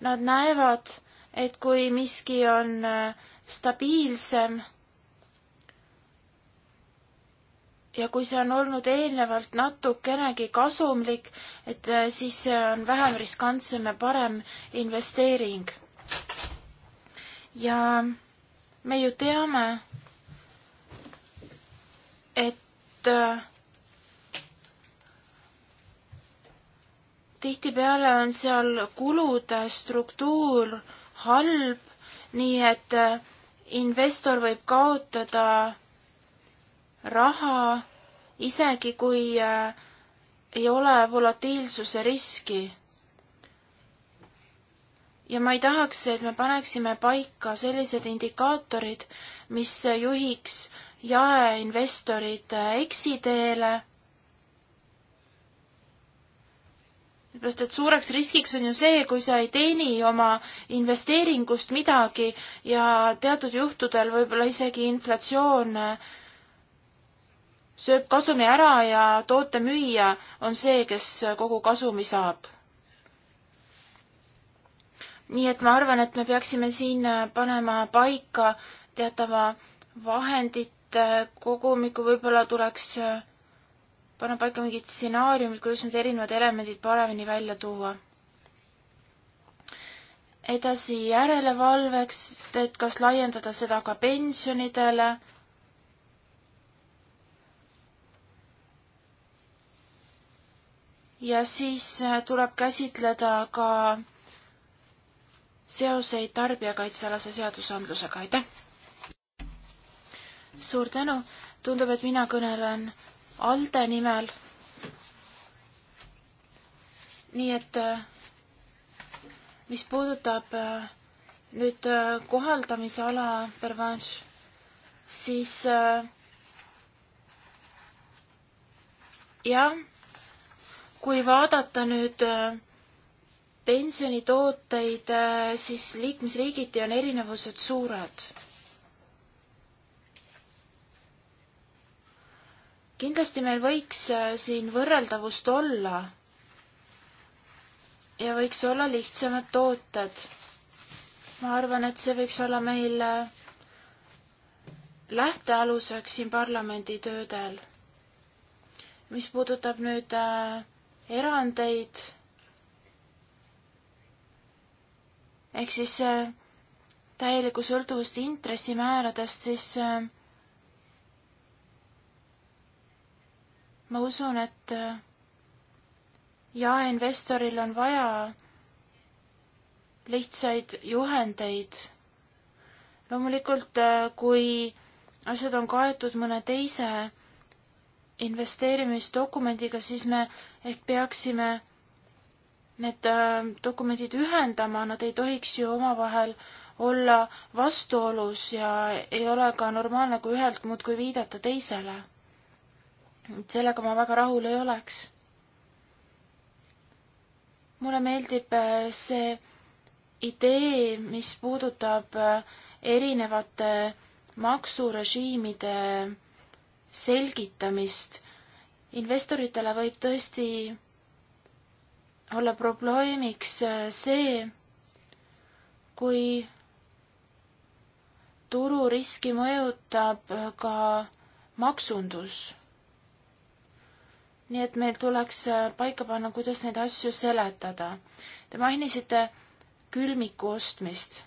Nad näevad, et kui miski on äh, stabiilsem ja kui see on olnud eelnevalt natukenegi kasumlik, et äh, siis see on vähem riskantsem ja parem investeering. ja me ju teame, et äh, tihtipeale on seal kulude struktuur halb, nii et äh, investor võib kaotada raha, isegi kui äh, ei ole volatiilsuse riski. ja ma ei tahaks, et me paneksime paika sellised indikaatorid, mis juhiks jaeinvestorid äh, eksiteele sellepärast, et suureks riskiks on ju see, kui sa ei teeni oma investeeringust midagi ja teatud juhtudel võib-olla isegi inflatsioon äh, sööb kasumi ära ja toote müüja on see, kes kogu kasumi saab. nii et ma arvan, et me peaksime siin äh, panema paika teatava vahendite kogumiku, võib-olla tuleks äh, panna paika mingid stsenaariumid, kuidas need erinevad elemendid paremini välja tuua. edasi järelevalveks, et kas laiendada seda ka pensionidele. ja siis äh, tuleb käsitleda ka seoseid tarbijakaitsealase seadusandlusega, aitäh! suur tänu, tundub, et mina kõnelen ALDE nimel. nii et äh, mis puudutab äh, nüüd äh, kohaldamise ala, siis jah, kui vaadata nüüd pensionitooteid, siis liikmesriigiti on erinevused suured kindlasti meil võiks äh, siin võrreldavust olla ja võiks olla lihtsamad tooted. ma arvan, et see võiks olla meil äh, lähtealuseks siin parlamendi töödel. mis puudutab nüüd äh, erandeid ehk siis täielikku sõltuvust intressimääradest, siis ma usun, et äh, jaeinvestoril on vaja lihtsaid juhendeid. loomulikult, äh, kui asjad on kaetud mõne teise investeerimisdokumendiga, siis me ehk peaksime need äh, dokumendid ühendama, nad ei tohiks ju omavahel olla vastuolus ja ei ole ka normaalne, kui ühelt muudkui viidata teisele sellega ma väga rahul ei oleks. mulle meeldib äh, see idee, mis puudutab äh, erinevate maksurežiimide selgitamist. investoritele võib tõesti olla probleemiks äh, see, kui tururiski mõjutab ka maksundus nii et meil tuleks äh, paika panna, kuidas neid asju seletada. Te mainisite külmiku ostmist.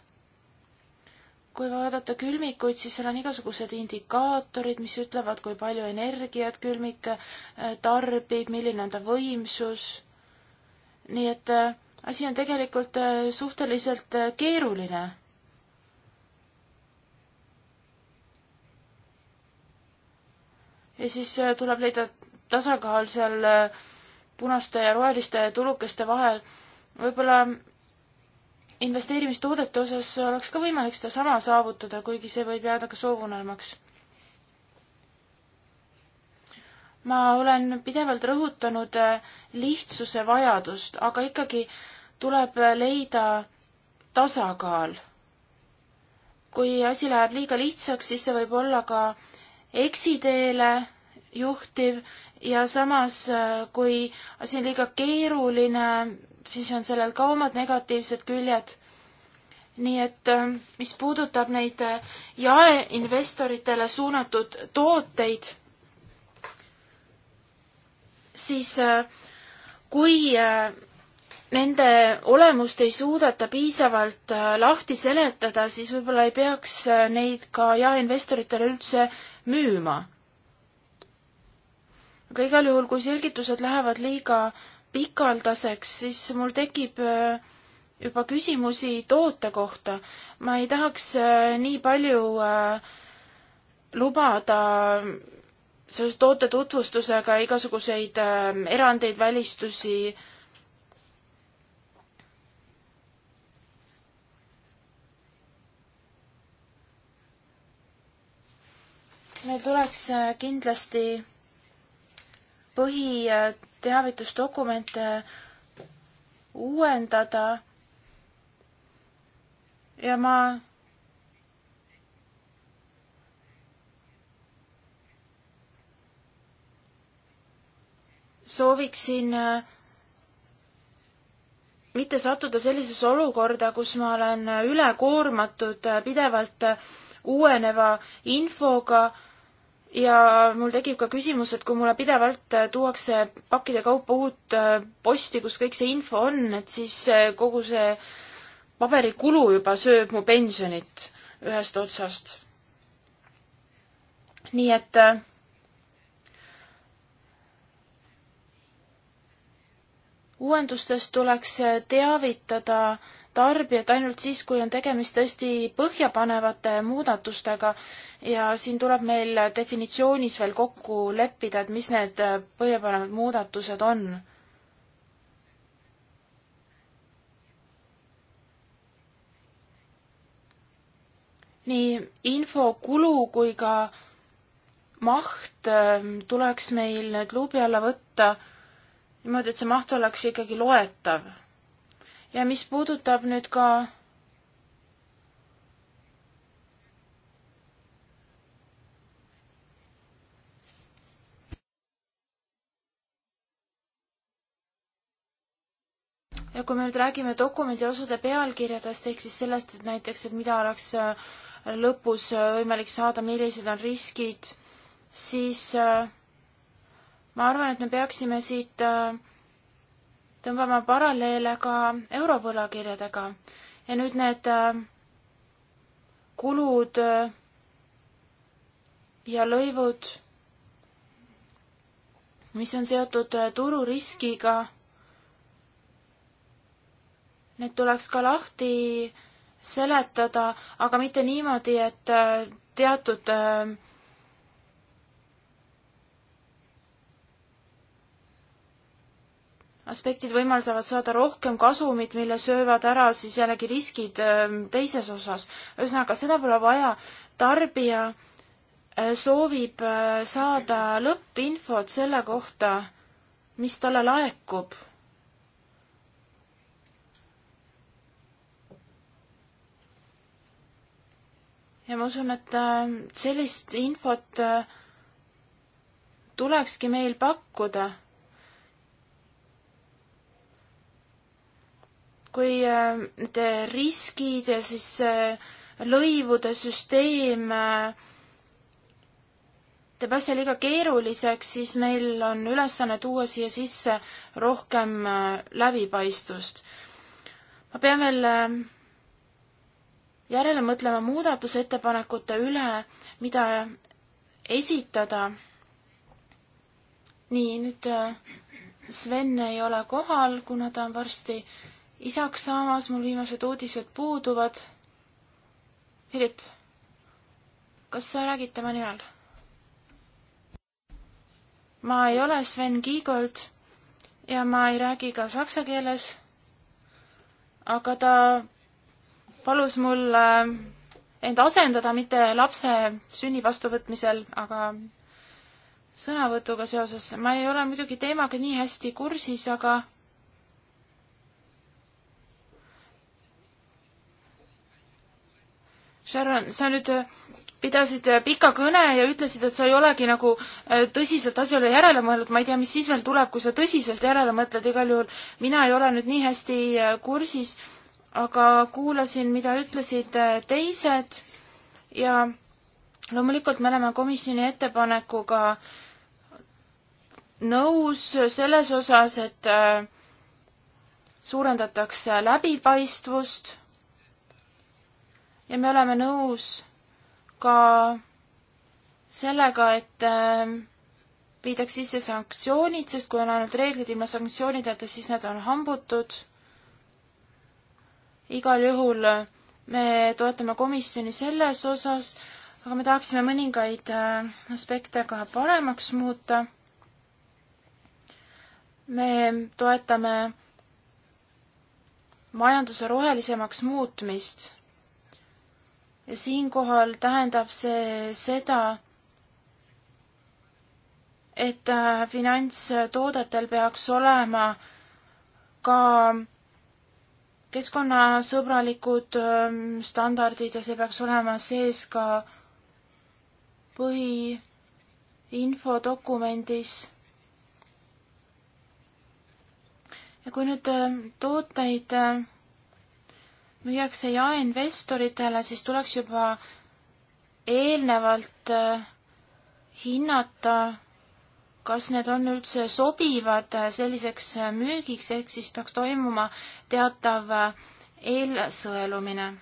kui vaadata külmikuid, siis seal on igasugused indikaatorid, mis ütlevad, kui palju energiat külmik äh, tarbib, milline on ta võimsus. nii et äh, asi on tegelikult suhteliselt keeruline ja siis tuleb leida tasakaal seal äh, punaste ja roheliste tulukeste vahel. võib-olla investeerimistoodete osas oleks ka võimalik sedasama saavutada, kuigi see võib jääda ka soovunelmaks. ma olen pidevalt rõhutanud äh, lihtsuse vajadust, aga ikkagi tuleb äh, leida tasakaal. kui asi läheb liiga lihtsaks, siis see võib olla ka eksiteele juhtiv ja samas, äh, kui asi on liiga keeruline, siis on sellel ka omad negatiivsed küljed. nii et äh, mis puudutab neid äh, jaeinvestoritele suunatud tooteid, siis kui nende olemust ei suudeta piisavalt lahti seletada, siis võib-olla ei peaks neid ka jaeinvestoritele üldse müüma aga igal juhul, kui selgitused lähevad liiga pikaldaseks, siis mul tekib äh, juba küsimusi toote kohta. ma ei tahaks äh, nii palju äh, lubada seoses toote tutvustusega igasuguseid erandeid, välistusi. meil tuleks kindlasti põhiteavitusdokumente uuendada. ja ma sooviksin äh, mitte sattuda sellisesse olukorda, kus ma olen üle koormatud äh, pidevalt äh, uueneva infoga ja mul tekib ka küsimus, et kui mulle pidevalt äh, tuuakse pakkide kaupa uut äh, posti, kus kõik see info on, et siis äh, kogu see paberikulu juba sööb mu pensionit ühest otsast. nii et uuendustest tuleks teavitada äh, tarbijat ainult siis, kui on tegemist tõesti põhjapanevate muudatustega ja siin tuleb meil definitsioonis veel kokku leppida, et mis need põhjapanevad muudatused on. nii info kulu kui ka maht ähm, tuleks meil nüüd luubi alla võtta niimoodi, et see maht oleks ikkagi loetav ja mis puudutab nüüd ka ja kui me nüüd räägime dokumendi osade pealkirjadest, ehk siis sellest, et näiteks, et mida oleks äh, lõpus äh, võimalik saada, millised on riskid, siis äh, ma arvan, et me peaksime siit äh, tõmbama paralleele ka eurovõlakirjadega ja nüüd need äh, kulud äh, ja lõivud, mis on seotud äh, tururiskiga, need tuleks ka lahti seletada, aga mitte niimoodi, et teatud äh, aspektid võimaldavad saada rohkem kasumit, mille söövad ära siis jällegi riskid ähm, teises osas. ühesõnaga, seda pole vaja, tarbija äh, soovib äh, saada lõppinfot selle kohta, mis talle laekub. ja ma usun, et ähm, sellist infot äh, tulekski meil pakkuda kui need äh, riskid ja siis äh, lõivude süsteem äh, teeb asja liiga keeruliseks, siis meil on ülesanne tuua siia sisse rohkem läbipaistvust. ma pean veel järele mõtlema muudatusettepanekute üle, mida esitada. nii, nüüd Sven ei ole kohal, kuna ta on varsti isaks saamas, mul viimased uudised puuduvad. Philipp, kas sa räägid tema nimel? ma ei ole Sven Kiigold ja ma ei räägi ka saksa keeles, aga ta palus mul äh, end asendada mitte lapse sünni vastuvõtmisel, aga sõnavõtuga seoses. ma ei ole muidugi teemaga nii hästi kursis, aga Sharon, sa nüüd äh, pidasid äh, pika kõne ja ütlesid, et sa ei olegi nagu äh, tõsiselt asjale järele mõelnud, ma ei tea, mis siis veel tuleb, kui sa tõsiselt järele mõtled, igal juhul mina ei ole nüüd nii hästi kursis, aga kuulasin, mida ütlesid teised ja loomulikult me oleme komisjoni ettepanekuga nõus selles osas, et suurendatakse läbipaistvust ja me oleme nõus ka sellega, et äh, viidaks sisse sanktsioonid, sest kui on ainult reeglid ilma sanktsioonideta, siis need on hambutud. igal juhul me toetame komisjoni selles osas, aga me tahaksime mõningaid äh, aspekte ka paremaks muuta. me toetame majanduse rohelisemaks muutmist ja siinkohal tähendab see seda, et äh, finantstoodetel peaks olema ka keskkonnasõbralikud ähm, standardid ja see peaks olema sees ka põhiinfodokumendis. ja kui nüüd ähm, tooteid äh, müüakse jaeinvestoritele, siis tuleks juba eelnevalt äh, hinnata, kas need on üldse sobivad äh, selliseks äh, müügiks, ehk siis peaks toimuma teatav eelsõelumine.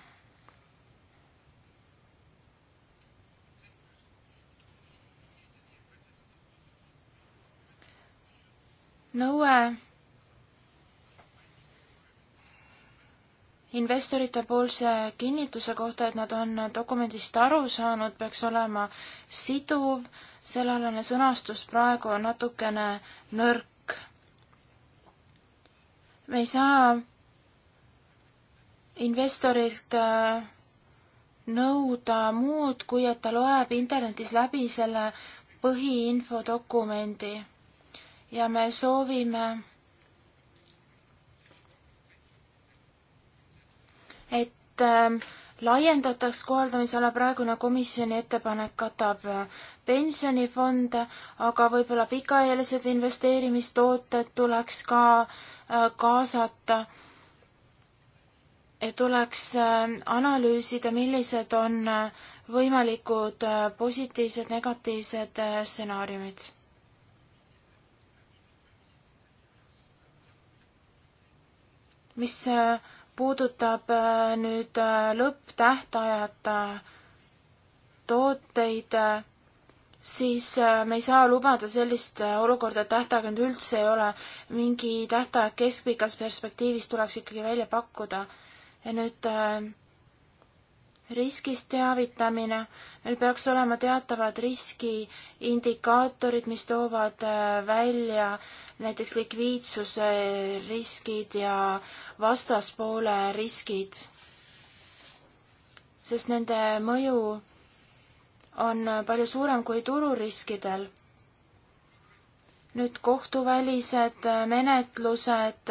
nõue investorite poolse kinnituse kohta, et nad on dokumendist aru saanud, peaks olema siduv, sellealane sõnastus praegu on natukene nõrk. me ei saa investorilt äh, nõuda muud, kui et ta loeb internetis läbi selle põhiinfodokumendi ja me soovime et ähm, laiendataks kohaldamisala, praegune komisjoni ettepanek katab äh, pensionifonde, aga võib-olla pikaajalised investeerimistooted tuleks ka äh, kaasata. et tuleks ähm, analüüsida, millised on äh, võimalikud positiivsed, negatiivsed stsenaariumid mis puudutab äh, nüüd äh, lõpptähtajata äh, tooteid, siis me ei saa lubada sellist olukorda, et tähtaega nüüd üldse ei ole. mingi tähtaeg keskpikas perspektiivis tuleks ikkagi välja pakkuda. ja nüüd riskist teavitamine, meil peaks olema teatavad riskiindikaatorid, mis toovad äh, välja näiteks likviidsuse riskid ja vastaspoole riskid. sest nende mõju on äh, palju suurem kui tururiskidel. nüüd kohtuvälised äh, menetlused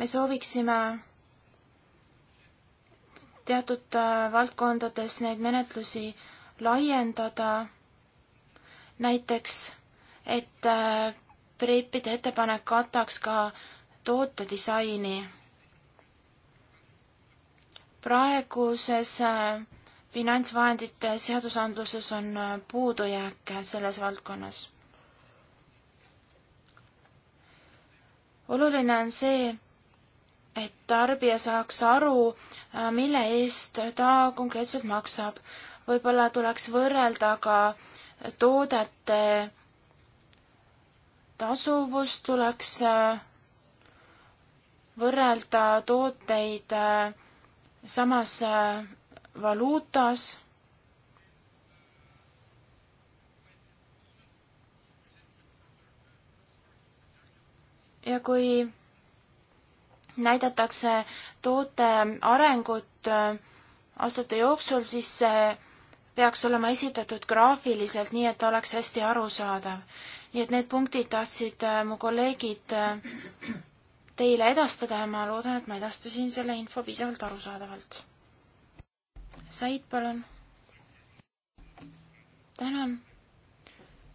me sooviksime teatud äh, valdkondades neid menetlusi laiendada, näiteks et preipide äh, ettepanek kataks ka tootedisaini. praeguses äh, finantsvahendite seadusandluses on puudujääke selles valdkonnas. oluline on see, et tarbija saaks aru, äh, mille eest ta konkreetselt maksab. võib-olla tuleks võrrelda ka toodete tasuvust, tuleks äh, võrrelda tooteid äh, samas valuutas. ja kui näidatakse toote arengut äh, aastate jooksul, siis see peaks olema esitatud graafiliselt, nii et ta oleks hästi arusaadav. nii et need punktid tahtsid äh, mu kolleegid äh, teile edastada ja ma loodan, et ma edastasin selle info piisavalt arusaadavalt. Said, palun. tänan.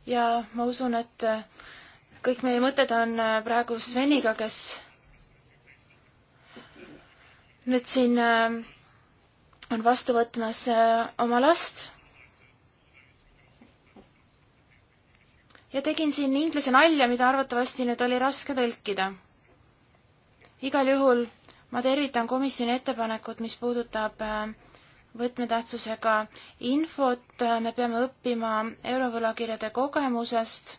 ja ma usun, et kõik meie mõtted on praegu Sveniga, kes nüüd siin äh, on vastu võtmas äh, oma last. ja tegin siin inglise nalja, mida arvatavasti nüüd oli raske tõlkida. igal juhul ma tervitan komisjoni ettepanekut, mis puudutab äh, võtmetähtsusega infot, me peame õppima eurovõlakirjade kogemusest.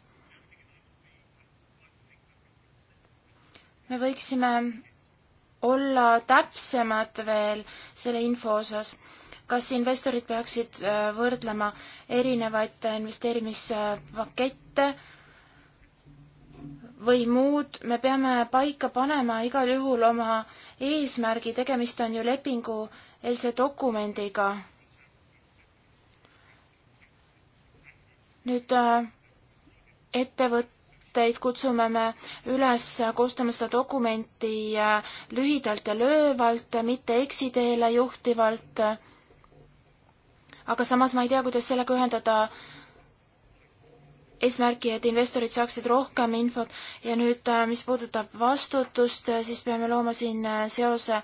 me võiksime olla täpsemad veel selle info osas? kas investorid peaksid äh, võrdlema erinevaid investeerimispakette või muud, me peame paika panema igal juhul oma eesmärgi, tegemist on ju lepingueelse dokumendiga. nüüd äh, ettevõtte teid kutsume me üles koostama seda dokumenti äh, lühidalt ja löövalt, äh, mitte eksiteele juhtivalt. aga samas ma ei tea, kuidas sellega ühendada eesmärki, et investorid saaksid rohkem infot ja nüüd, äh, mis puudutab vastutust, siis peame looma siin seose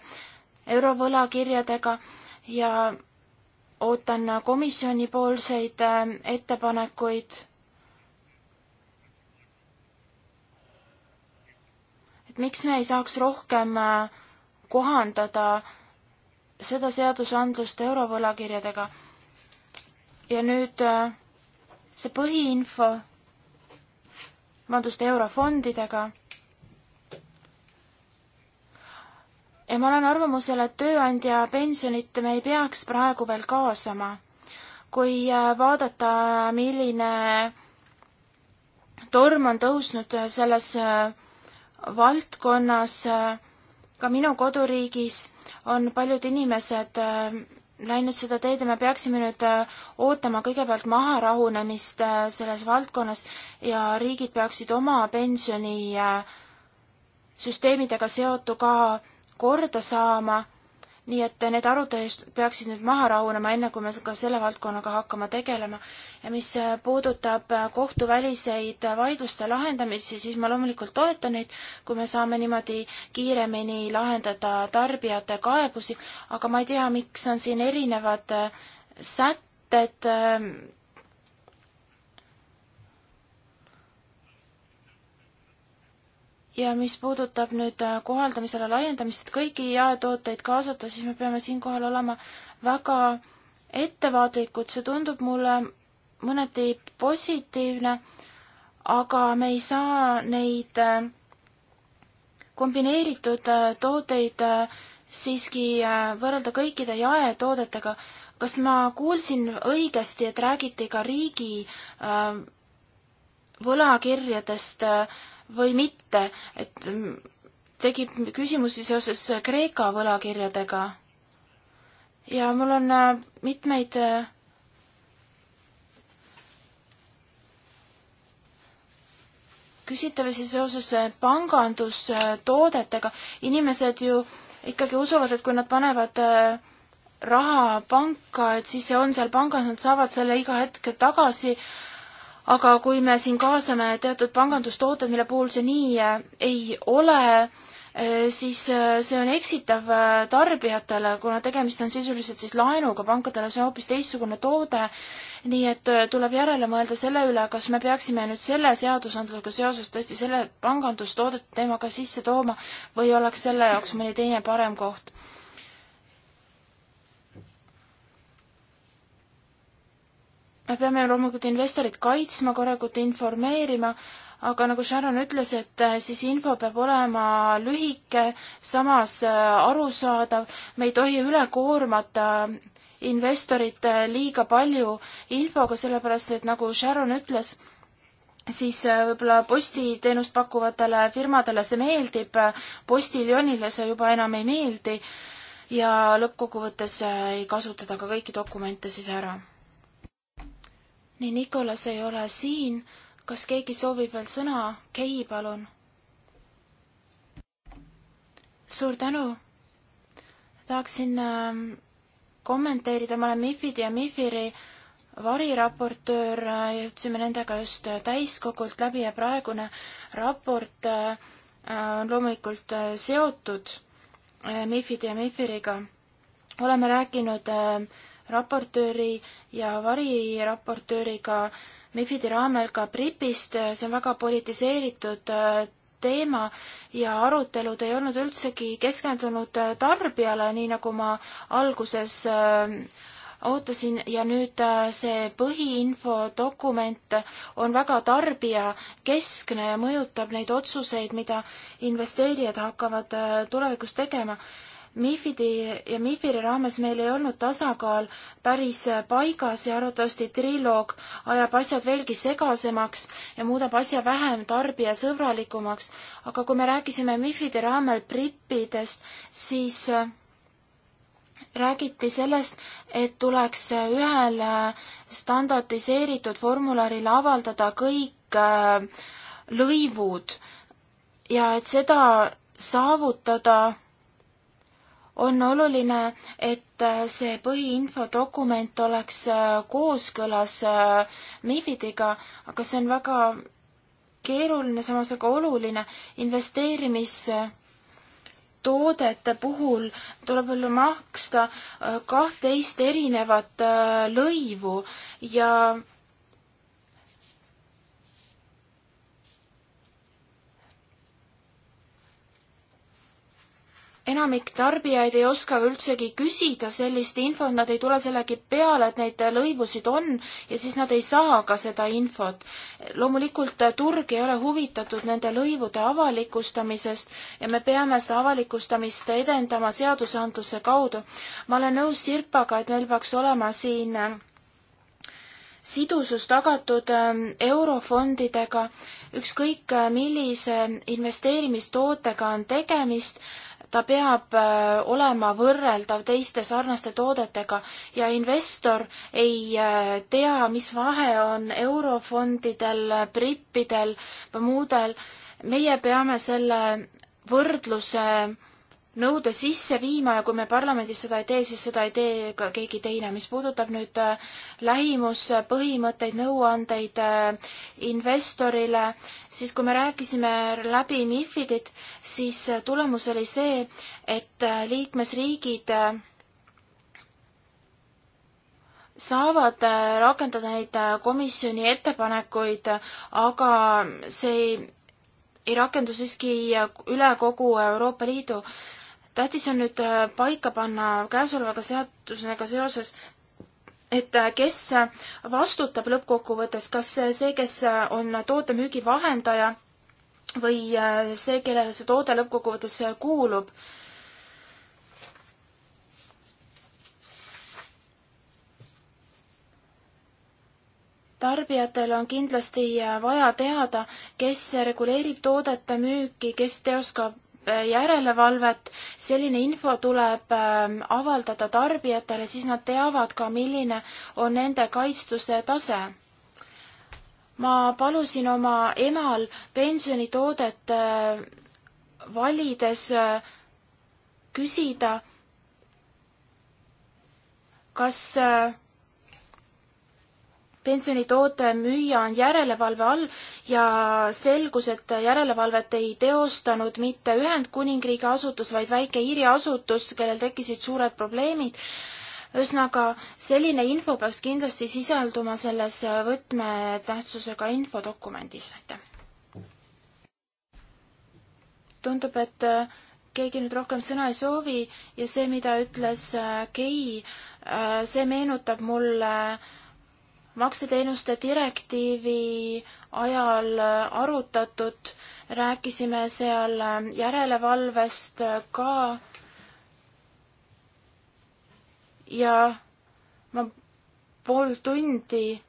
eurovõlakirjadega ja ootan komisjonipoolseid ettepanekuid et miks me ei saaks rohkem äh, kohandada seda seadusandlust eurovõlakirjadega. ja nüüd äh, see põhiinfo, vabandust, eurofondidega. ja ma olen arvamusel, et tööandja pensionit me ei peaks praegu veel kaasama. kui äh, vaadata, milline torm on tõusnud selles valdkonnas, ka minu koduriigis on paljud inimesed läinud äh, seda teed ja me peaksime nüüd äh, ootama kõigepealt maha rahunemist äh, selles valdkonnas ja riigid peaksid oma pensionisüsteemidega seotu ka korda saama nii et need arutelud peaksid nüüd maha rahunema, enne kui me ka selle valdkonnaga hakkame tegelema. ja mis puudutab kohtuväliseid vaidluste lahendamisi, siis ma loomulikult toetan neid, kui me saame niimoodi kiiremini lahendada tarbijate kaebusi, aga ma ei tea, miks on siin erinevad sätted ja mis puudutab nüüd äh, kohaldamisele laiendamist, et kõiki jaetooteid kaasata, siis me peame siinkohal olema väga ettevaatlikud, see tundub mulle mõneti positiivne, aga me ei saa neid äh, kombineeritud äh, tooteid siiski võrrelda kõikide jaetoodetega. kas ma kuulsin õigesti, et räägiti ka riigi võlakirjadest äh, või mitte, et tekib küsimusi seoses Kreeka võlakirjadega. ja mul on äh, mitmeid äh, küsitavusi seoses äh, pangandustoodetega. inimesed ju ikkagi usuvad, et kui nad panevad raha panka, et siis see on seal pangas, nad saavad selle iga hetk tagasi aga kui me siin kaasame teatud pangandustooted, mille puhul see nii äh, ei ole, äh, siis äh, see on eksitav tarbijatele, kuna tegemist on sisuliselt siis laenuga, pankadele see on hoopis teistsugune toode, nii et tuleb järele mõelda selle üle, kas me peaksime nüüd selle seadusandlusega seoses tõesti selle pangandustoodete teema ka sisse tooma või oleks selle jaoks mõni teine parem koht me peame loomulikult investorit kaitsma, korralikult informeerima, aga nagu Sharon ütles, et äh, siis info peab olema lühike, samas äh, arusaadav, me ei tohi üle koormata investorit liiga palju infoga, sellepärast et nagu Sharon ütles, siis äh, võib-olla postiteenust pakkuvatele firmadele see meeldib, postiljonile see juba enam ei meeldi ja lõppkokkuvõttes ei kasutata ka kõiki dokumente siis ära nii, Nikolas ei ole siin. kas keegi soovib veel sõna? Kei, palun. suur tänu. tahaksin äh, kommenteerida, ma olen Mifidi ja Mifiri variraportöör, äh, jõudsime nendega just äh, täiskogult läbi ja praegune raport äh, äh on loomulikult äh, seotud Mifidi ja Mifiriga. oleme rääkinud äh, raportööri ja variraportööriga Mifidi raamel ka PRIP-ist, see on väga politiseeritud äh, teema ja arutelud ei olnud üldsegi keskendunud äh, tarbijale, nii nagu ma alguses äh, ootasin ja nüüd see põhiinfodokument on väga tarbijakeskne ja mõjutab neid otsuseid, mida investeerijad hakkavad tulevikus tegema. MIFIDi ja MIFIRi raames meil ei olnud tasakaal päris paigas ja arvatavasti triloog ajab asjad veelgi segasemaks ja muudab asja vähem tarbijasõbralikumaks. aga kui me rääkisime MIFIDi raamel PRIP-idest, siis äh, räägiti sellest, et tuleks ühel äh, standardiseeritud formularil avaldada kõik äh, lõivud ja et seda saavutada on oluline, et äh, see põhiinfodokument oleks äh, kooskõlas äh, MIFIDiga, aga see on väga keeruline, samas väga oluline. investeerimistoodete puhul tuleb veel maksta kahtteist erinevat lõivu ja enamik tarbijaid ei oska üldsegi küsida sellist infot, nad ei tule sellegi peale, et neid lõivusid on ja siis nad ei saa ka seda infot. loomulikult äh, turg ei ole huvitatud nende lõivude avalikustamisest ja me peame seda avalikustamist edendama seadusandluse kaudu. ma olen nõus Sirpaga, et meil peaks olema siin äh, sidusus tagatud ähm, eurofondidega, ükskõik äh, millise investeerimistootega on tegemist ta peab äh, olema võrreldav teiste sarnaste toodetega ja investor ei äh, tea, mis vahe on eurofondidel, brippidel, muudel. meie peame selle võrdluse nõude sisse viima ja kui me parlamendis seda ei tee, siis seda ei tee ka keegi teine. mis puudutab nüüd äh, lähimuspõhimõtteid, nõuandeid äh, investorile, siis kui me rääkisime läbi MIFIDit, siis äh, tulemus oli see, et liikmesriigid saavad rakendada neid komisjoni ettepanekuid, aga see ei rakendu siiski üle kogu Euroopa Liidu tähtis on nüüd äh, paika panna käesolevaga seadusega seoses, et äh, kes äh, vastutab lõppkokkuvõttes, kas see, kes on toote müügivahendaja või see, kellele see toode lõppkokkuvõttes kuulub tarbijatel on kindlasti vaja teada, kes reguleerib toodete müüki, kes teoskab, Äh, järelevalvet, selline info tuleb ähm, avaldada tarbijatele, siis nad teavad ka, milline on nende kaitstuse tase. ma palusin oma emal pensionitoodet äh, valides äh, küsida, kas äh, pensionitoote müüja on järelevalve all ja selgus, et järelevalvet ei teostanud mitte Ühendkuningriigi asutus, vaid väike-Iiri asutus, kellel tekkisid suured probleemid. ühesõnaga, selline info peaks kindlasti sisalduma selles võtmetähtsusega infodokumendis, aitäh. tundub, et äh, keegi nüüd rohkem sõna ei soovi ja see, mida ütles äh, Kei, äh, see meenutab mulle äh, makseteenuste direktiivi ajal arutatud, rääkisime seal järelevalvest ka ja ma pool tundi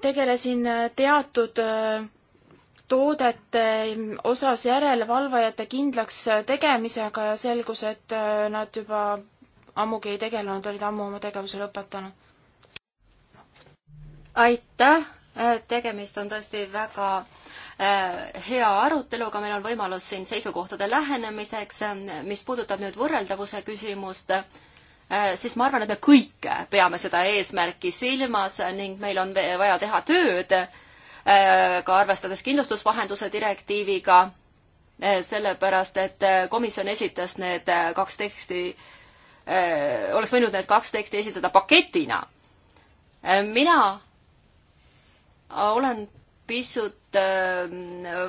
tegelesin teatud toodete osas järelevalvajate kindlaks tegemisega ja selgus, et äh, nad juba ammugi ei tegelenud, olid ammu oma tegevuse lõpetanud. aitäh, äh, tegemist on tõesti väga äh, hea aruteluga, meil on võimalus siin seisukohtade lähenemiseks, mis puudutab nüüd võrreldavuse küsimust, siis ma arvan, et me kõik peame seda eesmärki silmas ning meil on vaja teha tööd Äh, ka arvestades kindlustusvahenduse direktiiviga, äh, sellepärast et äh, komisjon esitas need kaks teksti, oleks võinud need kaks teksti esitada paketina. mina olen pisut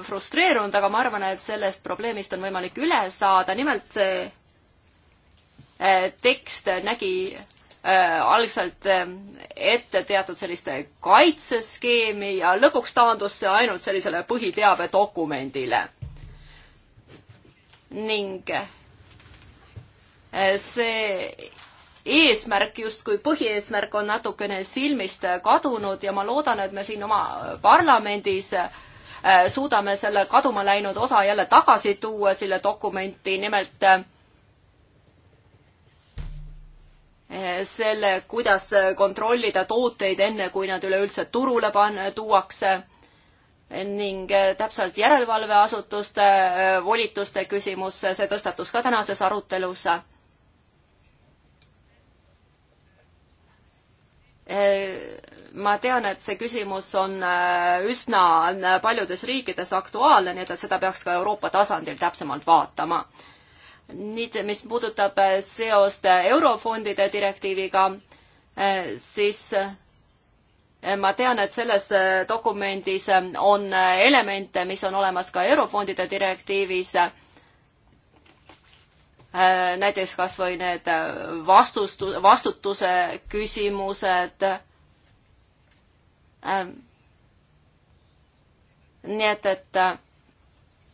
frustreerunud, aga ma arvan, et sellest probleemist on võimalik üle saada, nimelt see tekst nägi Äh, algselt ähm, ette teatud selliste kaitseskeemi ja lõpuks taandus see ainult sellisele põhiteabedokumendile. ning äh, see eesmärk justkui põhieesmärk on natukene silmist kadunud ja ma loodan, et me siin oma parlamendis äh, suudame selle kaduma läinud osa jälle tagasi tuua, selle dokumenti, nimelt selle, kuidas kontrollida tooteid enne, kui nad üleüldse turule pan-, tuuakse ning täpselt järelevalveasutuste volituste küsimus, see tõstatus ka tänases arutelus. ma tean, et see küsimus on äh, üsna äh, paljudes riikides aktuaalne, nii et, et seda peaks ka Euroopa tasandil täpsemalt vaatama nüüd, mis puudutab äh, seost äh, eurofondide direktiiviga, äh, siis ma tean, et selles dokumendis on elemente, mis on olemas ka eurofondide direktiivis. näiteks kas või need vastust, vastutuse küsimused. nii et, et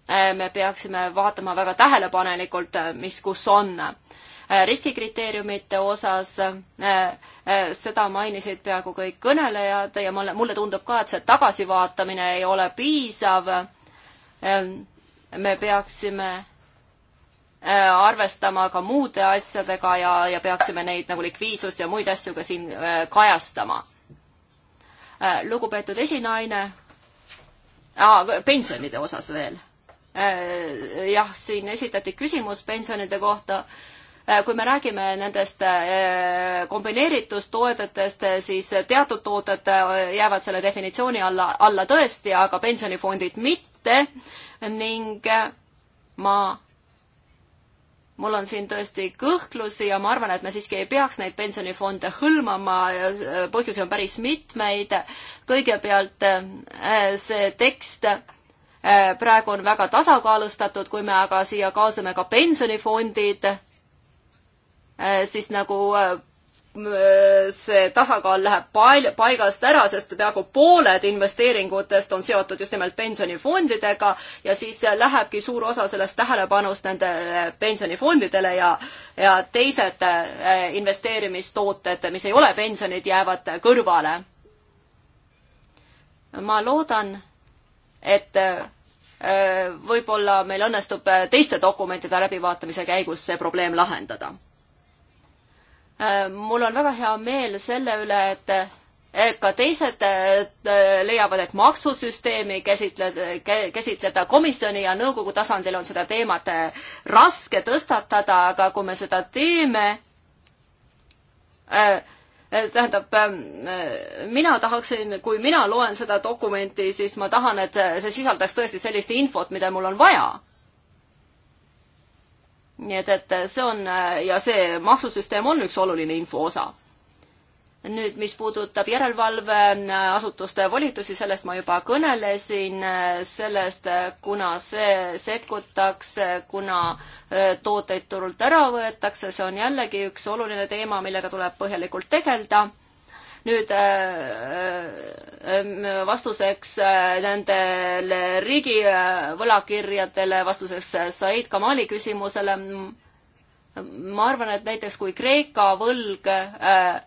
Äh, me peaksime vaatama väga tähelepanelikult, äh, mis kus on. Äh, riskikriteeriumite osas seda mainisid peaaegu kõik kõnelejad ja mulle, mulle tundub ka, et see tagasivaatamine ei ole piisav. Ähm, me peaksime arvestama ka muude asjadega ja, ja peaksime neid nagu likviidsust ja muid asju ka siin kajastama. lugupeetud esinaine ah,, pensionide osas veel Äh, jah, siin esitati küsimus pensionide kohta. Äh, kui me räägime nendest äh, kombineeritud toodetest, siis teatud tooted jäävad selle definitsiooni alla, alla tõesti, aga pensionifondid mitte ning ma mul on siin tõesti kõhklusi ja ma arvan, et me siiski ei peaks neid pensionifonde hõlmama, põhjusi on päris mitmeid. kõigepealt see tekst Äh, praegu on väga tasakaalustatud, kui me aga siia kaasame ka pensionifondid, äh, siis nagu äh, see tasakaal läheb pail-, paigast ära, sest peaaegu pooled investeeringutest on seotud just nimelt pensionifondidega ja siis lähebki suur osa sellest tähelepanust nendele pensionifondidele ja, ja teised investeerimistooted, mis ei ole pensionid, jäävad kõrvale. ma loodan, et Äh, võib-olla meil õnnestub äh, teiste dokumentide läbivaatamise käigus see probleem lahendada. Äh, mul on väga hea meel selle üle, et ka teised leiavad, et maksusüsteemi käsitleda, käsitleda komisjoni ja nõukogu tasandil on seda teemat raske tõstatada, aga kui me seda teeme, Eh, tähendab, ehm, eh, mina tahaksin, kui mina loen seda dokumenti, siis ma tahan, et see sisaldaks tõesti sellist infot, mida mul on vaja. nii et, et see on eh, ja see maksusüsteem on üks oluline info osa nüüd, mis puudutab järelevalveasutuste volitusi, sellest ma juba kõnelesin, sellest, kuna see sekkutakse, kuna äh, tooteid turult ära võetakse, see on jällegi üks oluline teema, millega tuleb põhjalikult tegeleda nüüd äh, äh, vastuseks nendele riigivõlakirjadele, vastuseks Said Kamali küsimusele, ma arvan, et näiteks kui Kreeka võlg äh,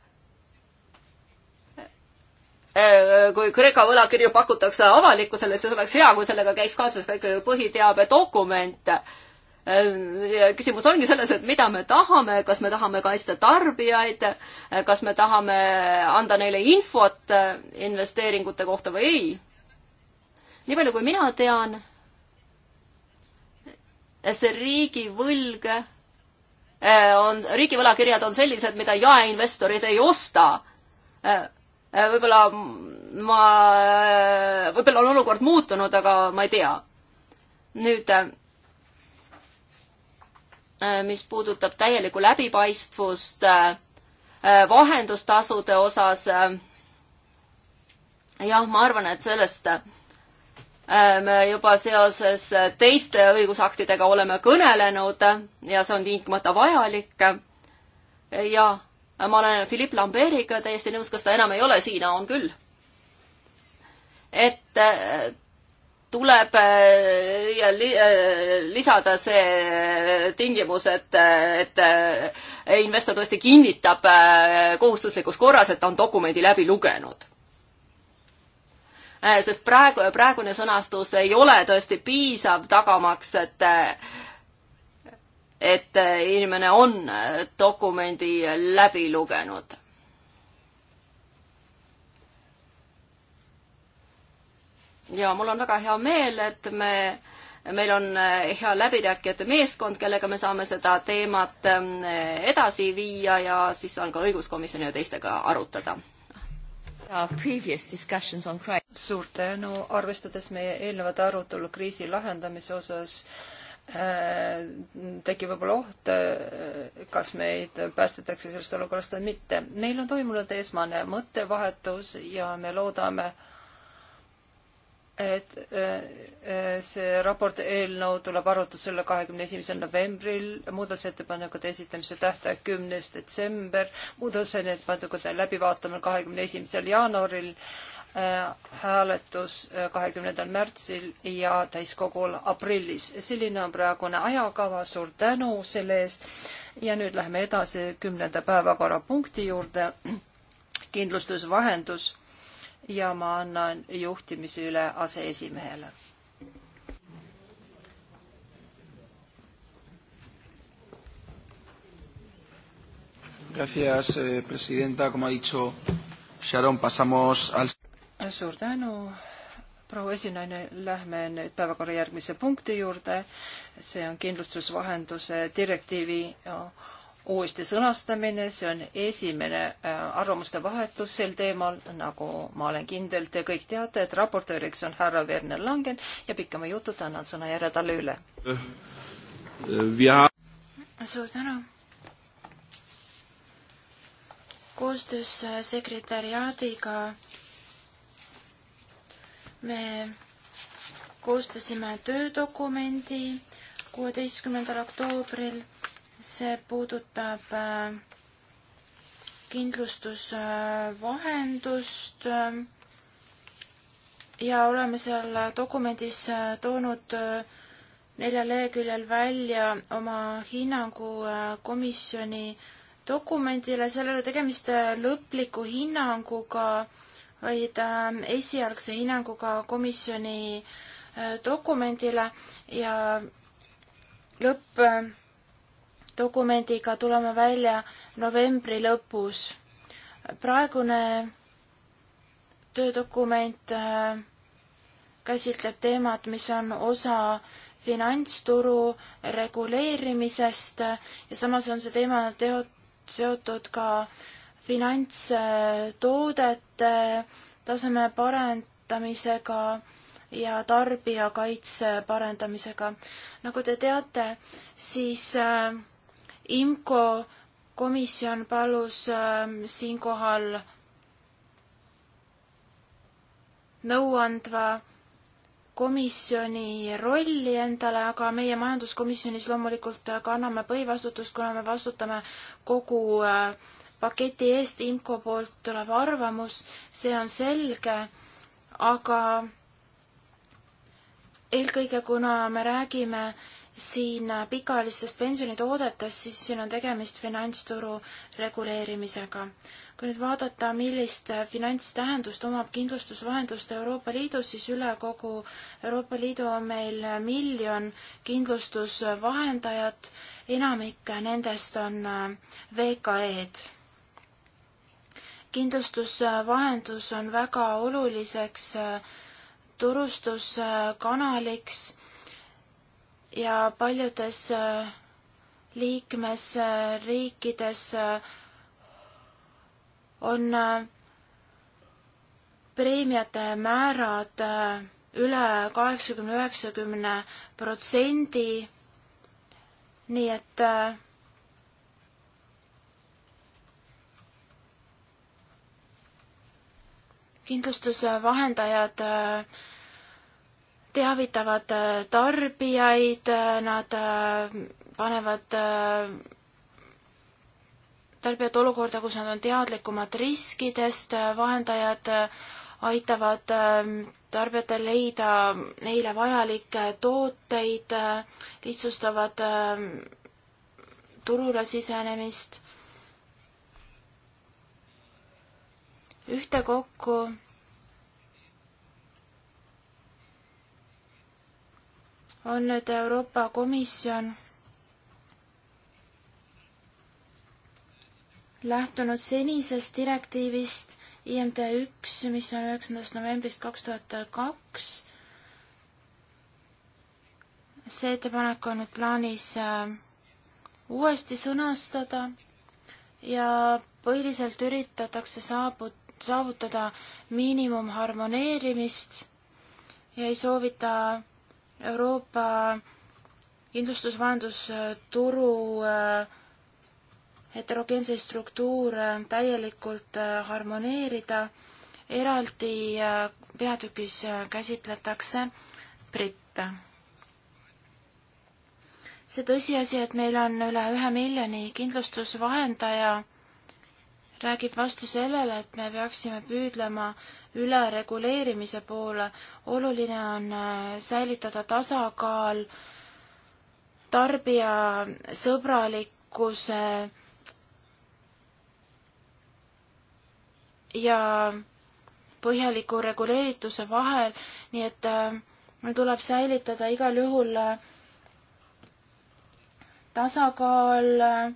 Äh, kui Kreeka võlakirju pakutakse avalikkusele, siis oleks hea, kui sellega käiks kaasas ka ikkagi põhiteabedokument. Äh, küsimus ongi selles, et mida me tahame, kas me tahame kaitsta tarbijaid, äh, kas me tahame anda neile infot investeeringute kohta või ei. nii palju, kui mina tean, see riigivõlg on, riigivõlakirjad on sellised, mida jaeinvestorid ei osta Äh, võib-olla ma, äh, võib-olla on olukord muutunud, aga ma ei tea. nüüd, äh, mis puudutab täielikku läbipaistvust vahendustasude osas, jah, ma arvan, et sellest me juba seoses teiste õigusaktidega oleme kõnelenud ja see on tingimata vajalik. ja ma olen Philippe Lambertiga täiesti nõus, kas ta enam ei ole siin, on küll. et äh, tuleb äh, äh, lisada see tingimus, et, et investor tõesti kinnitab kohustuslikus korras, et ta on dokumendi läbi lugenud sest praegu, praegune sõnastus ei ole tõesti piisav tagamaks, et et äh, inimene on äh, dokumendi läbi lugenud. ja mul on väga hea meel, et me, meil on äh, hea läbirääkijate meeskond, kellega me saame seda teemat ähm, edasi viia ja siis on ka õiguskomisjoni ja teistega arutada suur tänu, arvestades meie eelnevat arutelu kriisi lahendamise osas Äh, tekib võib-olla oht, äh, kas meid päästetakse sellest olukorrast või mitte. meil on toimunud esmane mõttevahetus ja me loodame, et äh, see raport, eelnõu tuleb arutlusele kahekümne esimesel novembril, muudatusettepanekute esitamise tähtaeg kümnes detsember, muudatusettepanekute läbivaatamine kahekümne esimesel jaanuaril Äh, hääletus äh, kahekümnendal märtsil ja täiskogul aprillis. selline on praegune ajakava, suur tänu selle eest ja nüüd lähme edasi kümnenda päevakorrapunkti juurde, kindlustusvahendus ja ma annan juhtimise üle aseesimehele Gracias, eh, Presidenta. Como ha dicho Sharon, pasamos al suur tänu, proua esinaine, lähme nüüd päevakorra järgmise punkti juurde. see on kindlustusvahenduse direktiivi uuesti sõnastamine, see on esimene äh, arvamuste vahetus sel teemal, nagu ma olen kindel, te kõik teate, et raportööriks on härra Werner Langen ja pikema jututa annan sõna järje talle üle. suur tänu koostöös sekretäriaadiga me koostasime töödokumendi kuueteistkümnendal oktoobril. see puudutab äh, kindlustusvahendust äh, ja oleme seal dokumendis äh, toonud nelja leheküljel välja oma hinnangu komisjoni dokumendile, seal ei ole tegemist lõpliku hinnanguga äh, olid äh, esialgse hinnanguga komisjoni äh, dokumendile ja lõppdokumendiga äh, tuleme välja novembri lõpus. praegune töödokument käsitleb teemat, mis on osa finantsturu reguleerimisest ja samas on see teema teot-, seotud ka äh, finantstoodete taseme parendamisega ja tarbijakaitse parendamisega. nagu te teate, siis äh, IMCO komisjon palus ähm, siinkohal nõuandva komisjoni rolli endale, aga meie majanduskomisjonis loomulikult kanname põhivastutust, kuna me vastutame kogu äh, paketi eest, IMCO poolt tuleb arvamus, see on selge, aga eelkõige, kuna me räägime siin pikaajalistest pensionitoodetest, siis siin on tegemist finantsturu reguleerimisega. kui nüüd vaadata, millist finantstähendust omab kindlustusvahendust Euroopa Liidus, siis üle kogu Euroopa Liidu on meil miljon kindlustusvahendajat, enamik nendest on VKE-d kindlustusvahendus on väga oluliseks äh, turustuskanaliks ja paljudes äh, liikmesriikides äh, on preemiate määrad üle kaheksakümne, üheksakümne protsendi, nii et äh, kindlustusvahendajad äh, teavitavad äh, tarbijaid, äh, nad panevad tarbijad olukorda, kus nad on teadlikumad riskidest, vahendajad aitavad tarbijatel leida neile vajalikke tooteid, lihtsustavad turule sisenemist ühtekokku on nüüd Euroopa Komisjon lähtunud senisest direktiivist IMD üks, mis on üheksandast novembrist kaks tuhat kaks. see ettepanek on nüüd plaanis äh, uuesti sõnastada ja põhiliselt üritatakse saabut-, saavutada miinimumharmoneerimist ja ei soovita Euroopa kindlustusmajandusturu äh, heterogeenseid struktuure täielikult äh, harmoneerida. eraldi äh, peatükis käsitletakse prippe. see tõsiasi, et meil on üle ühe miljoni kindlustusvahendaja räägib vastu sellele, et me peaksime püüdlema ülereguleerimise poole. oluline on äh, säilitada tasakaal tarbijasõbralikkuse ja põhjaliku reguleerituse vahel, nii et äh, meil tuleb säilitada igal juhul äh, tasakaal äh,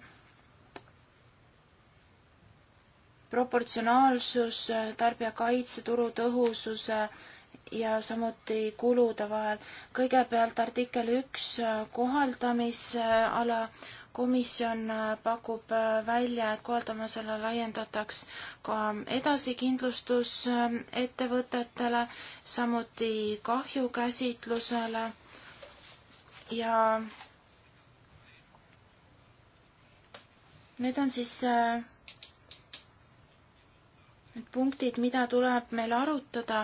proportsionaalsus tarbijakaitse, turu tõhususe ja samuti kulude vahel. kõigepealt artikkel üks kohaldamisala. komisjon pakub välja, et kohaldamisala laiendataks ka edasikindlustusettevõtetele, samuti kahjukäsitlusele ja need on siis äh, need punktid, mida tuleb meil arutada,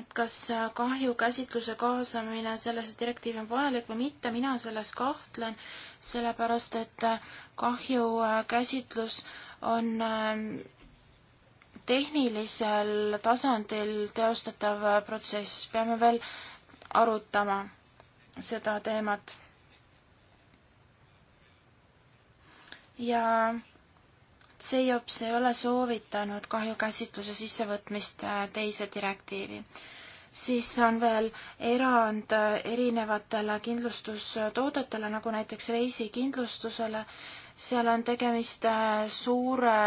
et kas kahjukäsitluse kaasamine sellesse direktiivi on vajalik või mitte, mina selles kahtlen, sellepärast et kahjukäsitlus on ähm, tehnilisel tasandil teostatav protsess, peame veel arutama seda teemat. ja CEOPS ei ole soovitanud kahjukäsitluse sissevõtmist äh, teise direktiivi. siis on veel erand äh, erinevatele kindlustustoodetele, nagu näiteks reisikindlustusele. seal on tegemist äh, suure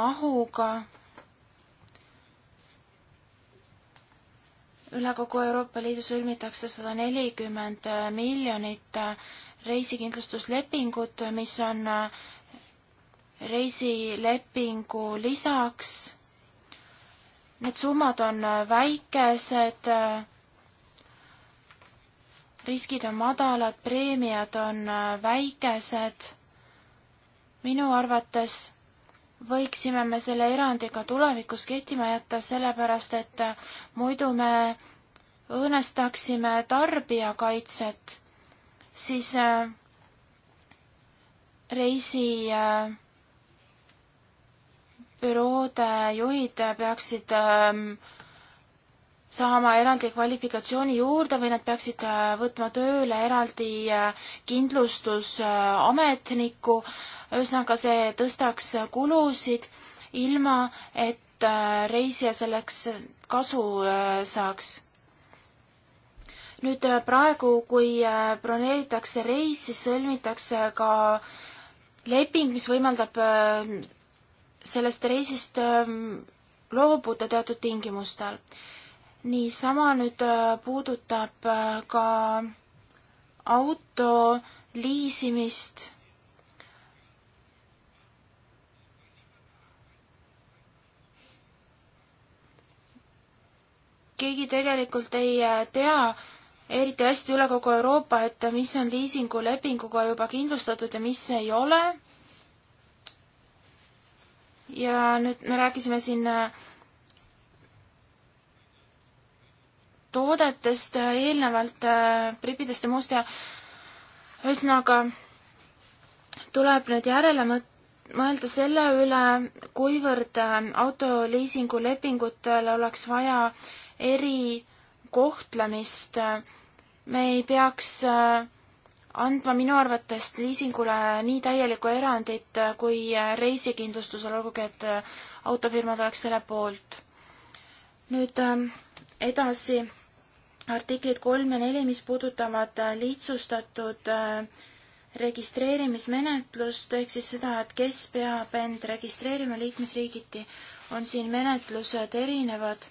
mahuga. üle kogu Euroopa Liidu sõlmitakse sada nelikümmend miljonit reisikindlustuslepingut, mis on reisilepingu lisaks. Need summad on väikesed, riskid on madalad, preemiad on väikesed. minu arvates võiksime me selle erandiga tulevikus kehtima jätta, sellepärast et muidu me õõnestaksime tarbijakaitset, siis äh, reisi äh, büroode juhid peaksid ähm, saama eraldi kvalifikatsiooni juurde või nad peaksid äh, võtma tööle eraldi äh, kindlustusametniku. ühesõnaga, see tõstaks kulusid ilma, et äh, reisija selleks kasu saaks nüüd praegu, kui broneeritakse reis, siis sõlmitakse ka leping, mis võimaldab sellest reisist ähm, loobuda teatud tingimustel. niisama nüüd äh, puudutab äh, ka auto liisimist. keegi tegelikult ei äh, tea, eriti hästi üle kogu Euroopa, et mis on liisingulepinguga juba kindlustatud ja mis ei ole ja nüüd me rääkisime siin äh, toodetest äh, eelnevalt, äh, prippidest ja muust ja ühesõnaga tuleb nüüd järele mõelda selle üle, kuivõrd autoliisingu lepingutel oleks vaja erikohtlemist. me ei peaks äh, andma minu arvates liisingule nii täielikku erandit kui reisikindlustusele, olgugi et äh, autofirmad oleks selle poolt. nüüd ähm, edasi artiklid kolm ja neli, mis puudutavad äh, lihtsustatud äh, registreerimismenetlust ehk siis seda, et kes peab end registreerima liikmesriigiti, on siin menetlused erinevad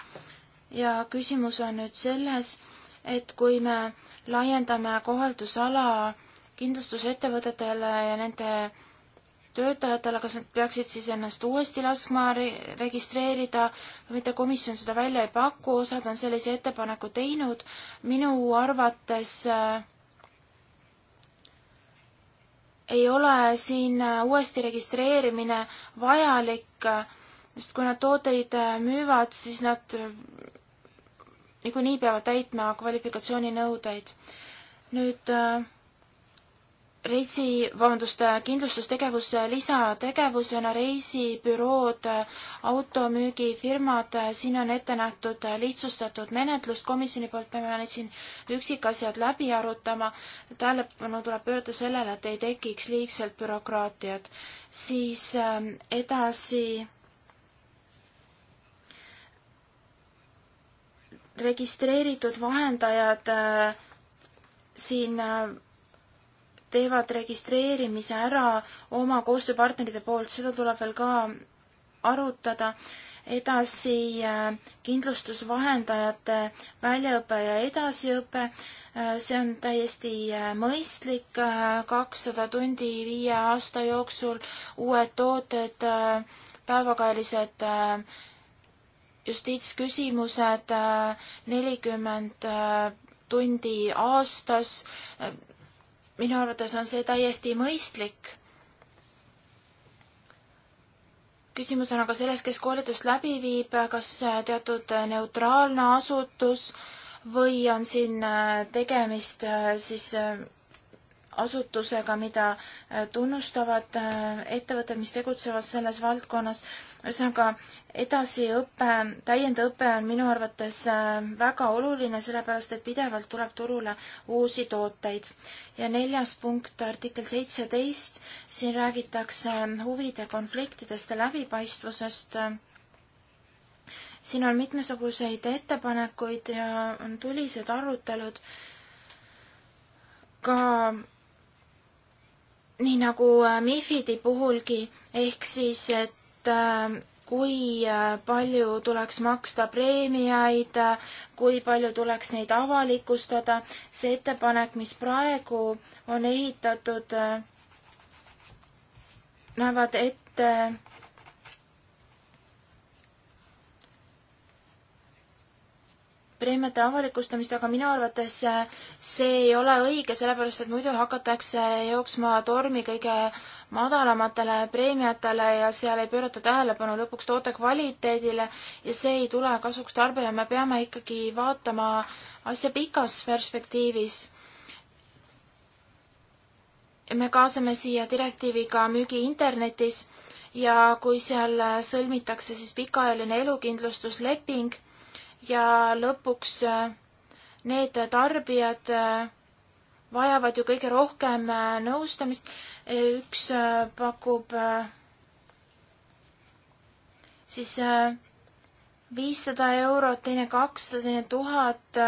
ja küsimus on nüüd selles, et kui me laiendame kohaldusala kindlustusettevõtetele ja nende töötajatele, kas nad peaksid siis ennast uuesti laskma re registreerida või mitte, komisjon seda välja ei paku, osad on sellise ettepaneku teinud. minu arvates äh, ei ole siin äh, uuesti registreerimine vajalik, äh, sest kui nad tooteid äh, müüvad, siis nad niikuinii peavad täitma kvalifikatsiooninõudeid. nüüd äh, reisi, vabandust, äh, kindlustustegevus lisategevusena, reisibürood, äh, automüügifirmad, äh, siin on ette nähtud lihtsustatud menetlust, komisjoni poolt peame nüüd siin üksikasjad läbi arutama, tähelepanu tuleb pöörata sellele, et ei tekiks liigselt bürokraatiat. siis edasi registreeritud vahendajad äh, siin äh, teevad registreerimise ära oma koostööpartnerite poolt, seda tuleb veel ka arutada. edasi äh, kindlustusvahendajate väljaõpe ja edasiõpe, äh, see on täiesti äh, mõistlik, äh, kakssada tundi viie aasta jooksul, uued tooted, päevakajalised äh, justiitsküsimused äh, nelikümmend äh, tundi aastas. Äh, minu arvates on see täiesti mõistlik. küsimus on aga selles, kes koolitust läbi viib, kas teatud neutraalne asutus või on siin tegemist siis asutusega, mida äh, tunnustavad äh, ettevõtted, mis tegutsevad selles valdkonnas. ühesõnaga, edasiõpe, täiendõpe on minu arvates äh, väga oluline, sellepärast et pidevalt tuleb turule uusi tooteid. ja neljas punkt, artikkel seitseteist, siin räägitakse huvide konfliktidest ja läbipaistvusest siin on mitmesuguseid ettepanekuid ja on tulised arutelud ka nii nagu äh, MIFIDi puhulgi, ehk siis, et äh, kui äh, palju tuleks maksta preemiaid, kui palju tuleks neid avalikustada, see ettepanek, mis praegu on ehitatud, näevad ette preemiate avalikustamist, aga minu arvates äh, see ei ole õige, sellepärast et muidu hakatakse jooksma tormi kõige madalamatele preemiatele ja seal ei pöörata tähelepanu lõpuks toote kvaliteedile ja see ei tule kasuks tarbijale, me peame ikkagi vaatama asja pikas perspektiivis. me kaasame siia direktiiviga müügi internetis ja kui seal äh, sõlmitakse siis pikaajaline elukindlustusleping ja lõpuks äh, need tarbijad äh, vajavad ju kõige rohkem äh, nõustamist. üks pakub siis viissada eurot, teine kakssada, teine tuhat.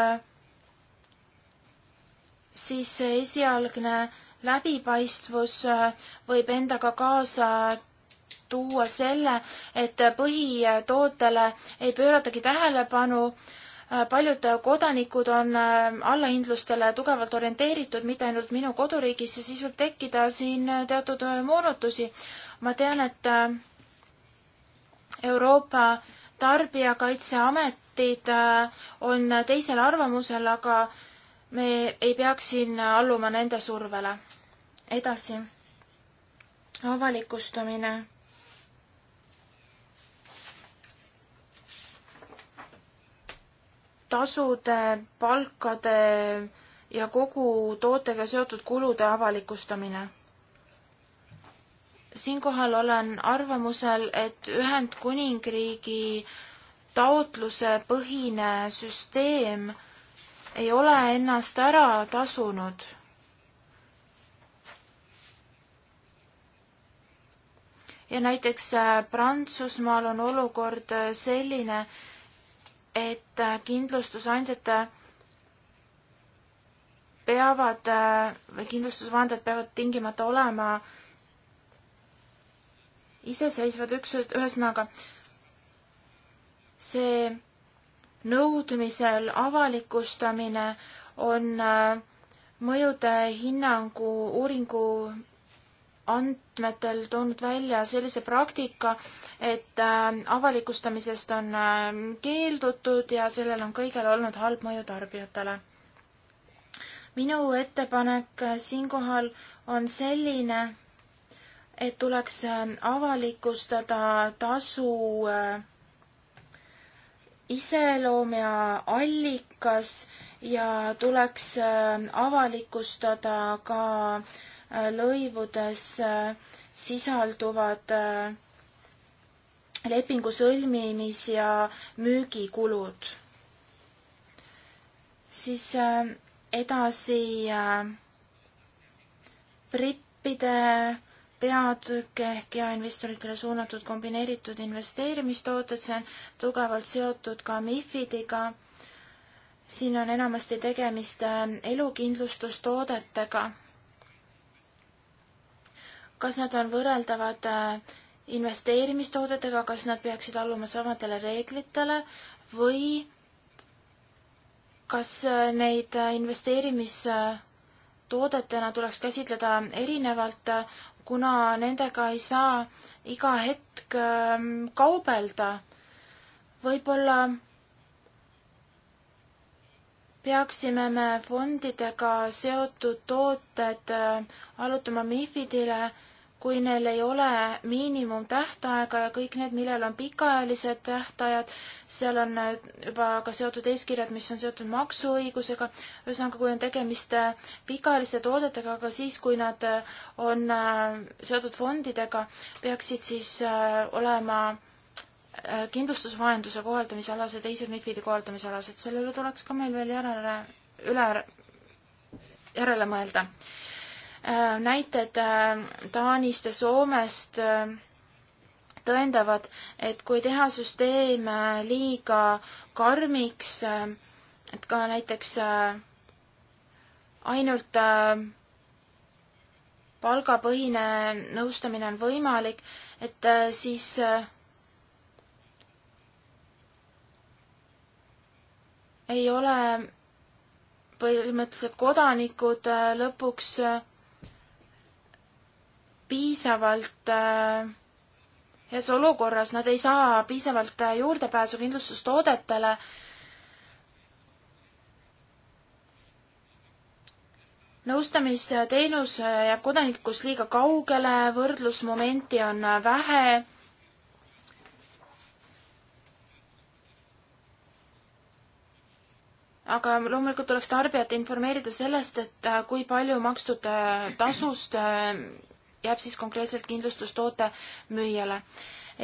siis esialgne läbipaistvus võib endaga kaasa tuua selle, et põhitootele ei pööratagi tähelepanu. paljud kodanikud on äh, allahindlustele tugevalt orienteeritud, mitte ainult minu koduriigis ja siis võib tekkida siin äh, teatud äh, moonutusi. ma tean, et Euroopa tarbijakaitseametid on teisel arvamusel, aga me ei peaks siin alluma nende survele. edasi, avalikustamine. tasude, palkade ja kogu tootega seotud kulude avalikustamine. siinkohal olen arvamusel, et Ühendkuningriigi taotluse põhine süsteem ei ole ennast ära tasunud. ja näiteks Prantsusmaal on olukord selline, et äh, kindlustusandjate äh, peavad äh, või kindlustusvahendajad peavad tingimata olema iseseisvad, üks, ühesõnaga see nõudmisel avalikustamine on mõjude hinnangu uuringu andmetel toonud välja sellise praktika, et äh, avalikustamisest on äh, keeldutud ja sellel on kõigel olnud halb mõju tarbijatele. minu ettepanek äh, siinkohal on selline, et tuleks avalikustada tasu iseloom ja allikas ja tuleks avalikustada ka äh, lõivudes äh, sisalduvad äh, lepingu sõlmimis- ja müügikulud. siis äh, edasi brippide peatükk ehk ja investoritele suunatud kombineeritud investeerimistooted, see on tugevalt seotud ka MIFIDiga. siin on enamasti tegemist elukindlustustoodetega kas nad on võrreldavad äh, investeerimistoodetega, kas nad peaksid alluma samadele reeglitele või kas äh, neid äh, investeerimistoodetena tuleks käsitleda erinevalt, kuna nendega ei saa iga hetk ähm, kaubelda. võib-olla peaksime me fondidega seotud tooted allutama MIFIDile kui neil ei ole miinimumtähtaega ja kõik need, millel on pikaajalised tähtajad, seal on juba ka seotud eeskirjad, mis on seotud maksuõigusega, ühesõnaga, kui on tegemist pikaajaliste toodetega, aga siis, kui nad on seotud fondidega, peaksid siis olema kindlustusvahenduse kohaldamisalased, teised MIFID-i kohaldamisalased, selle üle tuleks ka meil veel järele, üle järele mõelda. Äh, näited äh, Taanist ja Soomest äh, tõendavad, et kui teha süsteem liiga karmiks, et ka näiteks ainult palgapõhine nõustamine on võimalik, et siis ei ole põhimõtteliselt kodanikud lõpuks piisavalt äh, heas olukorras, nad ei saa piisavalt äh, juurdepääsu kindlustustoodetele. nõustamisteenus äh, jääb kodanikust liiga kaugele, võrdlusmomenti on vähe aga loomulikult tuleks tarbijat informeerida sellest, et kui palju makstud tasust jääb siis konkreetselt kindlustustoote müüjale.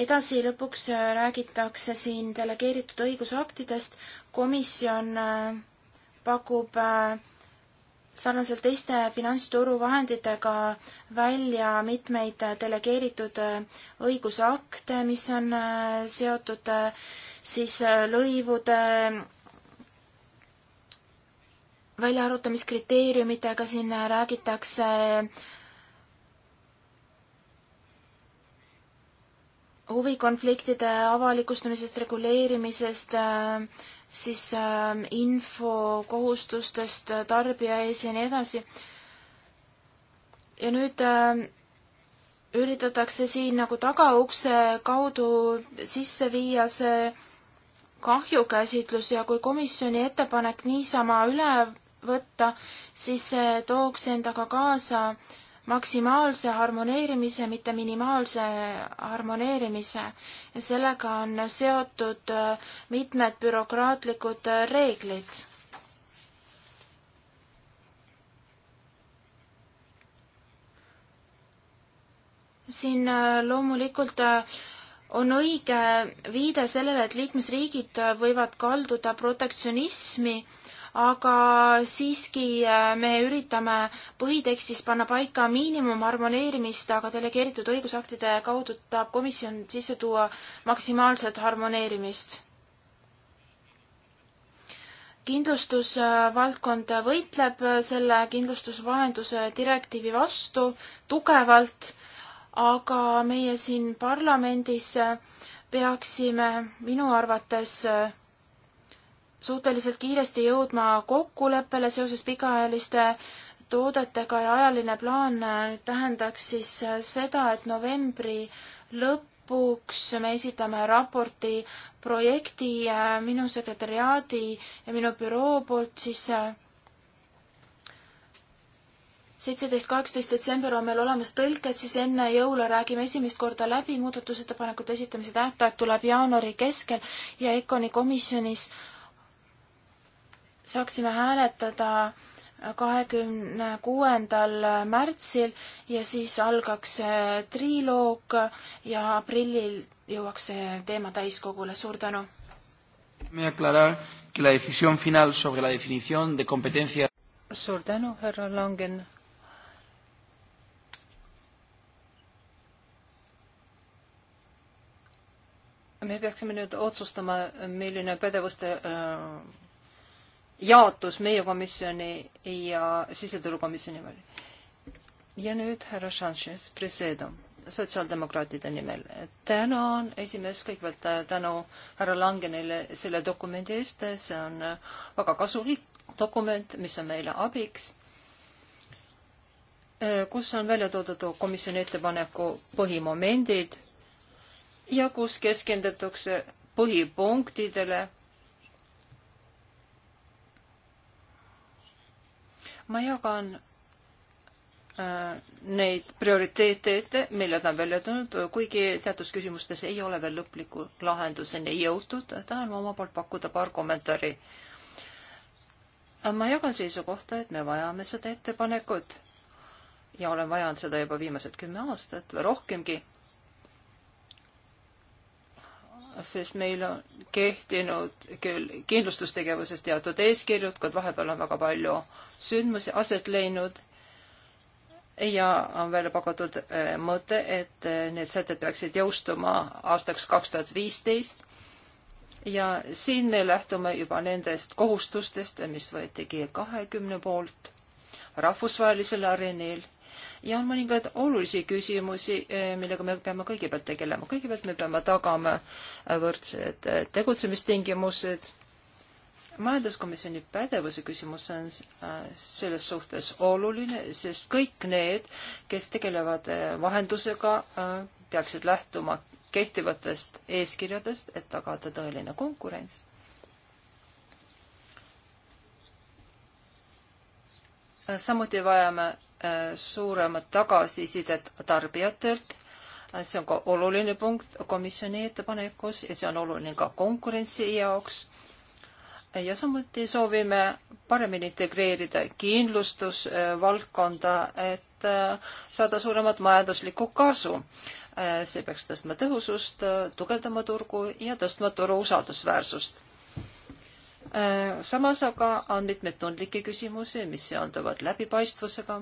edasi lõpuks äh, räägitakse siin delegeeritud õigusaktidest. komisjon äh, pakub äh, sarnaselt teiste finantsturu vahenditega välja mitmeid delegeeritud õigusakte, mis on seotud siis lõivude väljaarvutamiskriteeriumitega, siin räägitakse huvikonfliktide avalikustamisest, reguleerimisest, äh, siis äh, info kohustustest äh, tarbija ees ja nii edasi. ja nüüd üritatakse siin nagu tagaukse kaudu sisse viia see kahjukäsitlus ja kui komisjoni ettepanek niisama üle võtta, siis see tooks endaga kaasa äh, maksimaalse harmoneerimise, mitte minimaalse harmoneerimise ja sellega on seotud äh, mitmed bürokraatlikud äh, reeglid. siin äh, loomulikult on õige viide sellele, et liikmesriigid võivad kalduda protektsionismi äh, aga siiski äh, me üritame põhitekstis panna paika miinimumharmoneerimist, aga delegeeritud õigusaktide kaudu tahab komisjon sisse tuua maksimaalset harmoneerimist. kindlustusvaldkond võitleb selle kindlustusvahenduse direktiivi vastu tugevalt, aga meie siin parlamendis peaksime minu arvates suhteliselt kiiresti jõudma kokkuleppele seoses pikaajaliste toodetega ja ajaline plaan äh, tähendaks siis äh, seda, et novembri lõpuks me esitame raporti projekti äh, minu sekretäriaadi ja minu büroo poolt siis seitseteist, kaheksateist detsember on meil olemas tõlked, siis enne jõule räägime esimest korda läbi, muudatusettepanekute esitamise tähtaeg tuleb jaanuari keskel ja EKONi komisjonis äh, saaksime hääletada kahekümne kuuendal märtsil ja siis algaks see triloog ja aprillil jõuaks see teema täiskogule, suur tänu! suur tänu, härra Langen! me peaksime nüüd otsustama, milline pädevuste äh, jaotus meie komisjoni ja siseturukomisjoni vahel. ja nüüd härra Sanchez Presedo sotsiaaldemokraatide nimel. tänan esimees, kõigepealt äh, tänu härra Langenile selle dokumendi eest, see on äh, väga kasulik dokument, mis on meile abiks, äh, kus on välja toodud komisjoni ettepaneku põhimomendid ja kus keskendutakse põhipunktidele ma jagan äh, neid prioriteete, mille ta on välja tulnud, kuigi teatud küsimustes ei ole veel lõpliku lahenduseni jõutud, tahan oma poolt pakkuda paar kommentaari. ma jagan seisukohta, et me vajame seda ettepanekut ja olen vajanud seda juba viimased kümme aastat või rohkemgi sest meil on kehtinud küll kindlustustegevuses teatud eeskirjud, kuid vahepeal on väga palju sündmusi aset leidnud ja on välja pakutud eh, mõte, et eh, need sätted peaksid jõustuma aastaks kaks tuhat viisteist. ja siin me lähtume juba nendest kohustustest, mis võeti G kahekümne poolt rahvusvahelisel areenil ja on mõningaid olulisi küsimusi, eh, millega me peame kõigepealt tegelema. kõigepealt me peame tagama võrdsed tegutsemistingimused majanduskomisjoni pädevuse küsimus on äh, selles suhtes oluline, sest kõik need, kes tegelevad äh, vahendusega, äh, peaksid lähtuma kehtivatest eeskirjadest, et tagada tõeline konkurents. samuti vajame suuremat tagasisidet tarbijatelt see on ka oluline punkt komisjoni ettepanekus ja see on oluline ka konkurentsi jaoks ja samuti soovime paremini integreerida kindlustusvaldkonda, äh, et äh, saada suuremat majanduslikku kasu. Äh, see peaks tõstma tõhusust, tugevdama turgu ja tõstma turu usaldusväärsust samas aga on mitmeid tundlikke küsimusi, mis seonduvad läbipaistvusega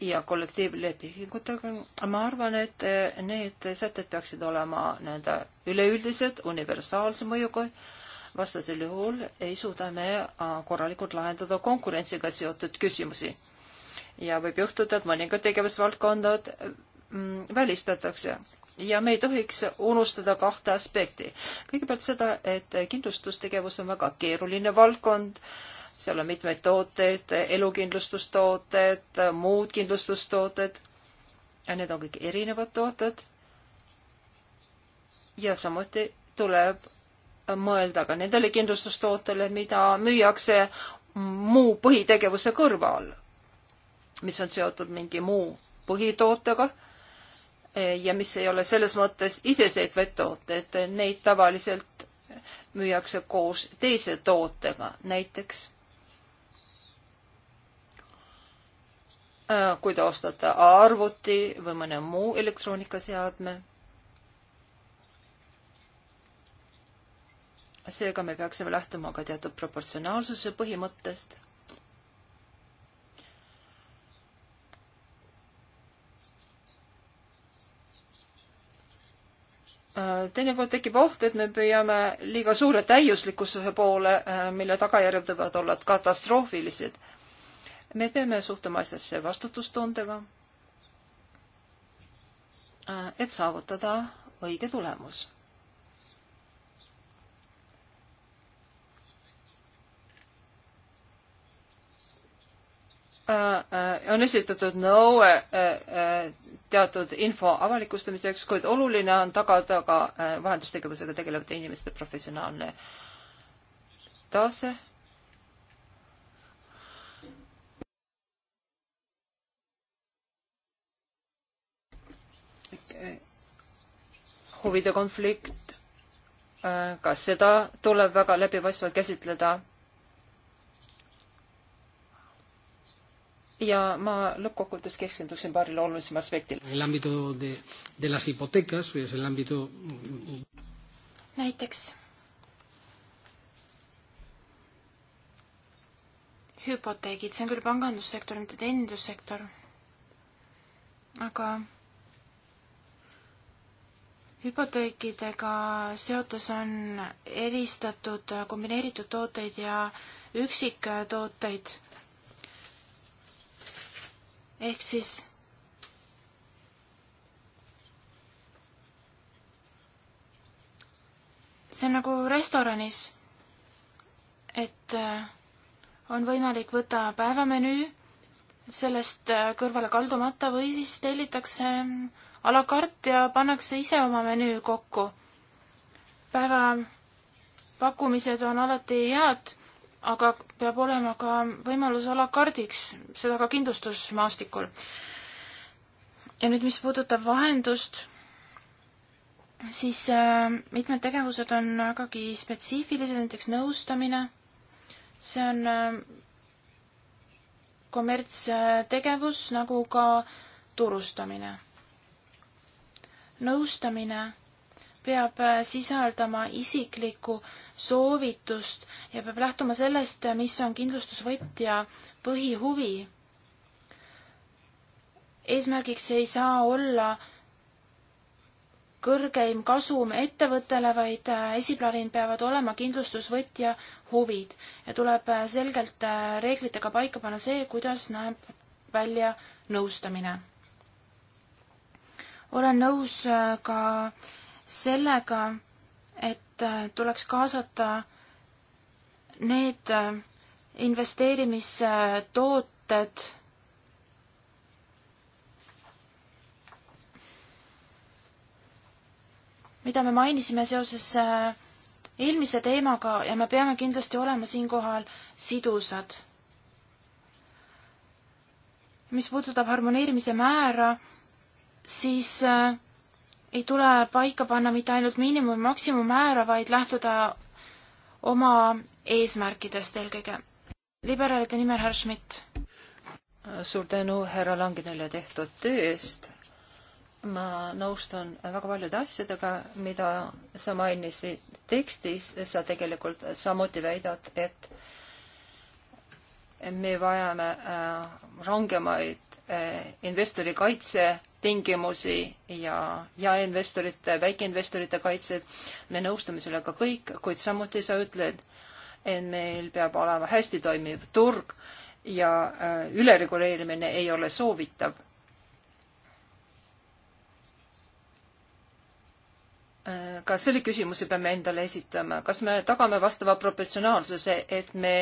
ja kollektiivlepingutega. ma arvan, et eh, need sätted peaksid olema nii-öelda üleüldised, universaalse mõjuga, vastasel juhul ei suuda me äh, korralikult lahendada konkurentsiga seotud küsimusi. ja võib juhtuda, et mõningad tegevusvaldkonnad mm, välistatakse ja me ei tohiks unustada kahte aspekti. kõigepealt seda, et kindlustustegevus on väga keeruline valdkond äh, seal on mitmeid tooteid, elukindlustustooted, muud kindlustustooted ja need on kõik erinevad tooted. ja samuti tuleb mõelda ka nendele kindlustustootele, mida müüakse muu põhitegevuse kõrval, mis on seotud mingi muu põhitootega ja mis ei ole selles mõttes iseseisvaid tooteid, neid tavaliselt müüakse koos teise tootega, näiteks Äh, kui te ostate arvuti või mõne muu elektroonikaseadme. seega me peaksime lähtuma ka teatud proportsionaalsuse põhimõttest. Äh, teinekord tekib oht, et me püüame liiga suure täiuslikkuse poole, äh, mille tagajärjed võivad olla katastroofilised me peame suhtuma asjasse vastutustundega, äh, et saavutada õige tulemus. Äh, äh, on esitatud nõue teatud info avalikustamiseks, kuid oluline on tagada ka vahendustegevusega tegelevate inimeste professionaalne tase huvide konflikt, äh, ka seda tuleb väga läbipaistvalt käsitleda. ja ma lõppkokkuvõttes keskenduksin paarile olulisemale aspektile. näiteks hüpoteegid, see on küll pangandussektor, mitte teenindussektor. aga hüpoteekidega seotus on eristatud kombineeritud tooteid ja üksiktooteid. ehk siis see on nagu restoranis, et äh, on võimalik võtta päevamenüü sellest äh, kõrvale kaldumata või siis tellitakse a la carte ja pannakse ise oma menüü kokku. päevapakkumised on alati head, aga peab olema ka võimalus a la cardiks, seda ka kindlustusmaastikul. ja nüüd, mis puudutab vahendust, siis äh, mitmed tegevused on vägagi spetsiifilised, näiteks nõustamine, see on äh, kommertstegevus nagu ka turustamine nõustamine peab äh, sisaldama isiklikku soovitust ja peab lähtuma sellest, mis on kindlustusvõtja põhihuvi. eesmärgiks ei saa olla kõrgeim kasum ettevõttele, vaid äh, esiplaanil peavad olema kindlustusvõtja huvid ja tuleb äh, selgelt reeglitega paika panna see, kuidas näeb välja nõustamine olen nõus äh, ka sellega, et äh, tuleks kaasata need äh, investeerimistooted, mida me mainisime seoses eelmise teemaga ja me peame kindlasti olema siinkohal sidusad. mis puudutab harmoneerimise määra, siis äh, ei tule paika panna mitte ainult miinimum- ja maksimummäära, vaid lähtuda oma eesmärkidest eelkõige. liberaalide nimel härra Schmidt. suur tänu härra Langinile tehtud töö eest. ma nõustun väga paljude asjadega, mida sa mainisid tekstis, sa tegelikult samuti väidad, et me vajame äh, rangemaid Eh, investori kaitse tingimusi ja jaeinvestorite, väikeinvestorite kaitset. me nõustume sellega kõik, kuid samuti sa ütled, et meil peab olema hästi toimiv turg ja eh, ülereguleerimine ei ole soovitav. Eh, ka selle küsimuse peame endale esitama, kas me tagame vastava proportsionaalsuse, et me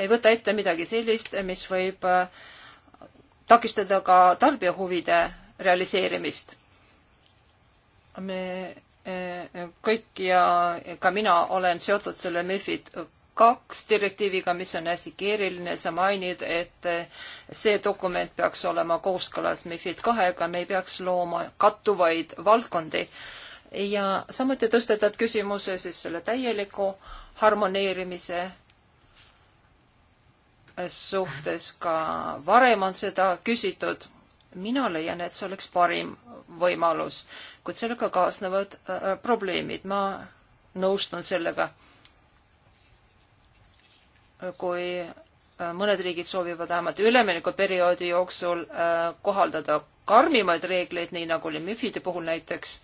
ei võta ette midagi sellist, mis võib äh, takistada ka tarbija huvide realiseerimist. me e, kõik ja ka mina olen seotud selle MIFID kaks direktiiviga, mis on hästi keeruline, sa mainid, et see dokument peaks olema kooskõlas MIFID kahega, me ei peaks looma kattuvaid valdkondi. ja samuti tõstetad küsimuse siis selle täieliku harmoneerimise suhtes ka varem on seda küsitud. mina leian, et see oleks parim võimalus, kuid sellega kaasnevad äh, probleemid, ma nõustun sellega. kui äh, mõned riigid soovivad vähemalt üleminekuperioodi jooksul äh, kohaldada karmimaid reegleid, nii nagu oli MIFide puhul näiteks,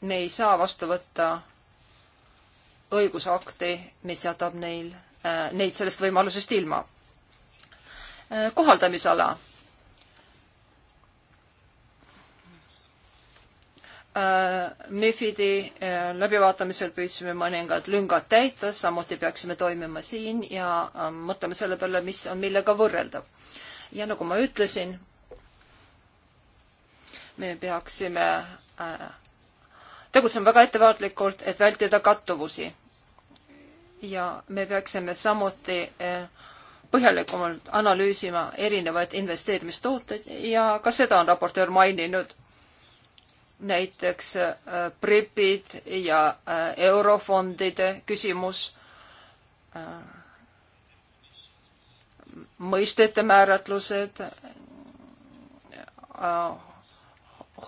me ei saa vastu võtta õigusakti, mis jätab neil, äh, neid sellest võimalusest ilma. Äh, kohaldamisala. Äh, MIFID-i läbivaatamisel püüdsime mõningad lüngad täita, samuti peaksime toimima siin ja mõtlema selle peale, mis on millega võrreldav. ja nagu ma ütlesin, me peaksime tegutsema väga ettevaatlikult, et vältida kattuvusi ja me peaksime samuti eh, põhjalikumalt analüüsima erinevaid investeerimistooteid ja ka seda on raportöör maininud. näiteks PRIPid eh, ja eh, eurofondide küsimus, mõistete määratlused,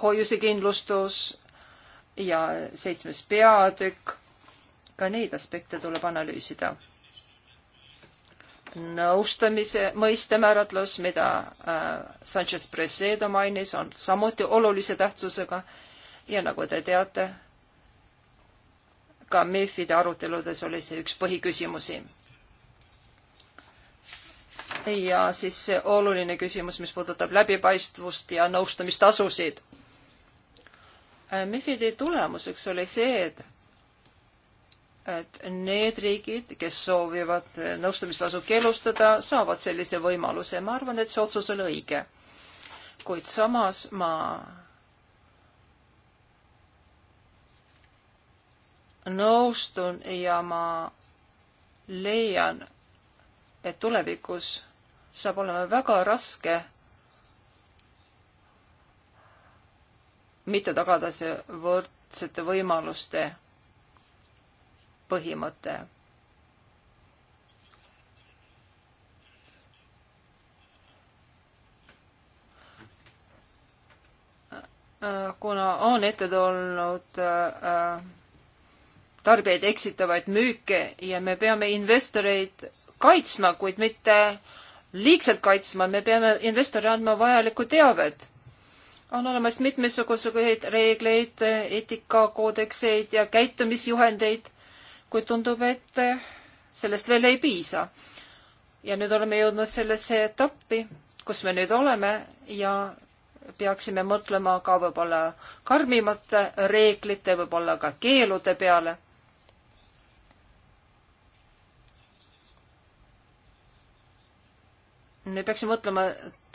hoiusekindlustus ja seitsmes peatükk ka neid aspekte tuleb analüüsida. nõustamise mõistemääratlus, mida äh, Sanchez Presedo mainis, on samuti olulise tähtsusega ja nagu te teate, ka MEF-ide aruteludes oli see üks põhiküsimusi ja siis see oluline küsimus, mis puudutab läbipaistvust ja nõustamistasusid. Äh, MIFID-i tulemuseks oli see, et et need riigid, kes soovivad nõustamistasu keelustada, saavad sellise võimaluse. ma arvan, et see otsus oli õige. kuid samas ma nõustun ja ma leian, et tulevikus saab olema väga raske mitte tagada see võrdsete võimaluste põhimõte. kuna on ette tulnud äh, tarbijaid eksitavaid müüke ja me peame investoreid kaitsma, kuid mitte liigselt kaitsma, me peame investorile andma vajalikku teavet on olemas mitmesuguseid reegleid, eetikakoodekseid ja käitumisjuhendeid, kuid tundub, et sellest veel ei piisa. ja nüüd oleme jõudnud sellesse etappi, kus me nüüd oleme ja peaksime mõtlema ka võib-olla karmimate reeglite, võib-olla ka keelude peale. me peaksime mõtlema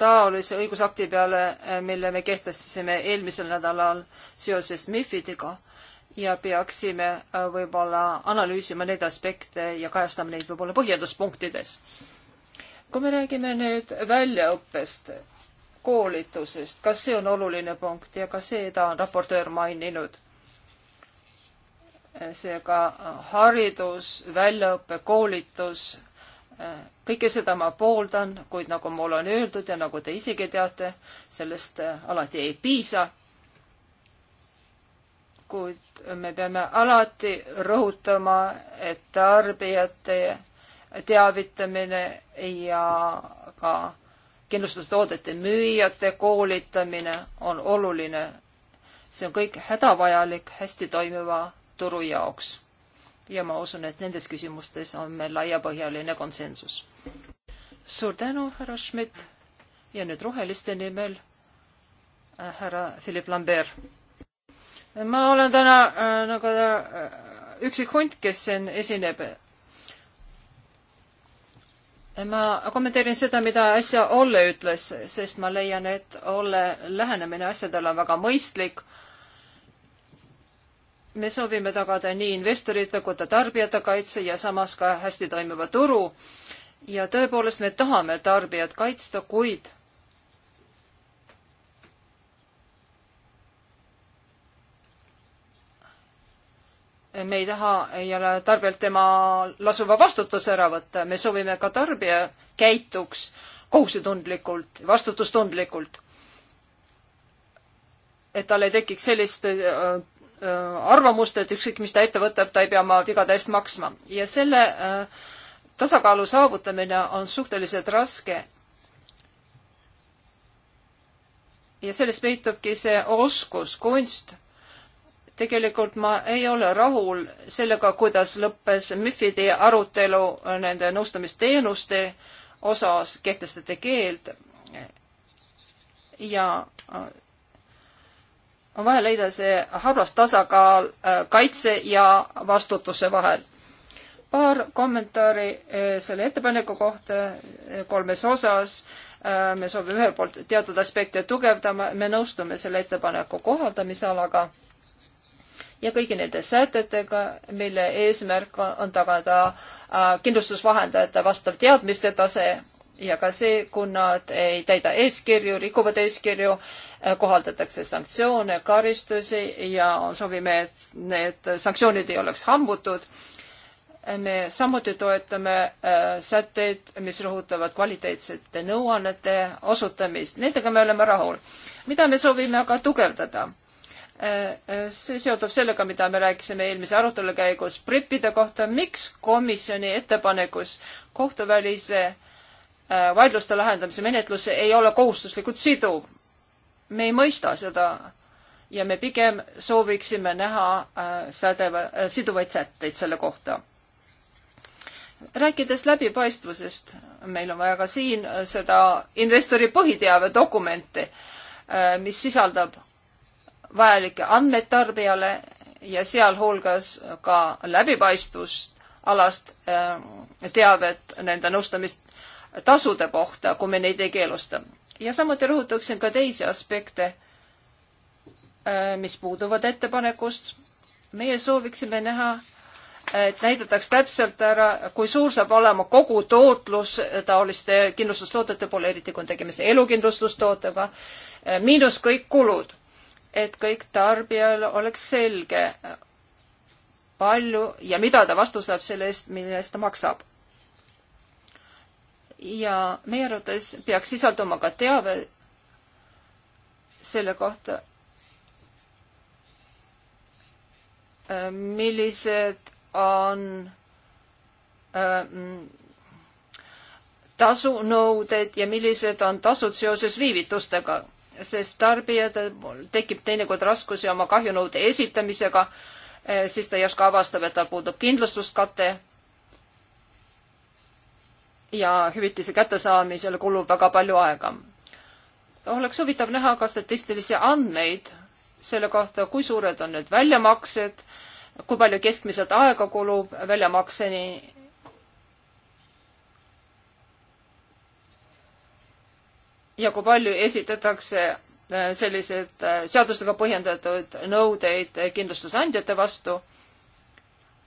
taolise õigusakti peale, mille me kehtestasime eelmisel nädalal seoses MIFIDiga ja peaksime äh, võib-olla analüüsima neid aspekte ja kajastama neid võib-olla põhjenduspunktides. kui me räägime nüüd väljaõppest, koolitusest, kas see on oluline punkt ja ka seda on raportöör maininud? seega äh, haridus, väljaõpe, koolitus, äh, kõike seda ma pooldan, kuid nagu mul on öeldud ja nagu te isegi teate, sellest alati ei piisa kuid me peame alati rõhutama, et tarbijate teavitamine ja ka kindlustustoodete müüjate koolitamine on oluline. see on kõik hädavajalik hästi toimiva turu jaoks. ja ma usun, et nendes küsimustes on meil laiapõhjaline konsensus. suur tänu, härra Schmidt ja nüüd roheliste nimel äh, härra Philip Lambert ma olen täna äh, nagu äh, üksik hunt, kes siin esineb. ma kommenteerin seda, mida äsja Olle ütles, sest ma leian, et Olle lähenemine asjadele on väga mõistlik me soovime tagada nii investorite kui ta tarbijate kaitse ja samas ka hästi toimiva turu. ja tõepoolest me tahame tarbijat kaitsta, kuid me ei taha, ei ole tarbijalt tema lasuva vastutuse ära võtta, me soovime ka tarbija käituks kohusetundlikult, vastutustundlikult. et tal ei tekiks sellist äh, äh, arvamust, et ükskõik, mis ta ette võtab, ta ei pea oma vigade eest maksma ja selle äh, tasakaalu saavutamine on suhteliselt raske. ja selles peitubki see oskus, kunst tegelikult ma ei ole rahul sellega, kuidas lõppes MIFID-i arutelu nende nõustamisteenuste osas kehtestati keeld ja äh, on vaja leida see habras tasakaal äh, kaitse ja vastutuse vahel. paar kommentaari äh, selle ettepaneku kohta kolmes osas. me soovime ühelt poolt teatud aspekte tugevdama, me nõustume selle ettepaneku kohaldamisalaga ja kõigi nende sätetega, mille eesmärk on tagada äh, kindlustusvahendajate vastav teadmiste tase ja ka see, kui nad ei täida eeskirju, rikuvad eeskirju, äh, kohaldatakse sanktsioone, karistusi ja soovime, et need sanktsioonid ei oleks hambutud. me samuti toetame äh, sätteid, mis rõhutavad kvaliteetsete nõuannete osutamist, nendega me oleme rahul. mida me soovime aga tugevdada? see seotub sellega, mida me rääkisime eelmise arutelu käigus PRIP-ide kohta, miks komisjoni ettepanekus kohtuvälise äh, vaidluste lahendamise menetlus ei ole kohustuslikult siduv. me ei mõista seda ja me pigem sooviksime näha äh, sädeva, äh, siduvaid sätteid selle kohta. rääkides läbipaistvusest, meil on vaja ka siin seda investori põhiteave dokumenti, mis sisaldab vajalikke andmeid tarbijale ja sealhulgas ka läbipaistvust alast ähm, teavet nende nõustamistasude kohta, kui me neid ei keelusta. ja samuti rõhutaksin ka teisi aspekte, äh, mis puuduvad ettepanekust. meie sooviksime näha, et näidataks täpselt ära, kui suur saab olema kogu tootlus taoliste kindlustustoodete puhul, eriti kui on tegemist elukindlustustootega, äh, miinus kõik kulud et kõik tarbijal oleks selge, palju ja mida ta vastu saab selle eest, mille eest ta maksab. ja meie arvates peaks sisalduma ka teave selle kohta, millised on ähm, tasunõuded ja millised on tasud seoses viivitustega sest tarbijatel tekib teinekord raskusi oma kahjunõude esitamisega, eh, siis ta järsku avastab, et tal puudub kindlustuskate ja hüvitise kättesaamisel kulub väga palju aega. oleks huvitav näha ka statistilisi andmeid selle kohta, kui suured on need väljamaksed, kui palju keskmiselt aega kulub väljamakseni ja kui palju esitatakse äh, selliseid äh, seadustega põhjendatud nõudeid kindlustusandjate vastu.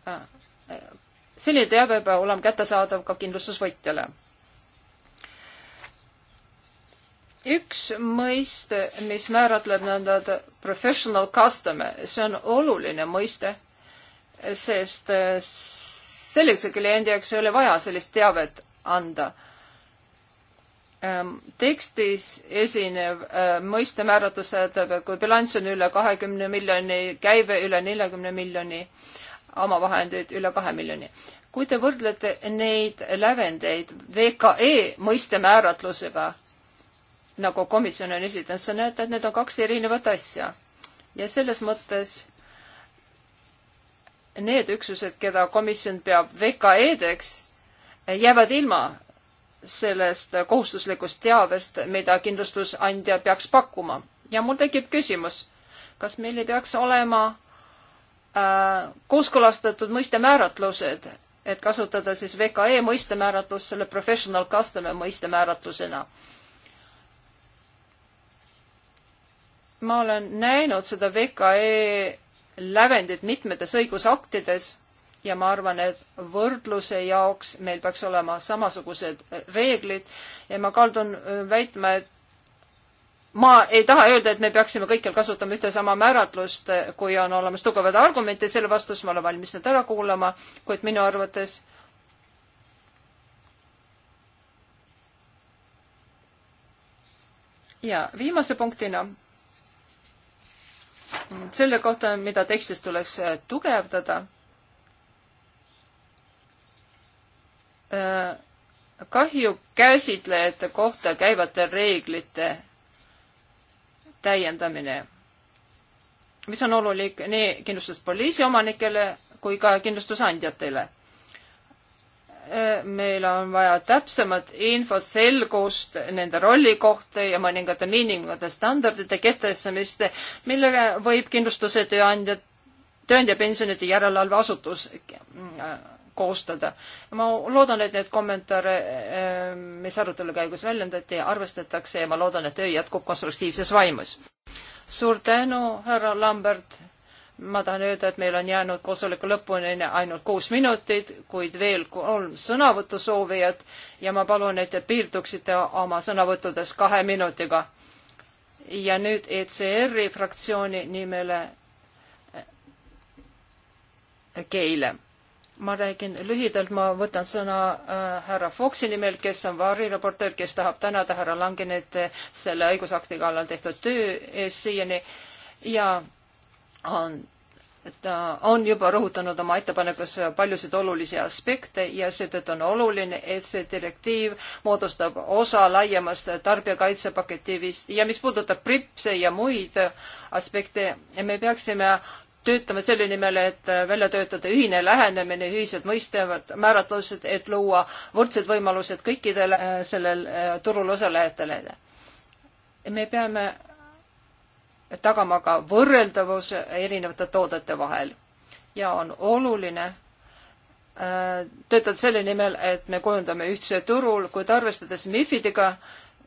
Äh, selline teave peab olema kättesaadav ka kindlustusvõtjale. üks mõiste, mis määratleb nõnda professional customer, see on oluline mõiste, sest sellise kliendi jaoks ei ole vaja sellist teavet anda Ähm, tekstis esinev äh, mõistemääratlused, kui bilanss on üle kahekümne miljoni, käive üle neljakümne miljoni, omavahendeid üle kahe miljoni. kui te võrdlete neid lävendeid VKE mõistemääratlusega, nagu komisjon on esitanud, sa näed, et need on kaks erinevat asja. ja selles mõttes need üksused, keda komisjon peab VKE-deks, jäävad ilma sellest kohustuslikust teavest, mida kindlustusandja peaks pakkuma. ja mul tekib küsimus, kas meil ei peaks olema äh, kooskõlastatud mõistemääratlused, et kasutada siis VKE mõistemääratlust selle professional customer mõistemääratlusena. ma olen näinud seda VKE lävendit mitmetes õigusaktides ja ma arvan, et võrdluse jaoks meil peaks olema samasugused reeglid ja ma kaldun äh, väitma, et ma ei taha öelda, et me peaksime kõikjal kasutama ühte sama määratlust, äh, kui on olemas tugevad argumente, selle vastu siis ma olen valmis need ära kuulama, kuid minu arvates ja viimase punktina selle kohta, mida tekstis tuleks äh, tugevdada Äh, kahju käsitlejate kohta käivate reeglite täiendamine, mis on olulik nii kindlustuspoliisi omanikele kui ka kindlustusandjatele. Äh, meil on vaja täpsemat infot, selgust nende rolli kohta ja mõningate miinimumide standardite kehtestamist, millega võib kindlustuse tööandjad, tööandjapensionide järelevalveasutus äh, koostada. ma loodan, et neid kommentaare, eh, mis arutelu käigus väljendati, arvestatakse ja ma loodan, et töö jätkub konstruktiivses vaimus. suur tänu, härra Lambert. ma tahan öelda, et meil on jäänud koosoleku lõpuni ainult kuus minutit, kuid veel kolm sõnavõtusoovijat ja ma palun, et te piirduksite oma sõnavõttudes kahe minutiga. ja nüüd ECR-i fraktsiooni nimele Keile ma räägin lühidalt, ma võtan sõna äh, härra Foxi nimel, kes on varireporter, kes tahab tänada härra Langenit äh, selle õigusakti kallal tehtud töö eest siiani ja on, ta on juba rõhutanud oma ettepanekus paljusid olulisi aspekte ja seetõttu on oluline, et see direktiiv moodustab osa laiemast tarbijakaitsepaketivist ja mis puudutab pripse ja muid aspekte, me peaksime äh, töötame selle nimel, et välja töötada ühine lähenemine, ühised mõistevad määratlused, et luua võrdsed võimalused kõikidele äh, sellel äh, turul osalejatele. me peame tagama ka võrreldavuse erinevate toodete vahel ja on oluline äh, töötada selle nimel, et me kujundame ühtse turul, kuid arvestades MIFIDiga äh,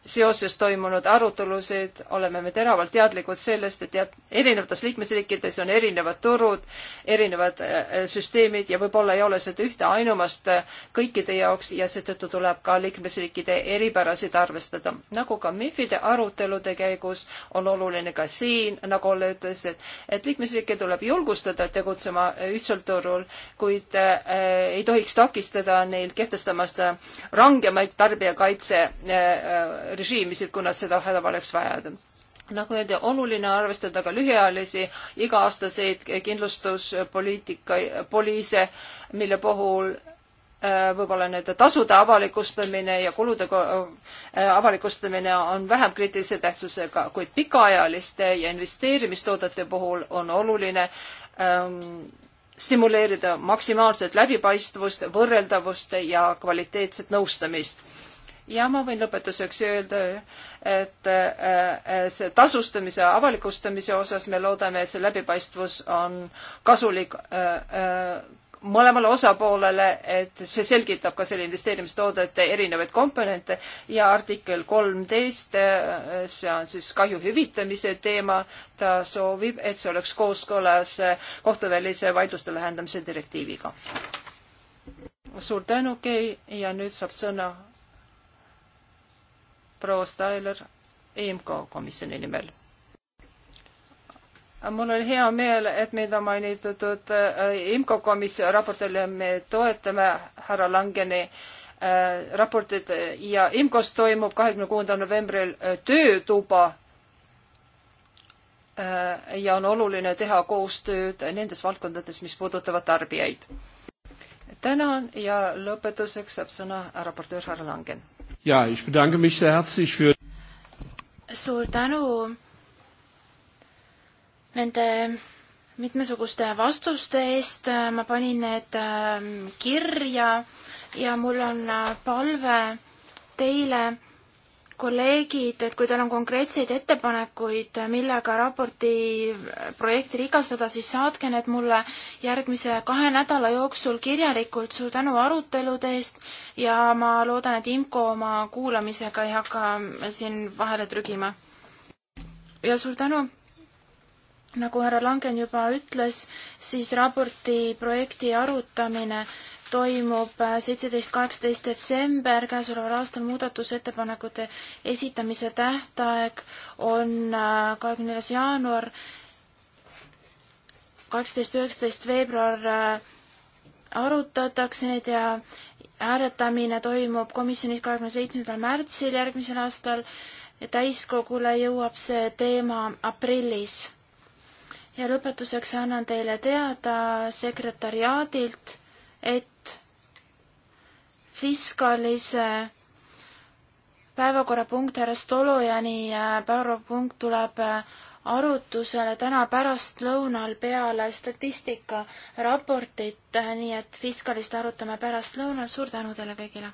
seoses toimunud arutelusid oleme me teravalt teadlikud sellest, et tead, erinevates liikmesriikides on erinevad turud, erinevad äh, äh, süsteemid ja võib-olla ei ole seda ühte ainumast äh, kõikide jaoks ja seetõttu tuleb ka liikmesriikide eripärasid arvestada. nagu ka MIFide arutelude käigus on oluline ka siin, nagu Olle ütles, et, et liikmesriike tuleb julgustada tegutsema ühtsel turul, kuid äh, ei tohiks takistada neil kehtestamast rangemaid tarbijakaitse äh, režiimisid, kui nad seda häda oleks vajanud nagu öeldi, oluline arvestada ka lühiajalisi iga-aastaseid kindlustuspoliitika, poliise, mille puhul äh, võib-olla nende tasude avalikustamine ja kulude äh, avalikustamine on vähem kriitilise tähtsusega, kuid pikaajaliste ja investeerimistoodete puhul on oluline ähm, stimuleerida maksimaalset läbipaistvust, võrreldavust ja kvaliteetset nõustamist ja ma võin lõpetuseks öelda, et äh, äh, see tasustamise, avalikustamise osas me loodame, et see läbipaistvus on kasulik äh, mõlemale osapoolele, et see selgitab ka selle investeerimistoodete erinevaid komponente ja artikkel kolmteist, see on siis kahju hüvitamise teema, ta soovib, et see oleks kooskõlas kohtuvälise vaidluste lahendamise direktiiviga. suur tänu, Kei, ja nüüd saab sõna proua Styler EMK komisjoni nimel. mul on hea meel, et meid on mainitud EMK äh, komisjoni raportile, me toetame härra Langeni äh, raportit ja EMKOs toimub kahekümne kuuendal novembril äh, töötuba ja on oluline teha koostööd nendes valdkondades, mis puudutavad tarbijaid. tänan ja lõpetuseks saab sõna raportöör härra Langen ja, ich bedanke mich sehr herzlich für. suur tänu nende mitmesuguste vastuste eest, ma panin need ähm, kirja ja mul on äh, palve teile, kolleegid, et kui teil on konkreetseid ettepanekuid, millega raporti projekti rikastada, siis saatke need mulle järgmise kahe nädala jooksul kirjalikult. suur tänu arutelude eest ja ma loodan, et IMCO oma kuulamisega ei hakka siin vahele trügima. ja suur tänu! nagu härra Langen juba ütles, siis raporti projekti arutamine toimub äh, seitseteist, kaheksateist detsember käesoleval aastal muudatusettepanekute esitamise tähtaeg on äh, kahekümne neljas jaanuar, kaksteist, üheksateist veebruar äh, arutatakse neid ja hääletamine toimub komisjonis kahekümne seitsmendal märtsil järgmisel aastal ja täiskogule jõuab see teema aprillis. ja lõpetuseks annan teile teada sekretariaadilt, et Fiskalise päevakorrapunkt härra Stolojani äh, päevakorrapunkt tuleb äh, arutusele täna pärastlõunal peale statistikaraportit, äh, nii et Fiskalist arutame pärastlõunal, suur tänu teile kõigile!